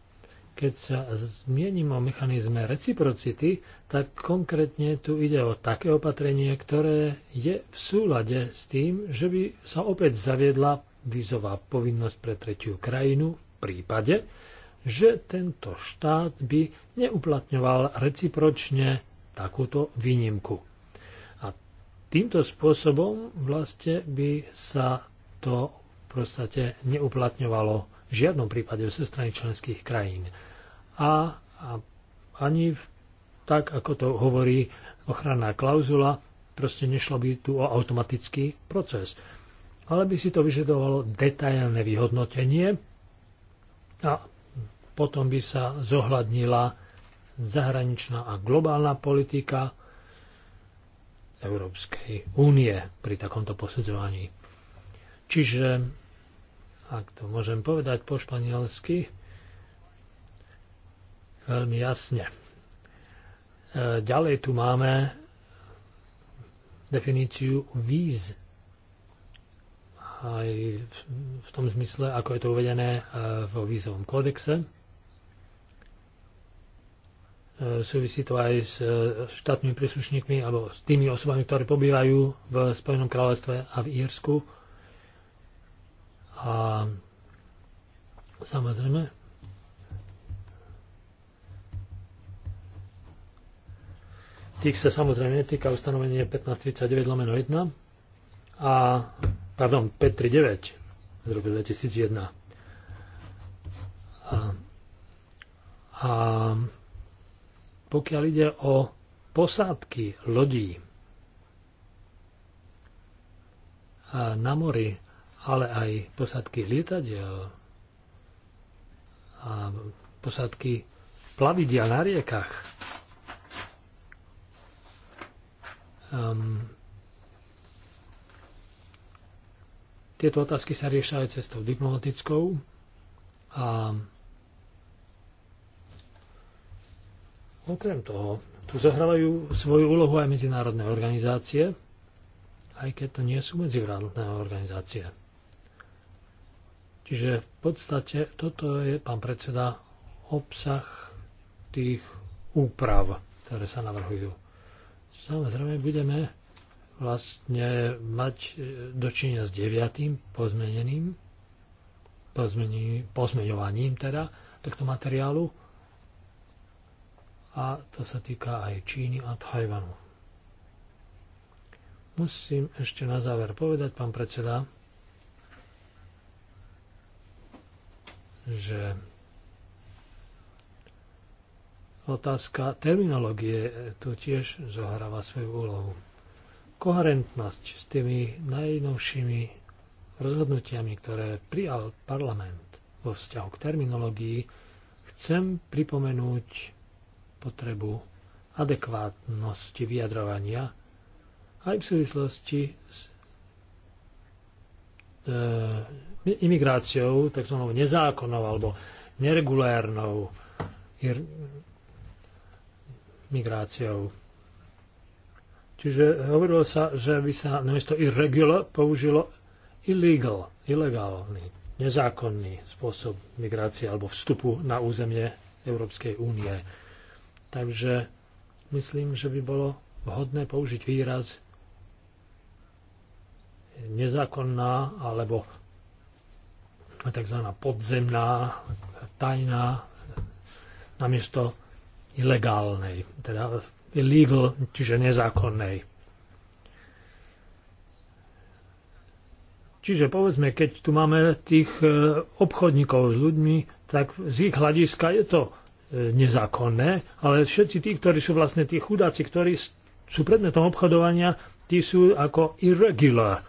keď sa zmienim o mechanizme reciprocity, tak konkrétne tu ide o také opatrenie, ktoré je v súlade s tým, že by sa opäť zaviedla vízová povinnosť pre tretiu krajinu v prípade, že tento štát by neuplatňoval recipročne takúto výnimku. A týmto spôsobom vlastne by sa to v podstate neuplatňovalo v žiadnom prípade zo strany členských krajín a, a ani v, tak, ako to hovorí ochranná klauzula, proste nešlo by tu o automatický proces. Ale by si to vyžadovalo detailné vyhodnotenie a potom by sa zohľadnila zahraničná a globálna politika Európskej únie pri takomto posudzovaní. Čiže, ak to môžem povedať po španielsky, veľmi jasne. E, ďalej tu máme definíciu víz. Aj v tom zmysle, ako je to uvedené e, vo vízovom kódexe. E, súvisí to aj s štátnymi príslušníkmi alebo s tými osobami, ktorí pobývajú v Spojenom kráľovstve a v Írsku. A samozrejme, Tých sa samozrejme netýka ustanovenie 1539 lomeno 1 a, pardon, 539 z roku 2001. A, a pokiaľ ide o posádky lodí a na mori, ale aj posádky lietadiel a posádky plavidia na riekach, Um, tieto otázky sa riešia aj cestou diplomatickou a okrem toho tu zahrávajú svoju úlohu aj medzinárodné organizácie, aj keď to nie sú medzinárodné organizácie. Čiže v podstate toto je, pán predseda, obsah tých úprav, ktoré sa navrhujú. Samozrejme budeme vlastne mať e, dočinia s deviatým pozmeneným, pozmeni, pozmeňovaním teda tohto materiálu a to sa týka aj Číny a Tajvanu. Musím ešte na záver povedať, pán predseda, že Otázka terminológie tu tiež zohráva svoju úlohu. Koherentnosť s tými najnovšími rozhodnutiami, ktoré prijal parlament vo vzťahu k terminológii, chcem pripomenúť potrebu adekvátnosti vyjadrovania aj v súvislosti s e, imigráciou, tzv. nezákonnou alebo neregulérnou migráciou. Čiže hovorilo sa, že by sa namiesto irregular použilo illegal, ilegálny, nezákonný spôsob migrácie alebo vstupu na územie Európskej únie. Takže myslím, že by bolo vhodné použiť výraz nezákonná alebo tzv. podzemná, tajná, namiesto ilegálnej, teda illegal, čiže nezákonnej. Čiže povedzme, keď tu máme tých e, obchodníkov s ľuďmi, tak z ich hľadiska je to e, nezákonné, ale všetci tí, ktorí sú vlastne tí chudáci, ktorí sú predmetom obchodovania, tí sú ako irregular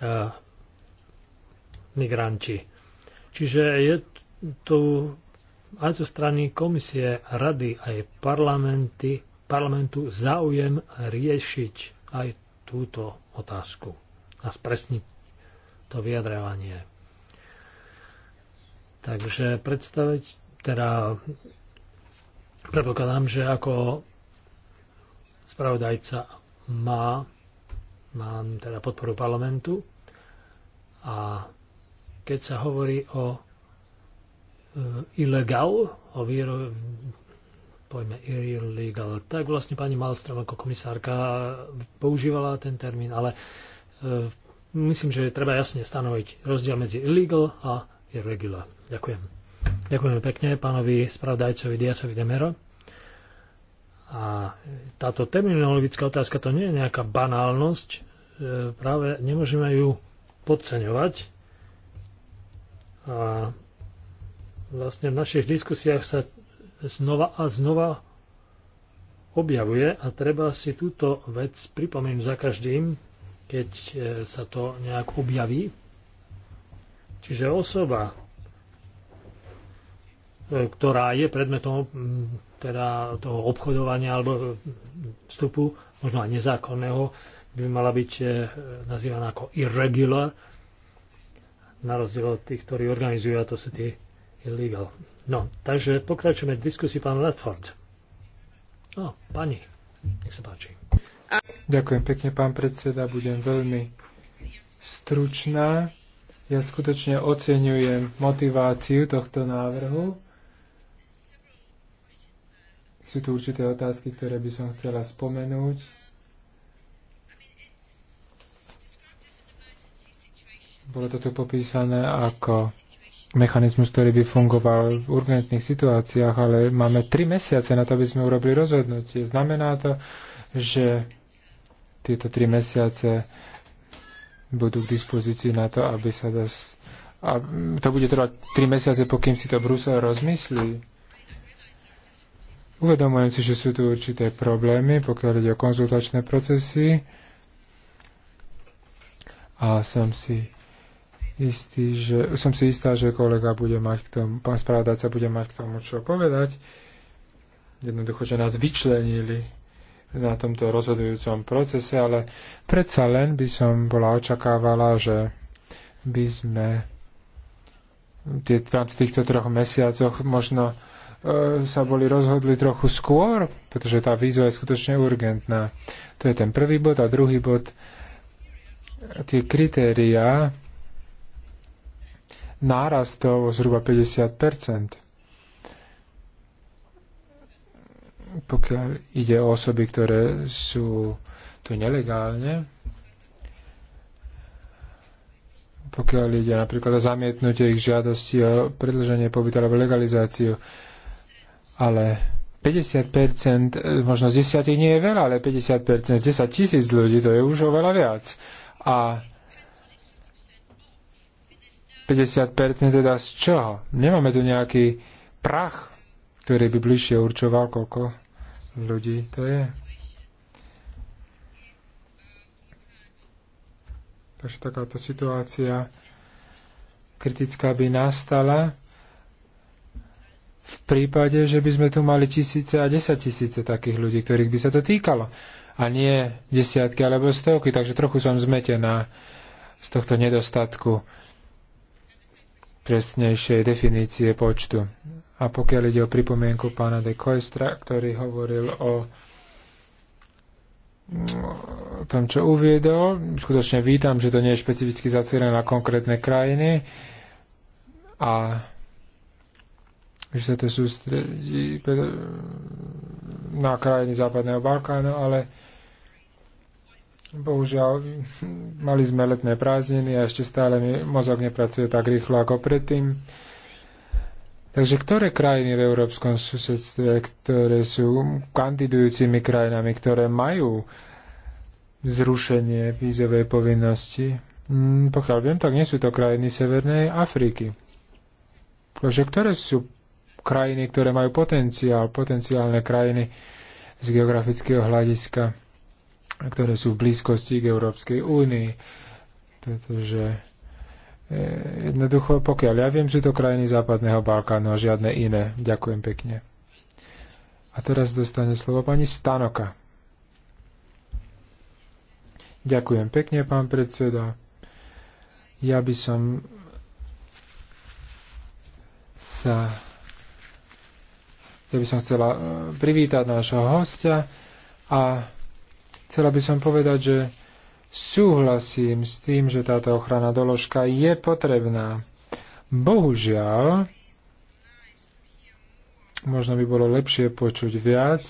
e, migranti. Čiže je tu aj zo strany komisie, rady aj parlamenty, parlamentu záujem riešiť aj túto otázku a spresniť to vyjadrovanie. Takže predstaviť, teda predpokladám, že ako spravodajca má, má teda podporu parlamentu a keď sa hovorí o Eh, ilegál, o výro... pojme illegal, tak vlastne pani Malstrom ako komisárka používala ten termín, ale eh, myslím, že treba jasne stanoviť rozdiel medzi illegal a irregular. Ďakujem. Ďakujem pekne pánovi spravdajcovi Diasovi Demero. A táto terminologická otázka to nie je nejaká banálnosť, eh, práve nemôžeme ju podceňovať. A vlastne v našich diskusiách sa znova a znova objavuje a treba si túto vec pripomenúť za každým, keď e, sa to nejak objaví. Čiže osoba, e, ktorá je predmetom teda toho obchodovania alebo e, vstupu, možno aj nezákonného, by mala byť nazývaná ako irregular, na rozdiel od tých, ktorí organizujú, a to sú tie illegal. No, takže pokračujeme v diskusii pán Ledford. No, pani, nech sa páči. Ďakujem pekne, pán predseda. Budem veľmi stručná. Ja skutočne oceňujem motiváciu tohto návrhu. Sú tu určité otázky, ktoré by som chcela spomenúť. Bolo toto popísané ako mechanizmus, ktorý by fungoval v urgentných situáciách, ale máme tri mesiace na to, aby sme urobili rozhodnutie. Znamená to, že tieto tri mesiace budú k dispozícii na to, aby sa dos... A to bude trvať tri mesiace, pokým si to Brusel rozmyslí. Uvedomujem si, že sú tu určité problémy, pokiaľ ide o konzultačné procesy a som si istý, že som si istá, že kolega bude mať k tomu, pán spravodajca bude mať k tomu čo povedať. Jednoducho, že nás vyčlenili na tomto rozhodujúcom procese, ale predsa len by som bola očakávala, že by sme v rámci týchto troch mesiacoch možno e, sa boli rozhodli trochu skôr, pretože tá výzva je skutočne urgentná. To je ten prvý bod a druhý bod tie kritériá, nárastov o zhruba 50 pokiaľ ide o osoby, ktoré sú tu nelegálne, pokiaľ ide napríklad o zamietnutie ich žiadosti o predlženie pobytu alebo legalizáciu. Ale 50%, e, možno z 10 nie je veľa, ale 50% z 10 tisíc ľudí, to je už oveľa viac. A 50% teda z čoho? Nemáme tu nejaký prach, ktorý by bližšie určoval, koľko ľudí to je. Takže takáto situácia kritická by nastala v prípade, že by sme tu mali tisíce a desať tisíce takých ľudí, ktorých by sa to týkalo. A nie desiatky alebo stovky, takže trochu som zmetená z tohto nedostatku presnejšej definície počtu. A pokiaľ ide o pripomienku pána de Koestra, ktorý hovoril o tom, čo uviedol. Skutočne vítam, že to nie je špecificky zacielené na konkrétne krajiny a že sa to sústredí na krajiny Západného Balkánu, ale Bohužiaľ, mali sme letné prázdniny a ešte stále mi mozog nepracuje tak rýchlo ako predtým. Takže ktoré krajiny v európskom susedstve, ktoré sú kandidujúcimi krajinami, ktoré majú zrušenie vízovej povinnosti? Hmm, pokiaľ viem, tak nie sú to krajiny Severnej Afriky. Takže ktoré sú krajiny, ktoré majú potenciál, potenciálne krajiny z geografického hľadiska? ktoré sú v blízkosti k Európskej únii. Pretože e, jednoducho, pokiaľ ja viem, sú to krajiny Západného Balkánu a žiadne iné. Ďakujem pekne. A teraz dostane slovo pani Stanoka. Ďakujem pekne, pán predseda. Ja by som sa ja by som chcela e, privítať nášho hostia a Chcela by som povedať, že súhlasím s tým, že táto ochrana doložka je potrebná. Bohužiaľ, možno by bolo lepšie počuť viac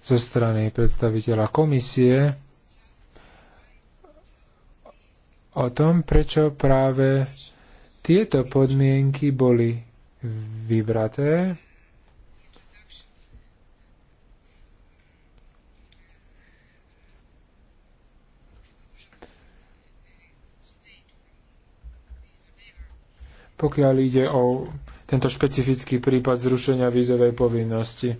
zo strany predstaviteľa komisie o tom, prečo práve tieto podmienky boli vybraté pokiaľ ide o tento špecifický prípad zrušenia vízovej povinnosti.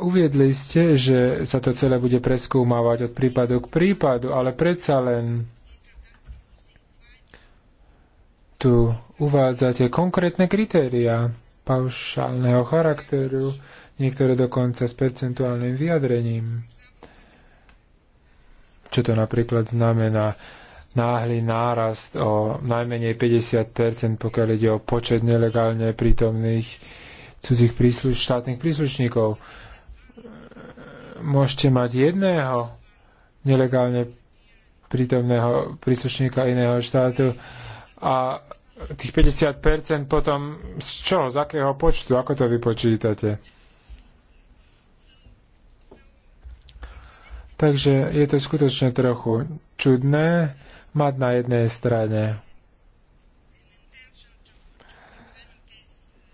Uviedli ste, že sa to celé bude preskúmavať od prípadu k prípadu, ale predsa len tu uvádzate konkrétne kritériá paušálneho charakteru, niektoré dokonca s percentuálnym vyjadrením. Čo to napríklad znamená? náhly nárast o najmenej 50%, pokiaľ ide o počet nelegálne prítomných cudzích prísluš- štátnych príslušníkov. Môžete mať jedného nelegálne prítomného príslušníka iného štátu a tých 50% potom z čoho, z akého počtu, ako to vypočítate? Takže je to skutočne trochu čudné mať na jednej strane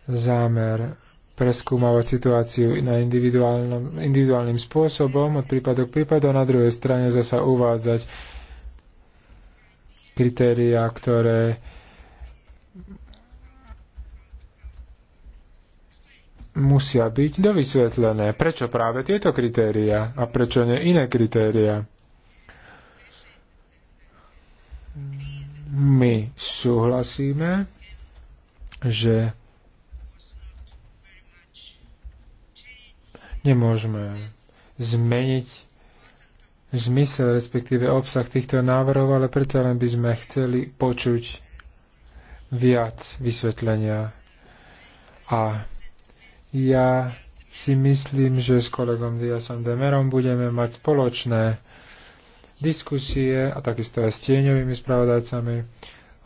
zámer preskúmavať situáciu na individuálnym spôsobom od prípadu k prípadu a na druhej strane zasa uvádzať kritériá, ktoré musia byť dovysvetlené. Prečo práve tieto kritéria a prečo nie iné kritéria? my súhlasíme, že nemôžeme zmeniť zmysel, respektíve obsah týchto návrhov, ale predsa len by sme chceli počuť viac vysvetlenia. A ja si myslím, že s kolegom Diasom Demerom budeme mať spoločné diskusie a takisto aj s tieňovými spravodajcami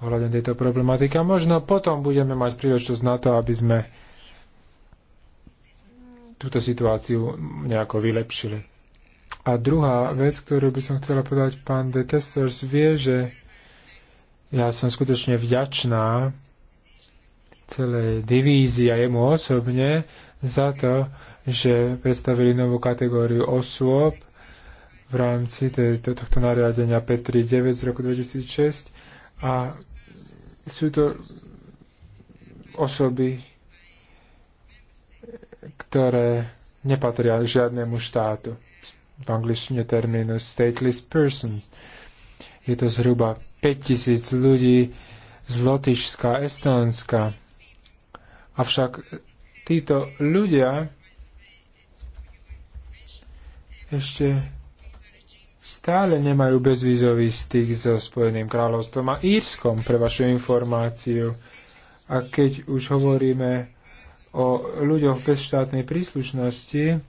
ohľadom tejto problematiky. A možno potom budeme mať príležitosť na to, aby sme túto situáciu nejako vylepšili. A druhá vec, ktorú by som chcela povedať, pán de Kesters vie, že ja som skutočne vďačná celej divízii a jemu osobne za to, že predstavili novú kategóriu osôb, v rámci tejto, tohto nariadenia P39 z roku 2006 a sú to osoby, ktoré nepatria žiadnemu štátu. V angličtine termínus stateless person. Je to zhruba 5000 ľudí z Lotyšska, Estónska. Avšak títo ľudia ešte stále nemajú bezvízový styk so Spojeným kráľovstvom a Írskom, pre vašu informáciu. A keď už hovoríme o ľuďoch bez štátnej príslušnosti,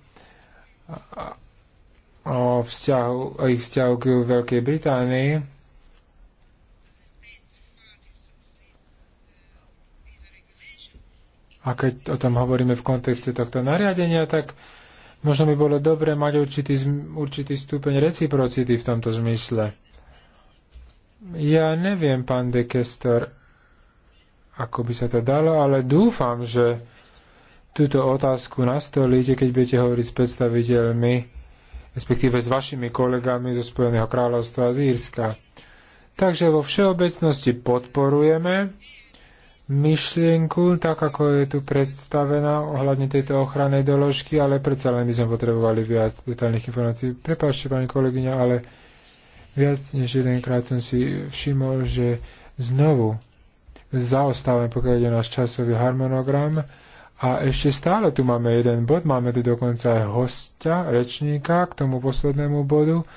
o, vzťahu, o ich vzťahu k Veľkej Británii, a keď o tom hovoríme v kontexte tohto nariadenia, tak Možno by bolo dobre mať určitý, určitý stupeň reciprocity v tomto zmysle. Ja neviem, pán de Kestor, ako by sa to dalo, ale dúfam, že túto otázku nastolíte, keď budete hovoriť s predstaviteľmi, respektíve s vašimi kolegami zo Spojeného kráľovstva z Írska. Takže vo všeobecnosti podporujeme myšlienku, tak ako je tu predstavená ohľadne tejto ochrannej doložky, ale predsa len by sme potrebovali viac detailných informácií. Prepáčte, pani kolegyňa, ale viac než jedenkrát som si všimol, že znovu zaostávame, pokiaľ ide náš časový harmonogram. A ešte stále tu máme jeden bod, máme tu dokonca aj hostia, rečníka k tomu poslednému bodu.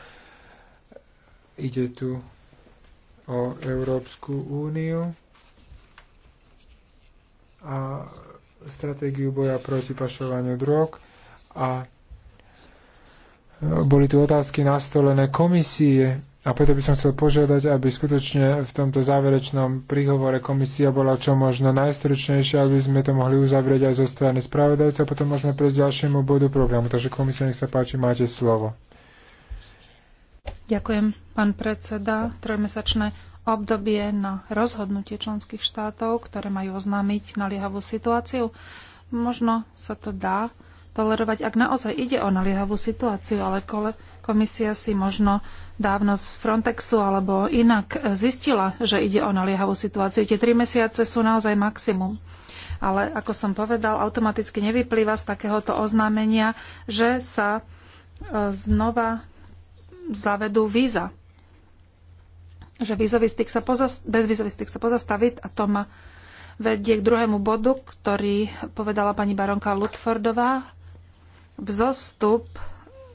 Ide tu o Európsku úniu a stratégiu boja proti pašovaniu drog a e, boli tu otázky nastolené komisie a preto by som chcel požiadať, aby skutočne v tomto záverečnom príhovore komisia bola čo možno najstručnejšia, aby sme to mohli uzavrieť aj zo strany spravodajca, potom môžeme prejsť ďalšiemu bodu programu. Takže komisia, nech sa páči, máte slovo. Ďakujem, pán predseda. Trojmesačné obdobie na rozhodnutie členských štátov, ktoré majú oznámiť naliehavú situáciu. Možno sa to dá tolerovať, ak naozaj ide o naliehavú situáciu, ale komisia si možno dávno z Frontexu alebo inak zistila, že ide o naliehavú situáciu. Tie tri mesiace sú naozaj maximum. Ale ako som povedal, automaticky nevyplýva z takéhoto oznámenia, že sa e, znova zavedú víza že vízový styk sa pozastaviť styk sa a to ma vedie k druhému bodu, ktorý povedala pani baronka Lutfordová. Vzostup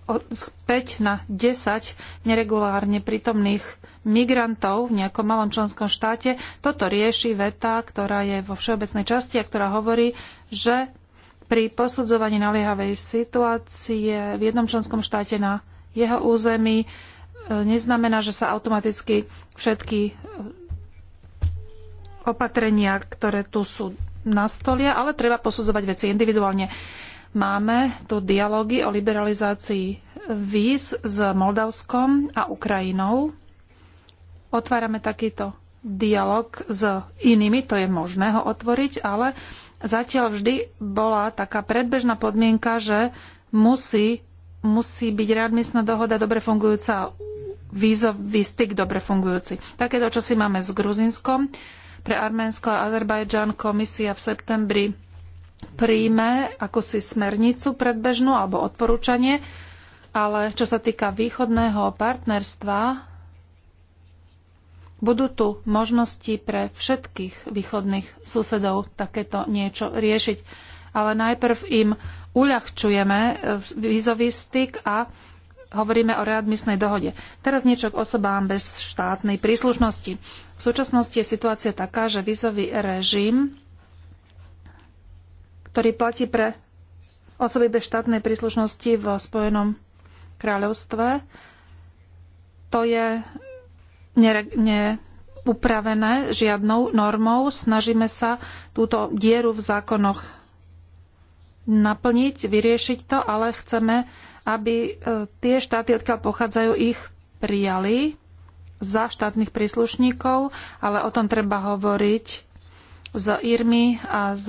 od, z 5 na 10 neregulárne prítomných migrantov v nejakom malom členskom štáte. Toto rieši veta, ktorá je vo všeobecnej časti a ktorá hovorí, že pri posudzovaní naliehavej situácie v jednom členskom štáte na jeho území neznamená, že sa automaticky všetky opatrenia, ktoré tu sú na stolia, ale treba posudzovať veci individuálne. Máme tu dialógy o liberalizácii víz s Moldavskom a Ukrajinou. Otvárame takýto dialog s inými, to je možné ho otvoriť, ale zatiaľ vždy bola taká predbežná podmienka, že musí, musí byť readmisná dohoda dobre fungujúca vízový styk dobre fungujúci. Takéto, čo si máme s Gruzinskom, pre Arménsko a Azerbajdžan komisia v septembri príjme ako si smernicu predbežnú alebo odporúčanie, ale čo sa týka východného partnerstva, budú tu možnosti pre všetkých východných susedov takéto niečo riešiť. Ale najprv im uľahčujeme eh, vízový styk a hovoríme o readmisnej dohode. Teraz niečo k osobám bez štátnej príslušnosti. V súčasnosti je situácia taká, že vizový režim, ktorý platí pre osoby bez štátnej príslušnosti v Spojenom kráľovstve, to je neupravené žiadnou normou. Snažíme sa túto dieru v zákonoch naplniť, vyriešiť to, ale chceme aby e, tie štáty, odkiaľ pochádzajú, ich prijali za štátnych príslušníkov, ale o tom treba hovoriť s Irmi a s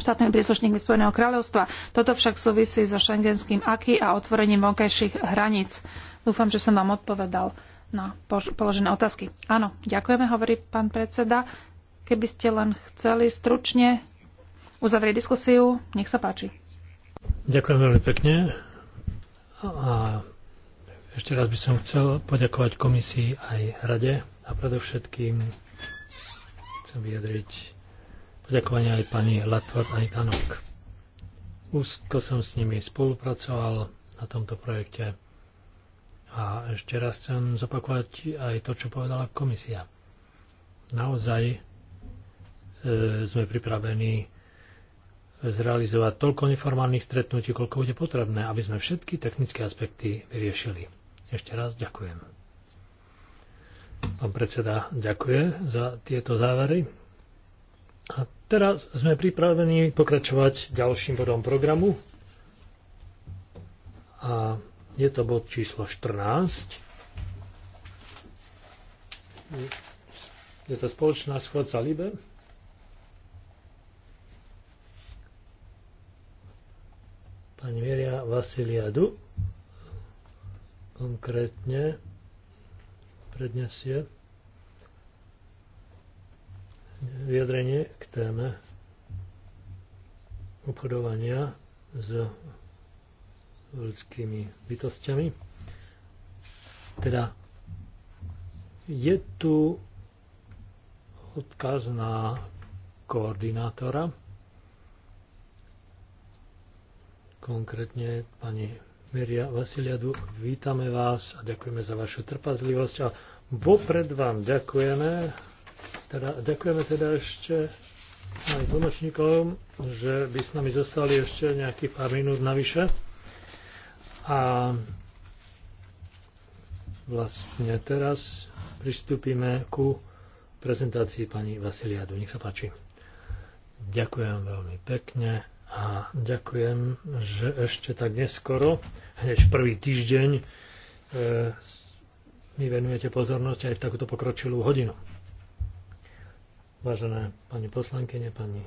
štátnymi príslušníkmi Spojeného kráľovstva. Toto však súvisí so šengenským aky a otvorením vonkajších hraníc. Dúfam, že som vám odpovedal na položené otázky. Áno, ďakujeme, hovorí pán predseda. Keby ste len chceli stručne uzavrieť diskusiu, nech sa páči. Ďakujem veľmi pekne. A ešte raz by som chcel poďakovať komisii aj rade a predovšetkým chcem vyjadriť poďakovanie aj pani Latford aj Tanok. Úzko som s nimi spolupracoval na tomto projekte a ešte raz chcem zopakovať aj to, čo povedala komisia. Naozaj e, sme pripravení zrealizovať toľko neformálnych stretnutí, koľko bude potrebné, aby sme všetky technické aspekty vyriešili. Ešte raz ďakujem. Pán predseda ďakuje za tieto závery. A teraz sme pripravení pokračovať ďalším bodom programu. A je to bod číslo 14. Je to spoločná schôdza Libe. pani Miria Vasiliadu konkrétne prednesie vyjadrenie k téme obchodovania s ľudskými bytostiami. Teda je tu odkaz na koordinátora konkrétne pani Meria Vasiliadu. Vítame vás a ďakujeme za vašu trpazlivosť a vopred vám ďakujeme, teda, ďakujeme teda ešte aj tlmočníkom, že by s nami zostali ešte nejakých pár minút navyše. A vlastne teraz pristúpime ku prezentácii pani Vasiliadu. Nech sa páči. Ďakujem veľmi pekne. A ďakujem, že ešte tak neskoro, hneď prvý týždeň, e, mi venujete pozornosť aj v takúto pokročilú hodinu. Vážené pani poslankyne, pani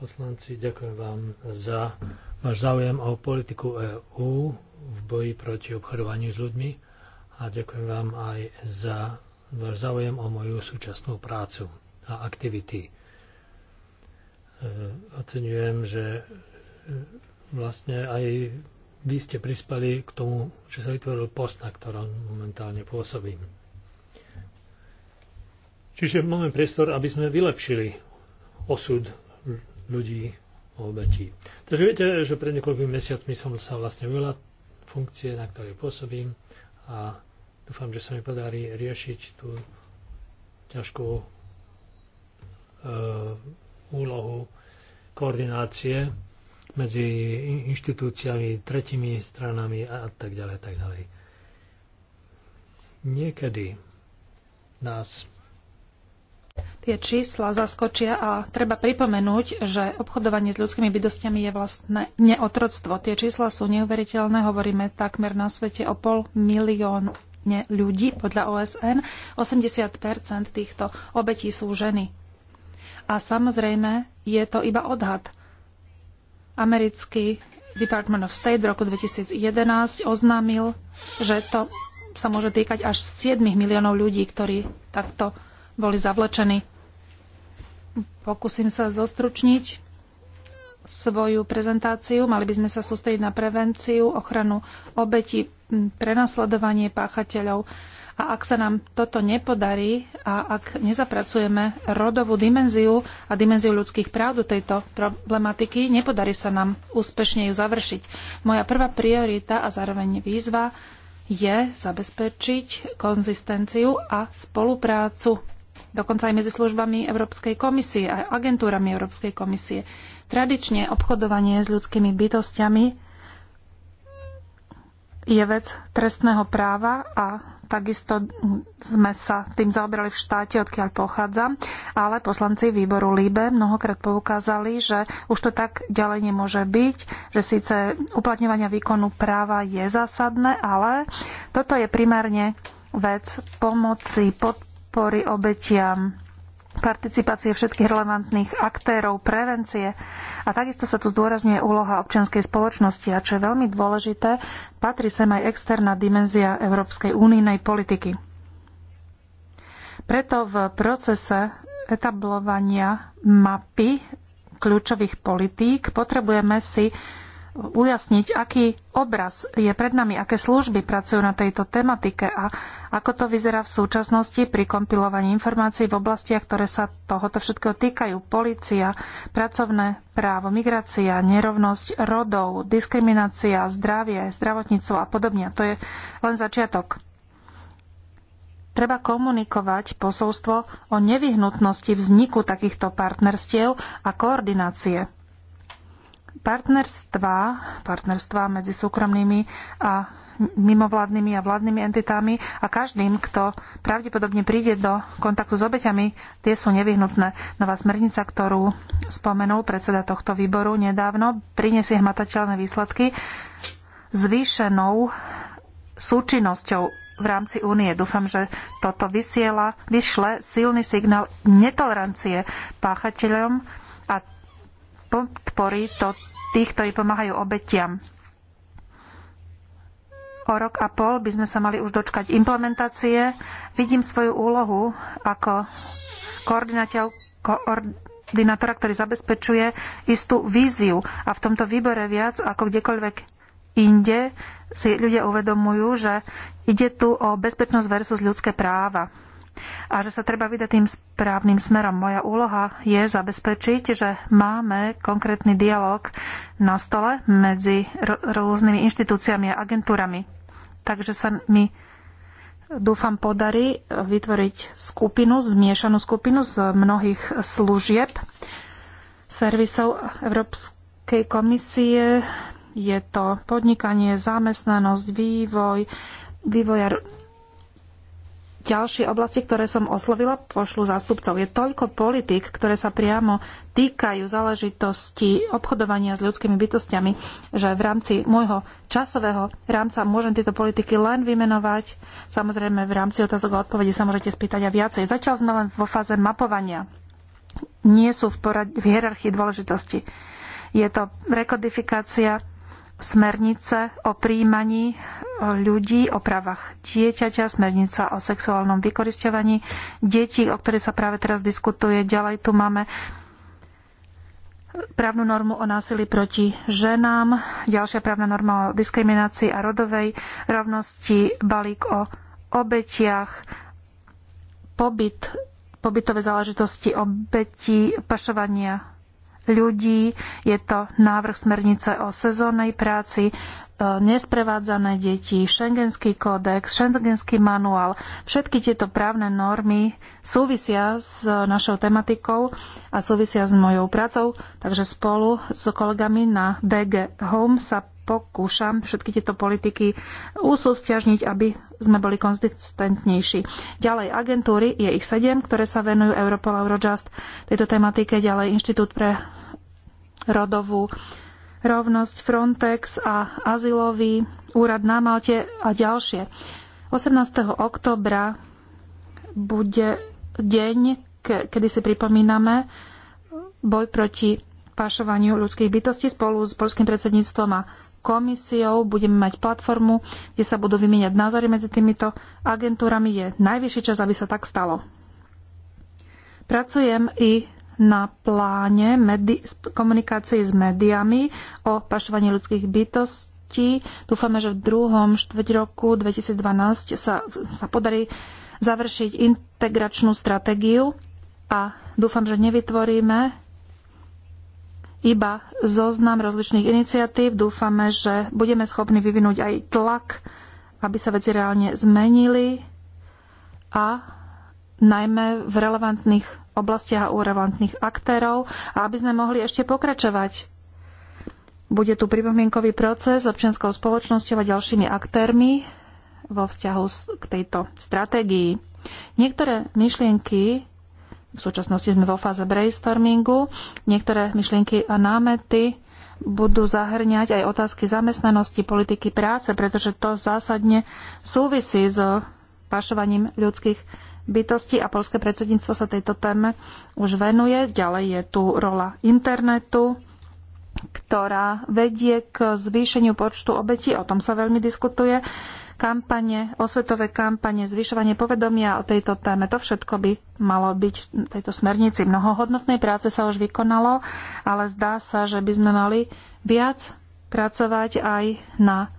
poslanci, ďakujem vám za váš záujem o politiku EÚ v boji proti obchodovaniu s ľuďmi a ďakujem vám aj za váš záujem o moju súčasnú prácu a aktivity. Eh, oceňujem, že eh, vlastne aj vy ste prispali k tomu, že sa vytvoril post, na ktorom momentálne pôsobím. Čiže máme priestor, aby sme vylepšili osud ľudí obetí. Takže viete, že pred niekoľkými mesiacmi som sa vlastne veľa funkcie, na ktorej pôsobím a dúfam, že sa mi podarí riešiť tú ťažkú e, úlohu koordinácie medzi inštitúciami, tretimi stranami a tak ďalej, tak ďalej. Niekedy nás Tie čísla zaskočia a treba pripomenúť, že obchodovanie s ľudskými bydostiami je vlastne neotroctvo. Tie čísla sú neuveriteľné, hovoríme takmer na svete o pol milión ľudí podľa OSN. 80 týchto obetí sú ženy. A samozrejme, je to iba odhad. Americký Department of State v roku 2011 oznámil, že to sa môže týkať až 7 miliónov ľudí, ktorí takto boli zavlečení. Pokúsim sa zostručniť svoju prezentáciu. Mali by sme sa sústrediť na prevenciu, ochranu obeti, prenasledovanie páchateľov, a ak sa nám toto nepodarí a ak nezapracujeme rodovú dimenziu a dimenziu ľudských práv do tejto problematiky, nepodarí sa nám úspešne ju završiť. Moja prvá priorita a zároveň výzva je zabezpečiť konzistenciu a spoluprácu dokonca aj medzi službami Európskej komisie a agentúrami Európskej komisie. Tradične obchodovanie s ľudskými bytostiami je vec trestného práva a Takisto sme sa tým zaoberali v štáte, odkiaľ pochádzam, ale poslanci výboru Líbe mnohokrát poukázali, že už to tak ďalej nemôže byť, že síce uplatňovania výkonu práva je zásadné, ale toto je primárne vec pomoci, podpory obetiam participácie všetkých relevantných aktérov, prevencie. A takisto sa tu zdôrazňuje úloha občianskej spoločnosti. A čo je veľmi dôležité, patrí sem aj externá dimenzia Európskej únijnej politiky. Preto v procese etablovania mapy kľúčových politík potrebujeme si ujasniť, aký obraz je pred nami, aké služby pracujú na tejto tematike a ako to vyzerá v súčasnosti pri kompilovaní informácií v oblastiach, ktoré sa tohoto všetkého týkajú. Polícia, pracovné právo, migrácia, nerovnosť rodov, diskriminácia, zdravie, zdravotníctvo a podobne. To je len začiatok treba komunikovať posolstvo o nevyhnutnosti vzniku takýchto partnerstiev a koordinácie partnerstva, partnerstva medzi súkromnými a mimovládnymi a vládnymi entitami a každým, kto pravdepodobne príde do kontaktu s obeťami, tie sú nevyhnutné. Nová smernica, ktorú spomenul predseda tohto výboru nedávno, prinesie hmatateľné výsledky zvýšenou súčinnosťou v rámci únie. Dúfam, že toto vysiela, vyšle silný signál netolerancie páchateľom podpory to tých, ktorí pomáhajú obetiam. O rok a pol by sme sa mali už dočkať implementácie. Vidím svoju úlohu ako koordinátora, ktorý zabezpečuje istú víziu. A v tomto výbore viac ako kdekoľvek inde si ľudia uvedomujú, že ide tu o bezpečnosť versus ľudské práva a že sa treba vydať tým správnym smerom. Moja úloha je zabezpečiť, že máme konkrétny dialog na stole medzi rôznymi inštitúciami a agentúrami. Takže sa mi dúfam podarí vytvoriť skupinu, zmiešanú skupinu z mnohých služieb, servisov Európskej komisie. Je to podnikanie, zamestnanosť, vývoj, vývoja ďalšie oblasti, ktoré som oslovila, pošlu zástupcov. Je toľko politik, ktoré sa priamo týkajú záležitosti obchodovania s ľudskými bytostiami, že v rámci môjho časového rámca môžem tieto politiky len vymenovať. Samozrejme, v rámci otázok a odpovedí sa môžete spýtať a viacej. Začal sme len vo fáze mapovania. Nie sú v, porad- v hierarchii dôležitosti. Je to rekodifikácia smernice o príjmaní e, ľudí, o právach dieťaťa, smernica o sexuálnom vykoristovaní detí, o ktorej sa práve teraz diskutuje. Ďalej tu máme právnu normu o násilí proti ženám, ďalšia právna norma o diskriminácii a rodovej rovnosti, balík o obetiach, pobyt, pobytové záležitosti obetí pašovania ľudí. Je to návrh smernice o sezónnej práci, e, nesprevádzané deti, šengenský kódex, šengenský manuál. Všetky tieto právne normy súvisia s našou tematikou a súvisia s mojou prácou, takže spolu s kolegami na DG Home sa pokúšam všetky tieto politiky usústiažniť, aby sme boli konzistentnejší. Ďalej agentúry, je ich sedem, ktoré sa venujú Europol Eurojust tejto tematike, ďalej Inštitút pre rodovú rovnosť, Frontex a azylový úrad na Malte a ďalšie. 18. oktobra bude deň, kedy si pripomíname boj proti pašovaniu ľudských bytostí spolu s polským predsedníctvom a komisiou. Budeme mať platformu, kde sa budú vymieňať názory medzi týmito agentúrami. Je najvyšší čas, aby sa tak stalo. Pracujem i na pláne medi- komunikácií s médiami o pašovaní ľudských bytostí. Dúfame, že v druhom štvrť roku 2012 sa, sa podarí završiť integračnú stratégiu a dúfam, že nevytvoríme iba zoznam rozličných iniciatív. Dúfame, že budeme schopní vyvinúť aj tlak, aby sa veci reálne zmenili a najmä v relevantných oblastiach a u relevantných aktérov a aby sme mohli ešte pokračovať. Bude tu pripomienkový proces s občianskou spoločnosťou a ďalšími aktérmi vo vzťahu k tejto stratégii. Niektoré myšlienky, v súčasnosti sme vo fáze brainstormingu, niektoré myšlienky a námety budú zahrňať aj otázky zamestnanosti, politiky práce, pretože to zásadne súvisí s pašovaním ľudských bytosti a polské predsedníctvo sa tejto téme už venuje. Ďalej je tu rola internetu, ktorá vedie k zvýšeniu počtu obetí, o tom sa veľmi diskutuje, kampane, osvetové kampane, zvyšovanie povedomia o tejto téme, to všetko by malo byť v tejto smernici. Mnoho hodnotnej práce sa už vykonalo, ale zdá sa, že by sme mali viac pracovať aj na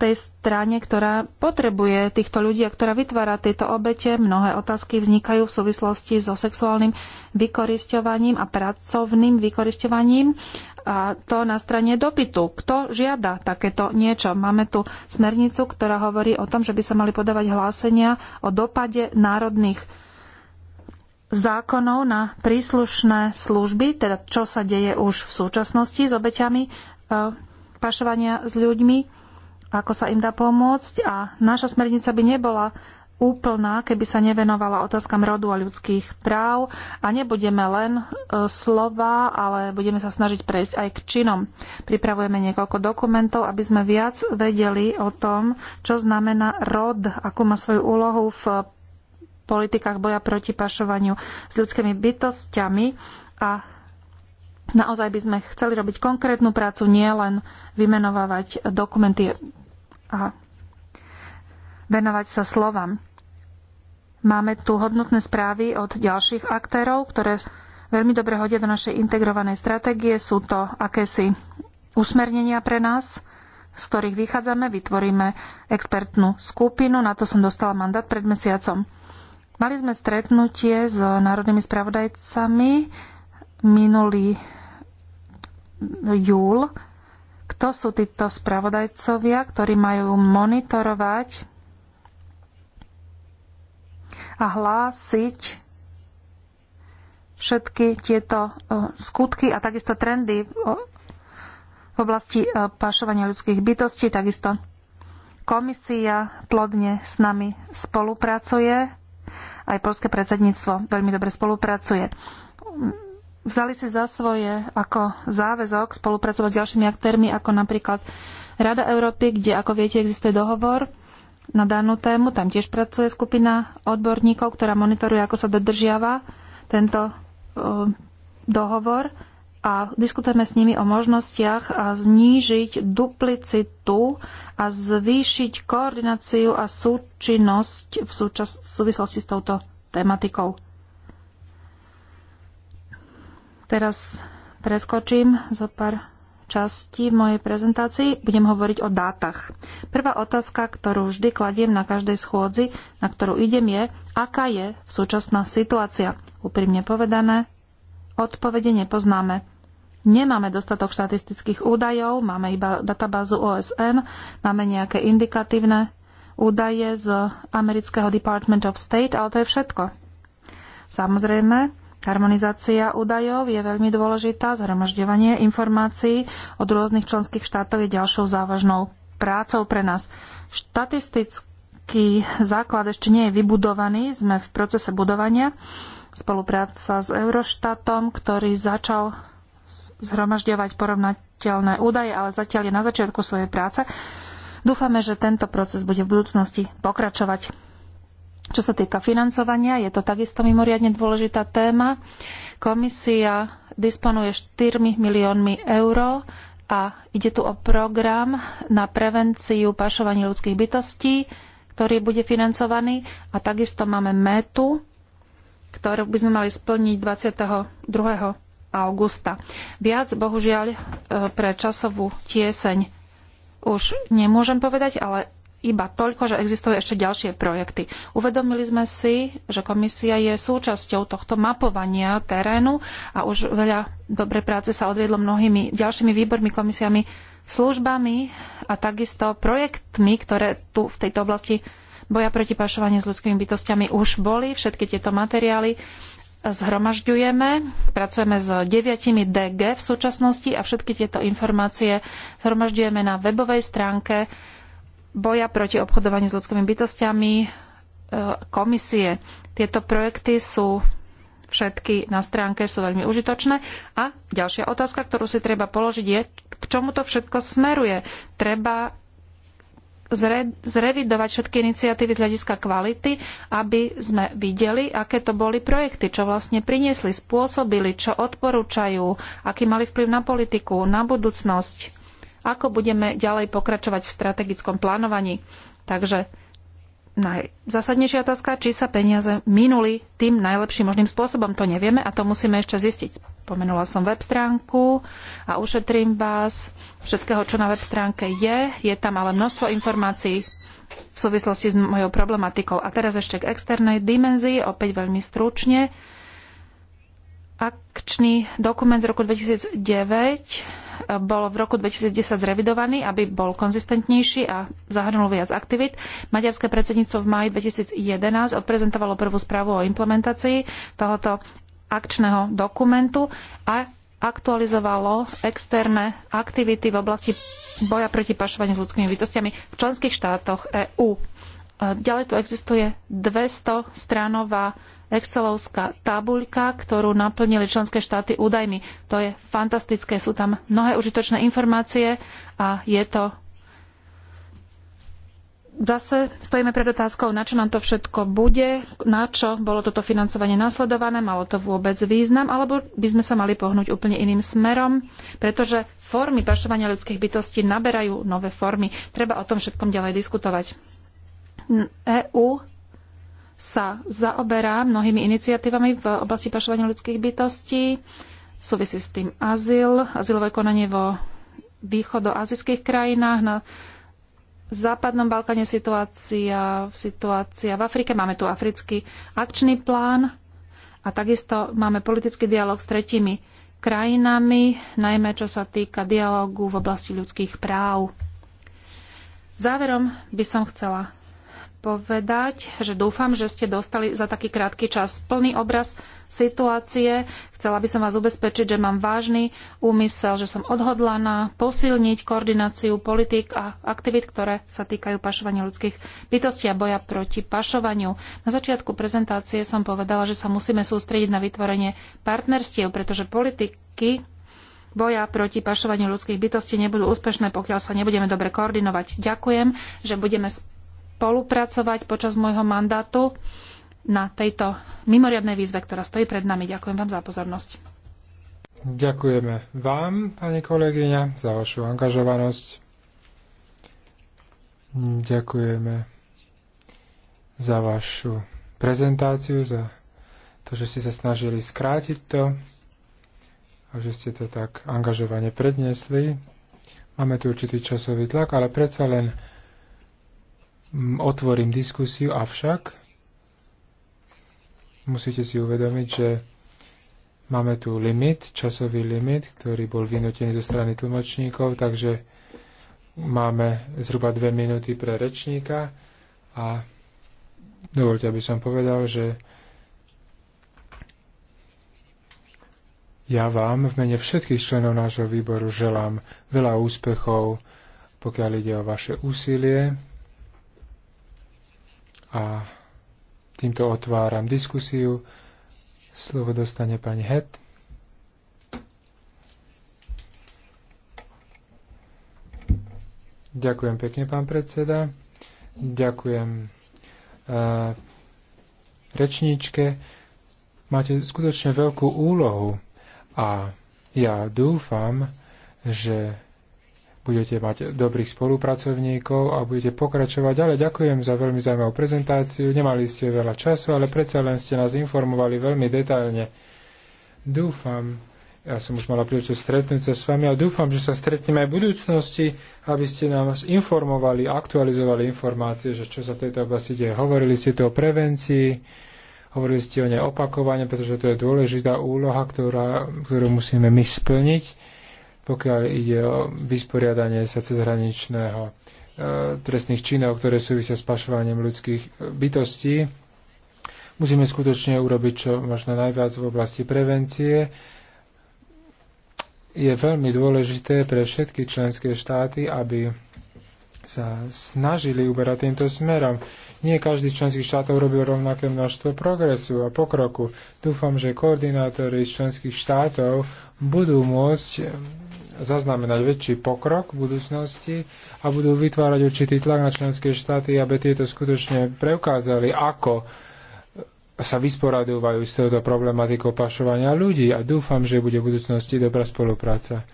tej strane, ktorá potrebuje týchto ľudí a ktorá vytvára tieto obete. Mnohé otázky vznikajú v súvislosti so sexuálnym vykoristovaním a pracovným vykoristovaním. A to na strane dopytu. Kto žiada takéto niečo? Máme tu smernicu, ktorá hovorí o tom, že by sa mali podávať hlásenia o dopade národných zákonov na príslušné služby, teda čo sa deje už v súčasnosti s obeťami e, pašovania s ľuďmi ako sa im dá pomôcť a naša smernica by nebola úplná, keby sa nevenovala otázkam rodu a ľudských práv a nebudeme len e, slova, ale budeme sa snažiť prejsť aj k činom. Pripravujeme niekoľko dokumentov, aby sme viac vedeli o tom, čo znamená rod, akú má svoju úlohu v politikách boja proti pašovaniu s ľudskými bytostiami a naozaj by sme chceli robiť konkrétnu prácu, nielen vymenovávať dokumenty a venovať sa slovám. Máme tu hodnotné správy od ďalších aktérov, ktoré veľmi dobre hodia do našej integrovanej stratégie. Sú to akési usmernenia pre nás, z ktorých vychádzame, vytvoríme expertnú skupinu. Na to som dostala mandát pred mesiacom. Mali sme stretnutie s národnými spravodajcami minulý júl kto sú títo spravodajcovia, ktorí majú monitorovať a hlásiť všetky tieto e, skutky a takisto trendy v oblasti e, pašovania ľudských bytostí. Takisto komisia plodne s nami spolupracuje, aj polské predsedníctvo veľmi dobre spolupracuje vzali si za svoje ako záväzok spolupracovať s ďalšími aktérmi, ako napríklad Rada Európy, kde, ako viete, existuje dohovor na danú tému. Tam tiež pracuje skupina odborníkov, ktorá monitoruje, ako sa dodržiava tento dohovor a diskutujeme s nimi o možnostiach a znížiť duplicitu a zvýšiť koordináciu a súčinnosť v, súčas- v súvislosti s touto tematikou. Teraz preskočím zo pár časti v mojej prezentácii. Budem hovoriť o dátach. Prvá otázka, ktorú vždy kladiem na každej schôdzi, na ktorú idem, je, aká je súčasná situácia. Úprimne povedané, odpovede nepoznáme. Nemáme dostatok štatistických údajov, máme iba databázu OSN, máme nejaké indikatívne údaje z amerického Department of State, ale to je všetko. Samozrejme, Harmonizácia údajov je veľmi dôležitá, zhromažďovanie informácií od rôznych členských štátov je ďalšou závažnou prácou pre nás. Štatistický základ ešte nie je vybudovaný, sme v procese budovania. Spolupráca s Euroštátom, ktorý začal zhromažďovať porovnateľné údaje, ale zatiaľ je na začiatku svojej práce. Dúfame, že tento proces bude v budúcnosti pokračovať. Čo sa týka financovania, je to takisto mimoriadne dôležitá téma. Komisia disponuje 4 miliónmi eur a ide tu o program na prevenciu pašovania ľudských bytostí, ktorý bude financovaný a takisto máme metu, ktorú by sme mali splniť 22. augusta. Viac, bohužiaľ, e, pre časovú tieseň už nemôžem povedať, ale iba toľko, že existujú ešte ďalšie projekty. Uvedomili sme si, že komisia je súčasťou tohto mapovania terénu a už veľa dobrej práce sa odviedlo mnohými ďalšími výbormi, komisiami, službami a takisto projektmi, ktoré tu v tejto oblasti boja proti pašovaniu s ľudskými bytostiami už boli. Všetky tieto materiály zhromažďujeme, pracujeme s deviatimi DG v súčasnosti a všetky tieto informácie zhromažďujeme na webovej stránke boja proti obchodovaniu s ľudskými bytostiami e, komisie. Tieto projekty sú všetky na stránke, sú veľmi užitočné. A ďalšia otázka, ktorú si treba položiť, je, k čomu to všetko smeruje. Treba zre, zrevidovať všetky iniciatívy z hľadiska kvality, aby sme videli, aké to boli projekty, čo vlastne priniesli, spôsobili, čo odporúčajú, aký mali vplyv na politiku, na budúcnosť ako budeme ďalej pokračovať v strategickom plánovaní. Takže najzásadnejšia otázka, či sa peniaze minuli tým najlepším možným spôsobom. To nevieme a to musíme ešte zistiť. Pomenula som web stránku a ušetrím vás všetkého, čo na web stránke je. Je tam ale množstvo informácií v súvislosti s mojou problematikou. A teraz ešte k externej dimenzii, opäť veľmi stručne. Akčný dokument z roku 2009 bol v roku 2010 zrevidovaný, aby bol konzistentnejší a zahrnul viac aktivít. Maďarské predsedníctvo v maji 2011 odprezentovalo prvú správu o implementácii tohoto akčného dokumentu a aktualizovalo externé aktivity v oblasti boja proti pašovaniu s ľudskými bytostiami v členských štátoch EÚ. Ďalej tu existuje 200 stránová Excelovská tabuľka, ktorú naplnili členské štáty údajmi. To je fantastické, sú tam mnohé užitočné informácie a je to zase stojíme pred otázkou, na čo nám to všetko bude, na čo bolo toto financovanie nasledované, malo to vôbec význam, alebo by sme sa mali pohnúť úplne iným smerom, pretože formy pašovania ľudských bytostí naberajú nové formy. Treba o tom všetkom ďalej diskutovať. EÚ sa zaoberá mnohými iniciatívami v oblasti pašovania ľudských bytostí. Súvisí s tým azyl, azylové konanie vo východoazijských krajinách, na západnom Balkáne situácia, situácia v Afrike. Máme tu africký akčný plán a takisto máme politický dialog s tretimi krajinami, najmä čo sa týka dialogu v oblasti ľudských práv. Záverom by som chcela povedať, že dúfam, že ste dostali za taký krátky čas plný obraz situácie. Chcela by som vás ubezpečiť, že mám vážny úmysel, že som odhodlaná posilniť koordináciu politik a aktivít, ktoré sa týkajú pašovania ľudských bytostí a boja proti pašovaniu. Na začiatku prezentácie som povedala, že sa musíme sústrediť na vytvorenie partnerstiev, pretože politiky boja proti pašovaniu ľudských bytostí nebudú úspešné, pokiaľ sa nebudeme dobre koordinovať. Ďakujem, že budeme spolupracovať počas môjho mandátu na tejto mimoriadnej výzve, ktorá stojí pred nami. Ďakujem vám za pozornosť. Ďakujeme vám, pani kolegyňa, za vašu angažovanosť. Ďakujeme za vašu prezentáciu, za to, že ste sa snažili skrátiť to a že ste to tak angažovane predniesli. Máme tu určitý časový tlak, ale predsa len Mm, otvorím diskusiu, avšak musíte si uvedomiť, že máme tu limit, časový limit, ktorý bol vynutený zo strany tlmočníkov, takže máme zhruba dve minúty pre rečníka a dovolte, aby som povedal, že ja vám v mene všetkých členov nášho výboru želám veľa úspechov, pokiaľ ide o vaše úsilie a týmto otváram diskusiu. Slovo dostane pani Het. Ďakujem pekne, pán predseda. Ďakujem uh, rečníčke. Máte skutočne veľkú úlohu a ja dúfam, že budete mať dobrých spolupracovníkov a budete pokračovať. Ale ďakujem za veľmi zaujímavú prezentáciu. Nemali ste veľa času, ale predsa len ste nás informovali veľmi detailne. Dúfam, ja som už mala príležitosť stretnúť sa s vami a dúfam, že sa stretneme aj v budúcnosti, aby ste nám informovali, aktualizovali informácie, že čo sa v tejto oblasti deje. Hovorili ste tu o prevencii, hovorili ste o nej opakovane, pretože to je dôležitá úloha, ktorá, ktorú musíme my splniť pokiaľ ide o vysporiadanie sa cezhraničného e, trestných činov, ktoré súvisia s pašovaním ľudských e, bytostí. Musíme skutočne urobiť čo možno najviac v oblasti prevencie. Je veľmi dôležité pre všetky členské štáty, aby sa snažili uberať týmto smerom. Nie každý z členských štátov robil rovnaké množstvo progresu a pokroku. Dúfam, že koordinátori z členských štátov budú môcť zaznamenať väčší pokrok v budúcnosti a budú vytvárať určitý tlak na členské štáty, aby tieto skutočne preukázali, ako sa vysporadujú s touto problematikou pašovania ľudí a dúfam, že bude v budúcnosti dobrá spolupráca.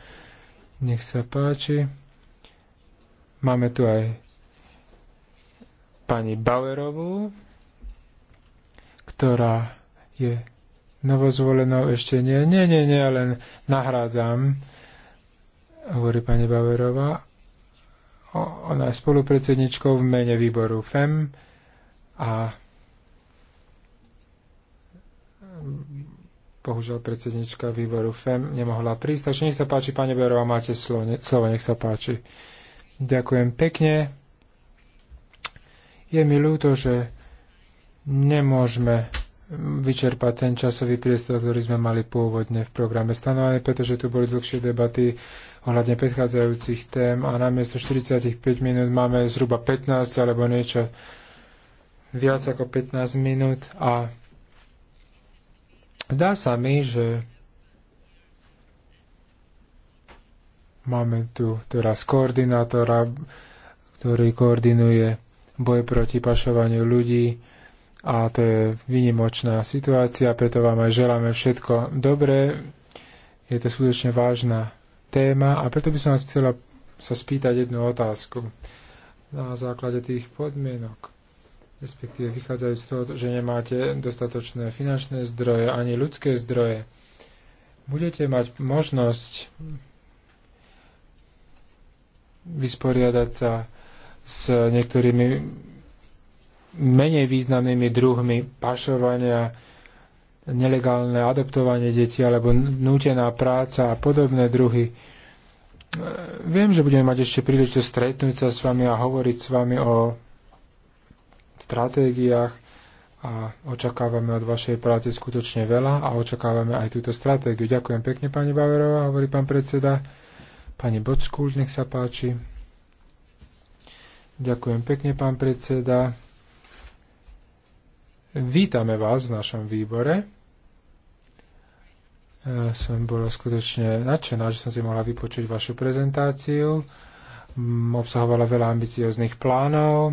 Nech sa páči. Máme tu aj pani Bauerovú, ktorá je novozvolenou ešte nie. Nie, nie, nie, len nahrádzam hovorí pani Baverová. Ona je spolupredsedničkou v mene výboru FEM a bohužiaľ predsednička výboru FEM nemohla prísť. Takže nech sa páči, pani Berová, máte slovo, slovo, nech sa páči. Ďakujem pekne. Je mi ľúto, že nemôžeme vyčerpať ten časový priestor, ktorý sme mali pôvodne v programe stanovené, pretože tu boli dlhšie debaty ohľadne predchádzajúcich tém a namiesto 45 minút máme zhruba 15 alebo niečo viac ako 15 minút a zdá sa mi, že máme tu teraz koordinátora, ktorý koordinuje boj proti pašovaniu ľudí a to je vynimočná situácia, preto vám aj želáme všetko dobré. Je to skutočne vážna téma a preto by som vás chcela sa spýtať jednu otázku na základe tých podmienok respektíve vychádzajú z toho, že nemáte dostatočné finančné zdroje ani ľudské zdroje. Budete mať možnosť vysporiadať sa s niektorými menej významnými druhmi pašovania, nelegálne adoptovanie detí alebo nútená práca a podobné druhy. E, viem, že budeme mať ešte príležitosť stretnúť sa s vami a hovoriť s vami o stratégiách a očakávame od vašej práce skutočne veľa a očakávame aj túto stratégiu. Ďakujem pekne, pani Baverová, hovorí pán predseda. Pani Bockult, nech sa páči. Ďakujem pekne, pán predseda. Vítame vás v našom výbore. E, som bola skutočne nadšená, že som si mohla vypočuť vašu prezentáciu. Obsahovala veľa ambicióznych plánov. E,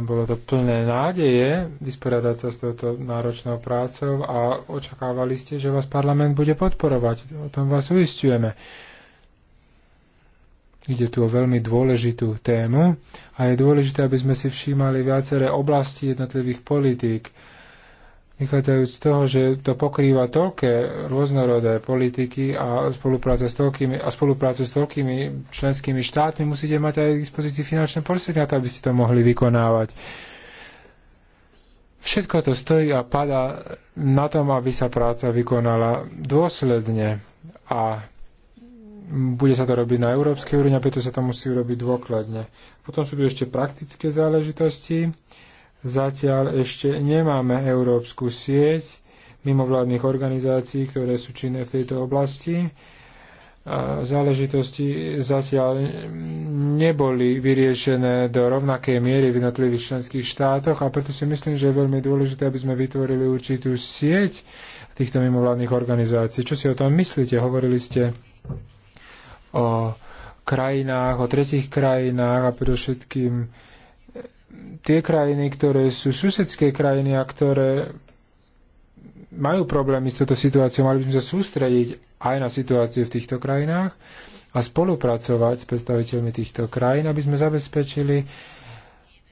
bolo to plné nádeje vysporiadať sa s touto náročnou prácou a očakávali ste, že vás parlament bude podporovať. O tom vás uistujeme. Ide tu o veľmi dôležitú tému a je dôležité, aby sme si všímali viaceré oblasti jednotlivých politík, vychádzajúc z toho, že to pokrýva toľké rôznorodé politiky a spolupráce s toľkými, a spoluprácu s toľkými členskými štátmi, musíte mať aj k dispozícii finančné prostredia, to, aby ste to mohli vykonávať. Všetko to stojí a padá na tom, aby sa práca vykonala dôsledne a bude sa to robiť na európskej úrovni a preto sa to musí urobiť dôkladne. Potom sú tu ešte praktické záležitosti. Zatiaľ ešte nemáme európsku sieť mimovládnych organizácií, ktoré sú činné v tejto oblasti. Záležitosti zatiaľ neboli vyriešené do rovnakej miery v jednotlivých členských štátoch a preto si myslím, že je veľmi dôležité, aby sme vytvorili určitú sieť týchto mimovládnych organizácií. Čo si o tom myslíte? Hovorili ste o krajinách, o tretich krajinách a predovšetkým e, tie krajiny, ktoré sú susedské krajiny a ktoré majú problémy s touto situáciou, mali by sme sa sústrediť aj na situáciu v týchto krajinách a spolupracovať s predstaviteľmi týchto krajín, aby sme zabezpečili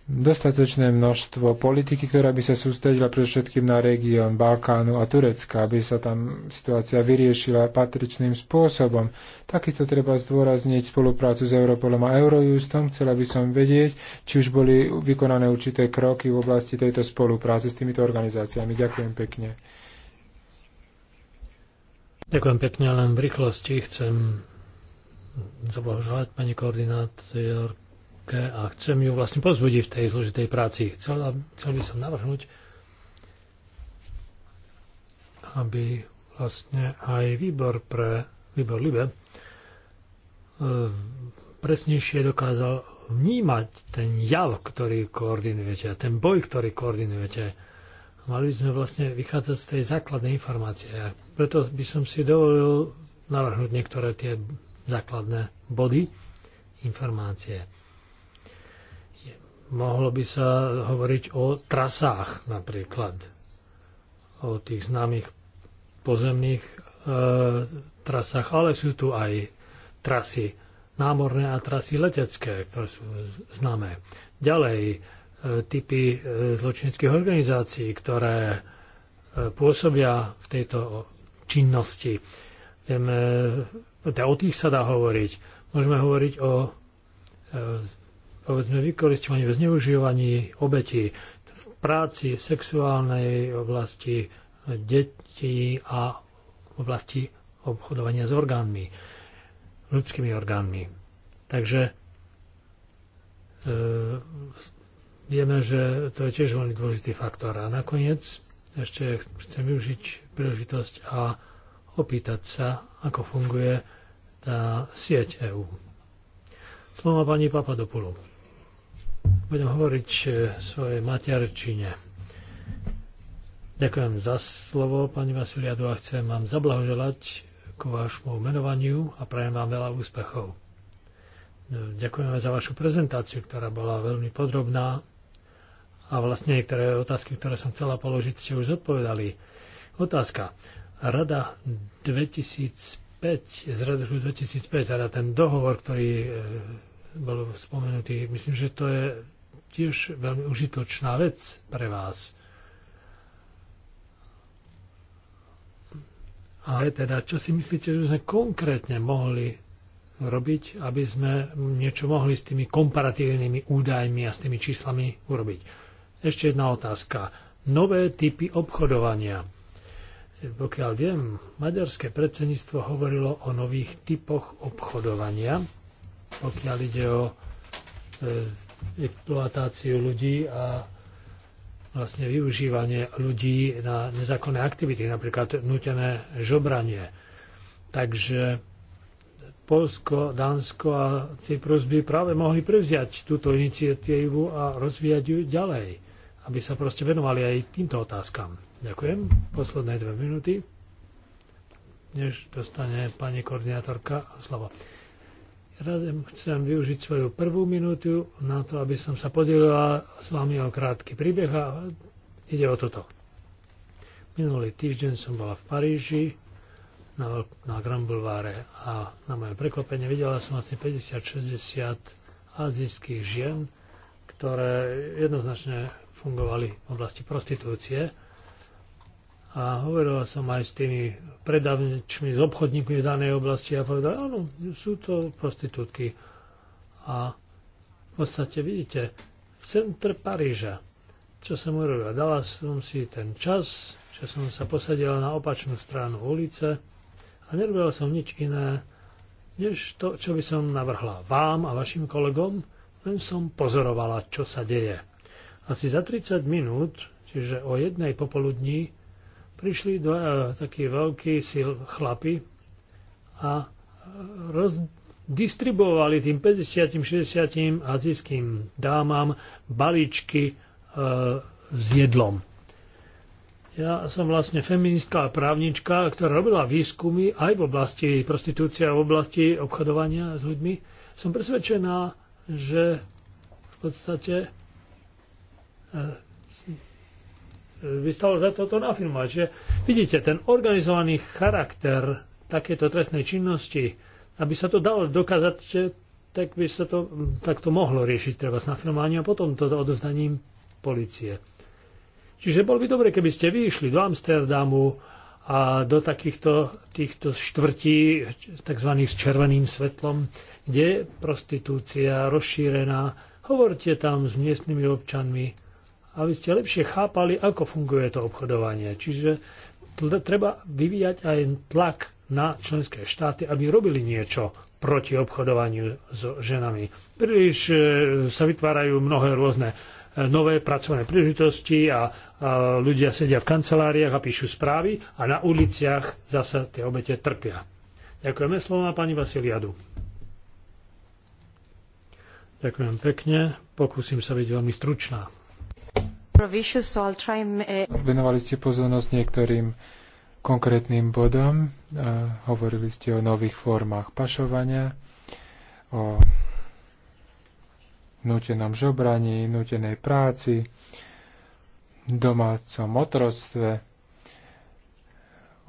dostatočné množstvo politiky, ktorá by sa sústredila predovšetkým na región Balkánu a Turecka, aby sa tam situácia vyriešila patričným spôsobom. Takisto treba zdôrazniť spoluprácu s Europolom a Eurojustom. Chcela by som vedieť, či už boli vykonané určité kroky v oblasti tejto spolupráce s týmito organizáciami. Ďakujem pekne. Ďakujem pekne, len v rýchlosti chcem zablahoželať pani koordinátor matke a chcem ju vlastne pozbudiť v tej zložitej práci. Chcel, chcel by som navrhnúť, aby vlastne aj výbor pre výbor Libe e, presnejšie dokázal vnímať ten jav, ktorý koordinujete, ten boj, ktorý koordinujete. Mali by sme vlastne vychádzať z tej základnej informácie. Preto by som si dovolil navrhnúť niektoré tie základné body informácie. Mohlo by sa hovoriť o trasách napríklad, o tých známych pozemných e, trasách, ale sú tu aj trasy námorné a trasy letecké, ktoré sú známe. Ďalej, e, typy e, zločineckých organizácií, ktoré e, pôsobia v tejto činnosti. Vieme, teda o tých sa dá hovoriť. Môžeme hovoriť o povedzme, vykoristovaní, v zneužívaní obetí, v práci, sexuálnej oblasti detí a v oblasti obchodovania s orgánmi, ľudskými orgánmi. Takže e, vieme, že to je tiež veľmi dôležitý faktor. A nakoniec ešte chcem využiť príležitosť a opýtať sa, ako funguje tá sieť EÚ. Slovo pani Papadopoulou budem hovoriť e, svojej materčine. Ďakujem za slovo, pani Vasiliadu, a chcem vám zablahoželať k vášmu menovaniu a prajem vám veľa úspechov. E, ďakujeme za vašu prezentáciu, ktorá bola veľmi podrobná a vlastne niektoré otázky, ktoré som chcela položiť, ste už zodpovedali. Otázka. Rada 2005, z roku 2005, teda ten dohovor, ktorý e, bol spomenutý. Myslím, že to je tiež veľmi užitočná vec pre vás. Ale teda, čo si myslíte, že sme konkrétne mohli robiť, aby sme niečo mohli s tými komparatívnymi údajmi a s tými číslami urobiť? Ešte jedna otázka. Nové typy obchodovania. Pokiaľ viem, maďarské predsedníctvo hovorilo o nových typoch obchodovania, pokiaľ ide o e, exploatáciu ľudí a vlastne využívanie ľudí na nezákonné aktivity, napríklad nutené žobranie. Takže Polsko, Dánsko a Cyprus by práve mohli prevziať túto iniciatívu a rozvíjať ju ďalej, aby sa proste venovali aj týmto otázkam. Ďakujem. Posledné dve minúty, než dostane pani koordinátorka slovo. Radem chcem využiť svoju prvú minútu na to, aby som sa podelila s vami o krátky príbeh a ide o toto. Minulý týždeň som bola v Paríži na, na Grand Boulevard a na moje prekvapenie videla som asi 50-60 azijských žien, ktoré jednoznačne fungovali v oblasti prostitúcie a hovorila som aj s tými predavničmi, s obchodníkmi v danej oblasti a povedal, áno, sú to prostitútky. A v podstate vidíte, v centre Paríža, čo som urobil, dala som si ten čas, že som sa posadila na opačnú stranu ulice a nerobila som nič iné, než to, čo by som navrhla vám a vašim kolegom, len som pozorovala, čo sa deje. Asi za 30 minút, čiže o jednej popoludní, prišli do, e, takí veľkí sil chlapi a rozdistribuovali tým 50-60 azijským dámam balíčky e, s jedlom. Ja som vlastne feministka a právnička, ktorá robila výskumy aj v oblasti prostitúcia, v oblasti obchodovania s ľuďmi. Som presvedčená, že v podstate e, by stalo za toto nafilmovať. Že vidíte, ten organizovaný charakter takéto trestnej činnosti, aby sa to dalo dokázať, že tak by sa to takto mohlo riešiť treba na nafilmovaním a potom to odovzdaním policie. Čiže bol by dobre, keby ste vyšli do Amsterdamu a do takýchto týchto štvrtí, tzv. s červeným svetlom, kde je prostitúcia rozšírená. Hovorte tam s miestnymi občanmi, aby ste lepšie chápali, ako funguje to obchodovanie. Čiže treba vyvíjať aj tlak na členské štáty, aby robili niečo proti obchodovaniu s ženami. Príliš e, sa vytvárajú mnohé rôzne e, nové pracovné príležitosti a, a ľudia sedia v kanceláriách a píšu správy a na uliciach zase tie obete trpia. Ďakujeme slovo pani Vasiliadu. Ďakujem pekne. Pokúsim sa byť veľmi stručná. Eh, Venovali ste pozornosť niektorým konkrétnym bodom. Eh, hovorili ste o nových formách pašovania, o nutenom žobraní, nutenej práci, domácom otroctve,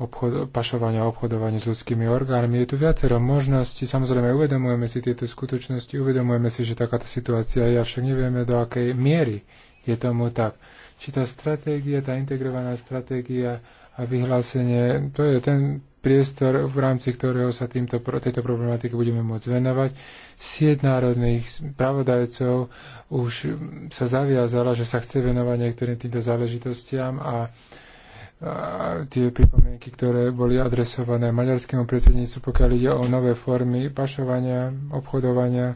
obchod, pašovania a obchodovania s ľudskými orgánmi. Je tu viacero možností. Samozrejme, uvedomujeme si tieto skutočnosti, uvedomujeme si, že takáto situácia je, avšak nevieme, do akej miery je tomu tak. Či tá stratégia, tá integrovaná stratégia a vyhlásenie, to je ten priestor, v rámci ktorého sa týmto, tejto problematike budeme môcť venovať. Sieť národných spravodajcov už sa zaviazala, že sa chce venovať niektorým týmto záležitostiam a a tie pripomienky, ktoré boli adresované maďarskému predsedníctvu, pokiaľ ide o nové formy pašovania, obchodovania.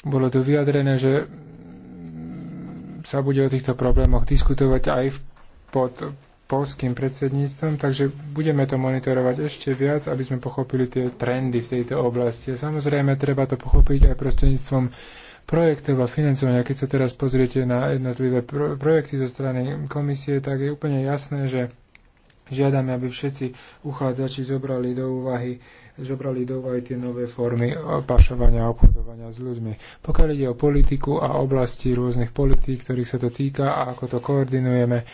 Bolo tu vyjadrené, že sa bude o týchto problémoch diskutovať aj pod polským predsedníctvom, takže budeme to monitorovať ešte viac, aby sme pochopili tie trendy v tejto oblasti. A samozrejme, treba to pochopiť aj prostredníctvom projektov a financovania. Keď sa teraz pozriete na jednotlivé pro- projekty zo strany komisie, tak je úplne jasné, že žiadame, aby všetci uchádzači zobrali do úvahy zobrali do aj tie nové formy pašovania a obchodovania s ľuďmi. Pokiaľ ide o politiku a oblasti rôznych politík, ktorých sa to týka a ako to koordinujeme,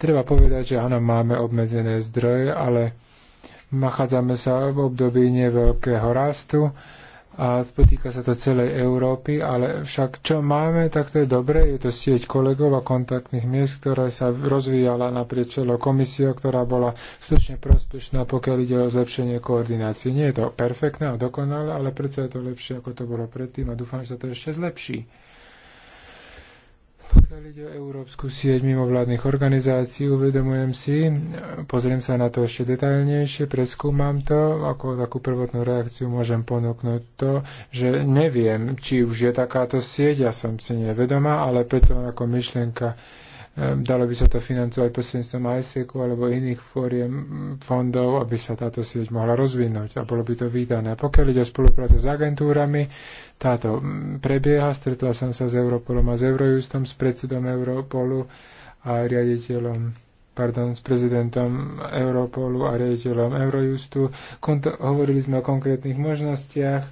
treba povedať, že áno, máme obmedzené zdroje, ale nachádzame sa v období neveľkého rastu a potýka sa to celej Európy, ale však čo máme, tak to je dobré. Je to sieť kolegov a kontaktných miest, ktorá sa rozvíjala naprieč celou komisiou, ktorá bola skutočne prospešná, pokiaľ ide o zlepšenie koordinácie. Nie je to perfektné a dokonalé, ale predsa je to lepšie, ako to bolo predtým a dúfam, že sa to ešte zlepší. Pokiaľ ide o Európsku sieť mimovládnych organizácií, uvedomujem si, pozriem sa na to ešte detailnejšie, preskúmam to, ako takú prvotnú reakciu môžem ponúknuť to, že neviem, či už je takáto sieť, ja som si nevedomá, ale preto ako myšlienka Ehm, dalo by sa to financovať prostredníctvom ISEC alebo iných fóriem mm, fondov, aby sa táto sieť mohla rozvinúť a bolo by to A Pokiaľ ide o spolupráce s agentúrami, táto mm, prebieha. Stretla som sa s Europolom a s Eurojustom, s predsedom Europolu a riaditeľom pardon, s prezidentom Europolu a riaditeľom Eurojustu. Konto- hovorili sme o konkrétnych možnostiach.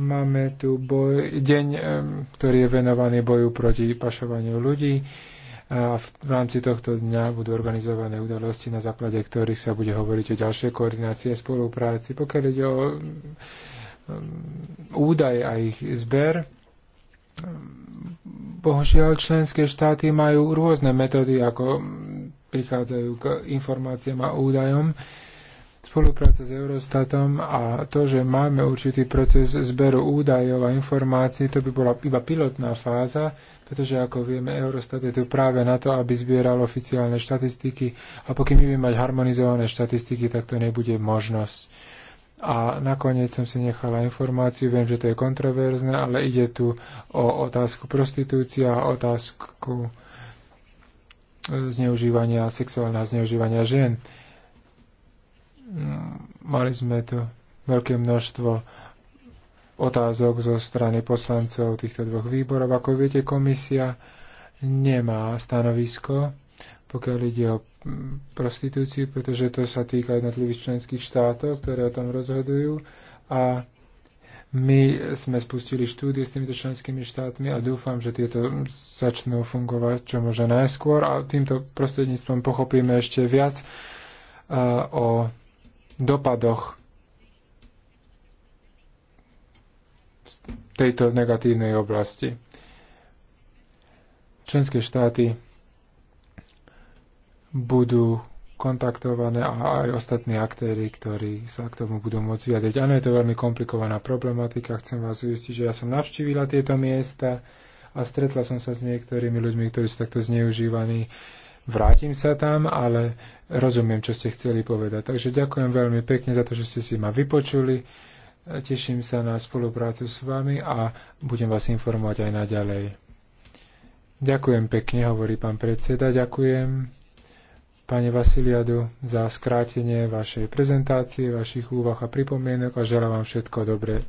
Máme tu boj- deň, ehm, ktorý je venovaný boju proti pašovaniu ľudí a v rámci tohto dňa budú organizované udalosti, na základe ktorých sa bude hovoriť o ďalšej koordinácii a spolupráci. Pokiaľ ide o um, údaje a ich zber, bohužiaľ členské štáty majú rôzne metódy, ako um, prichádzajú k informáciám a údajom spolupráca s Eurostatom a to, že máme určitý proces zberu údajov a informácií, to by bola iba pilotná fáza, pretože ako vieme, Eurostat je tu práve na to, aby zbieral oficiálne štatistiky a pokým my mať harmonizované štatistiky, tak to nebude možnosť. A nakoniec som si nechala informáciu, viem, že to je kontroverzne, ale ide tu o otázku prostitúcia, a otázku zneužívania, sexuálneho zneužívania žien. Mali sme tu veľké množstvo otázok zo strany poslancov týchto dvoch výborov. Ako viete, komisia nemá stanovisko, pokiaľ ide o mm, prostitúciu, pretože to sa týka jednotlivých členských štátov, ktoré o tom rozhodujú. A my sme spustili štúdie s týmito členskými štátmi a dúfam, že tieto začnú fungovať čo možno najskôr a týmto prostredníctvom pochopíme ešte viac o dopadoch tejto negatívnej oblasti. Členské štáty budú kontaktované a aj ostatní aktéry, ktorí sa k tomu budú môcť vyjadriť. Áno, je to veľmi komplikovaná problematika. Chcem vás ujistiť, že ja som navštívila tieto miesta a stretla som sa s niektorými ľuďmi, ktorí sú takto zneužívaní. Vrátim sa tam, ale rozumiem, čo ste chceli povedať. Takže ďakujem veľmi pekne za to, že ste si ma vypočuli Teším sa na spoluprácu s vami a budem vás informovať aj naďalej. Ďakujem pekne, hovorí pán predseda. Ďakujem pani Vasiliadu za skrátenie vašej prezentácie, vašich úvah a pripomienok a želám vám všetko dobré.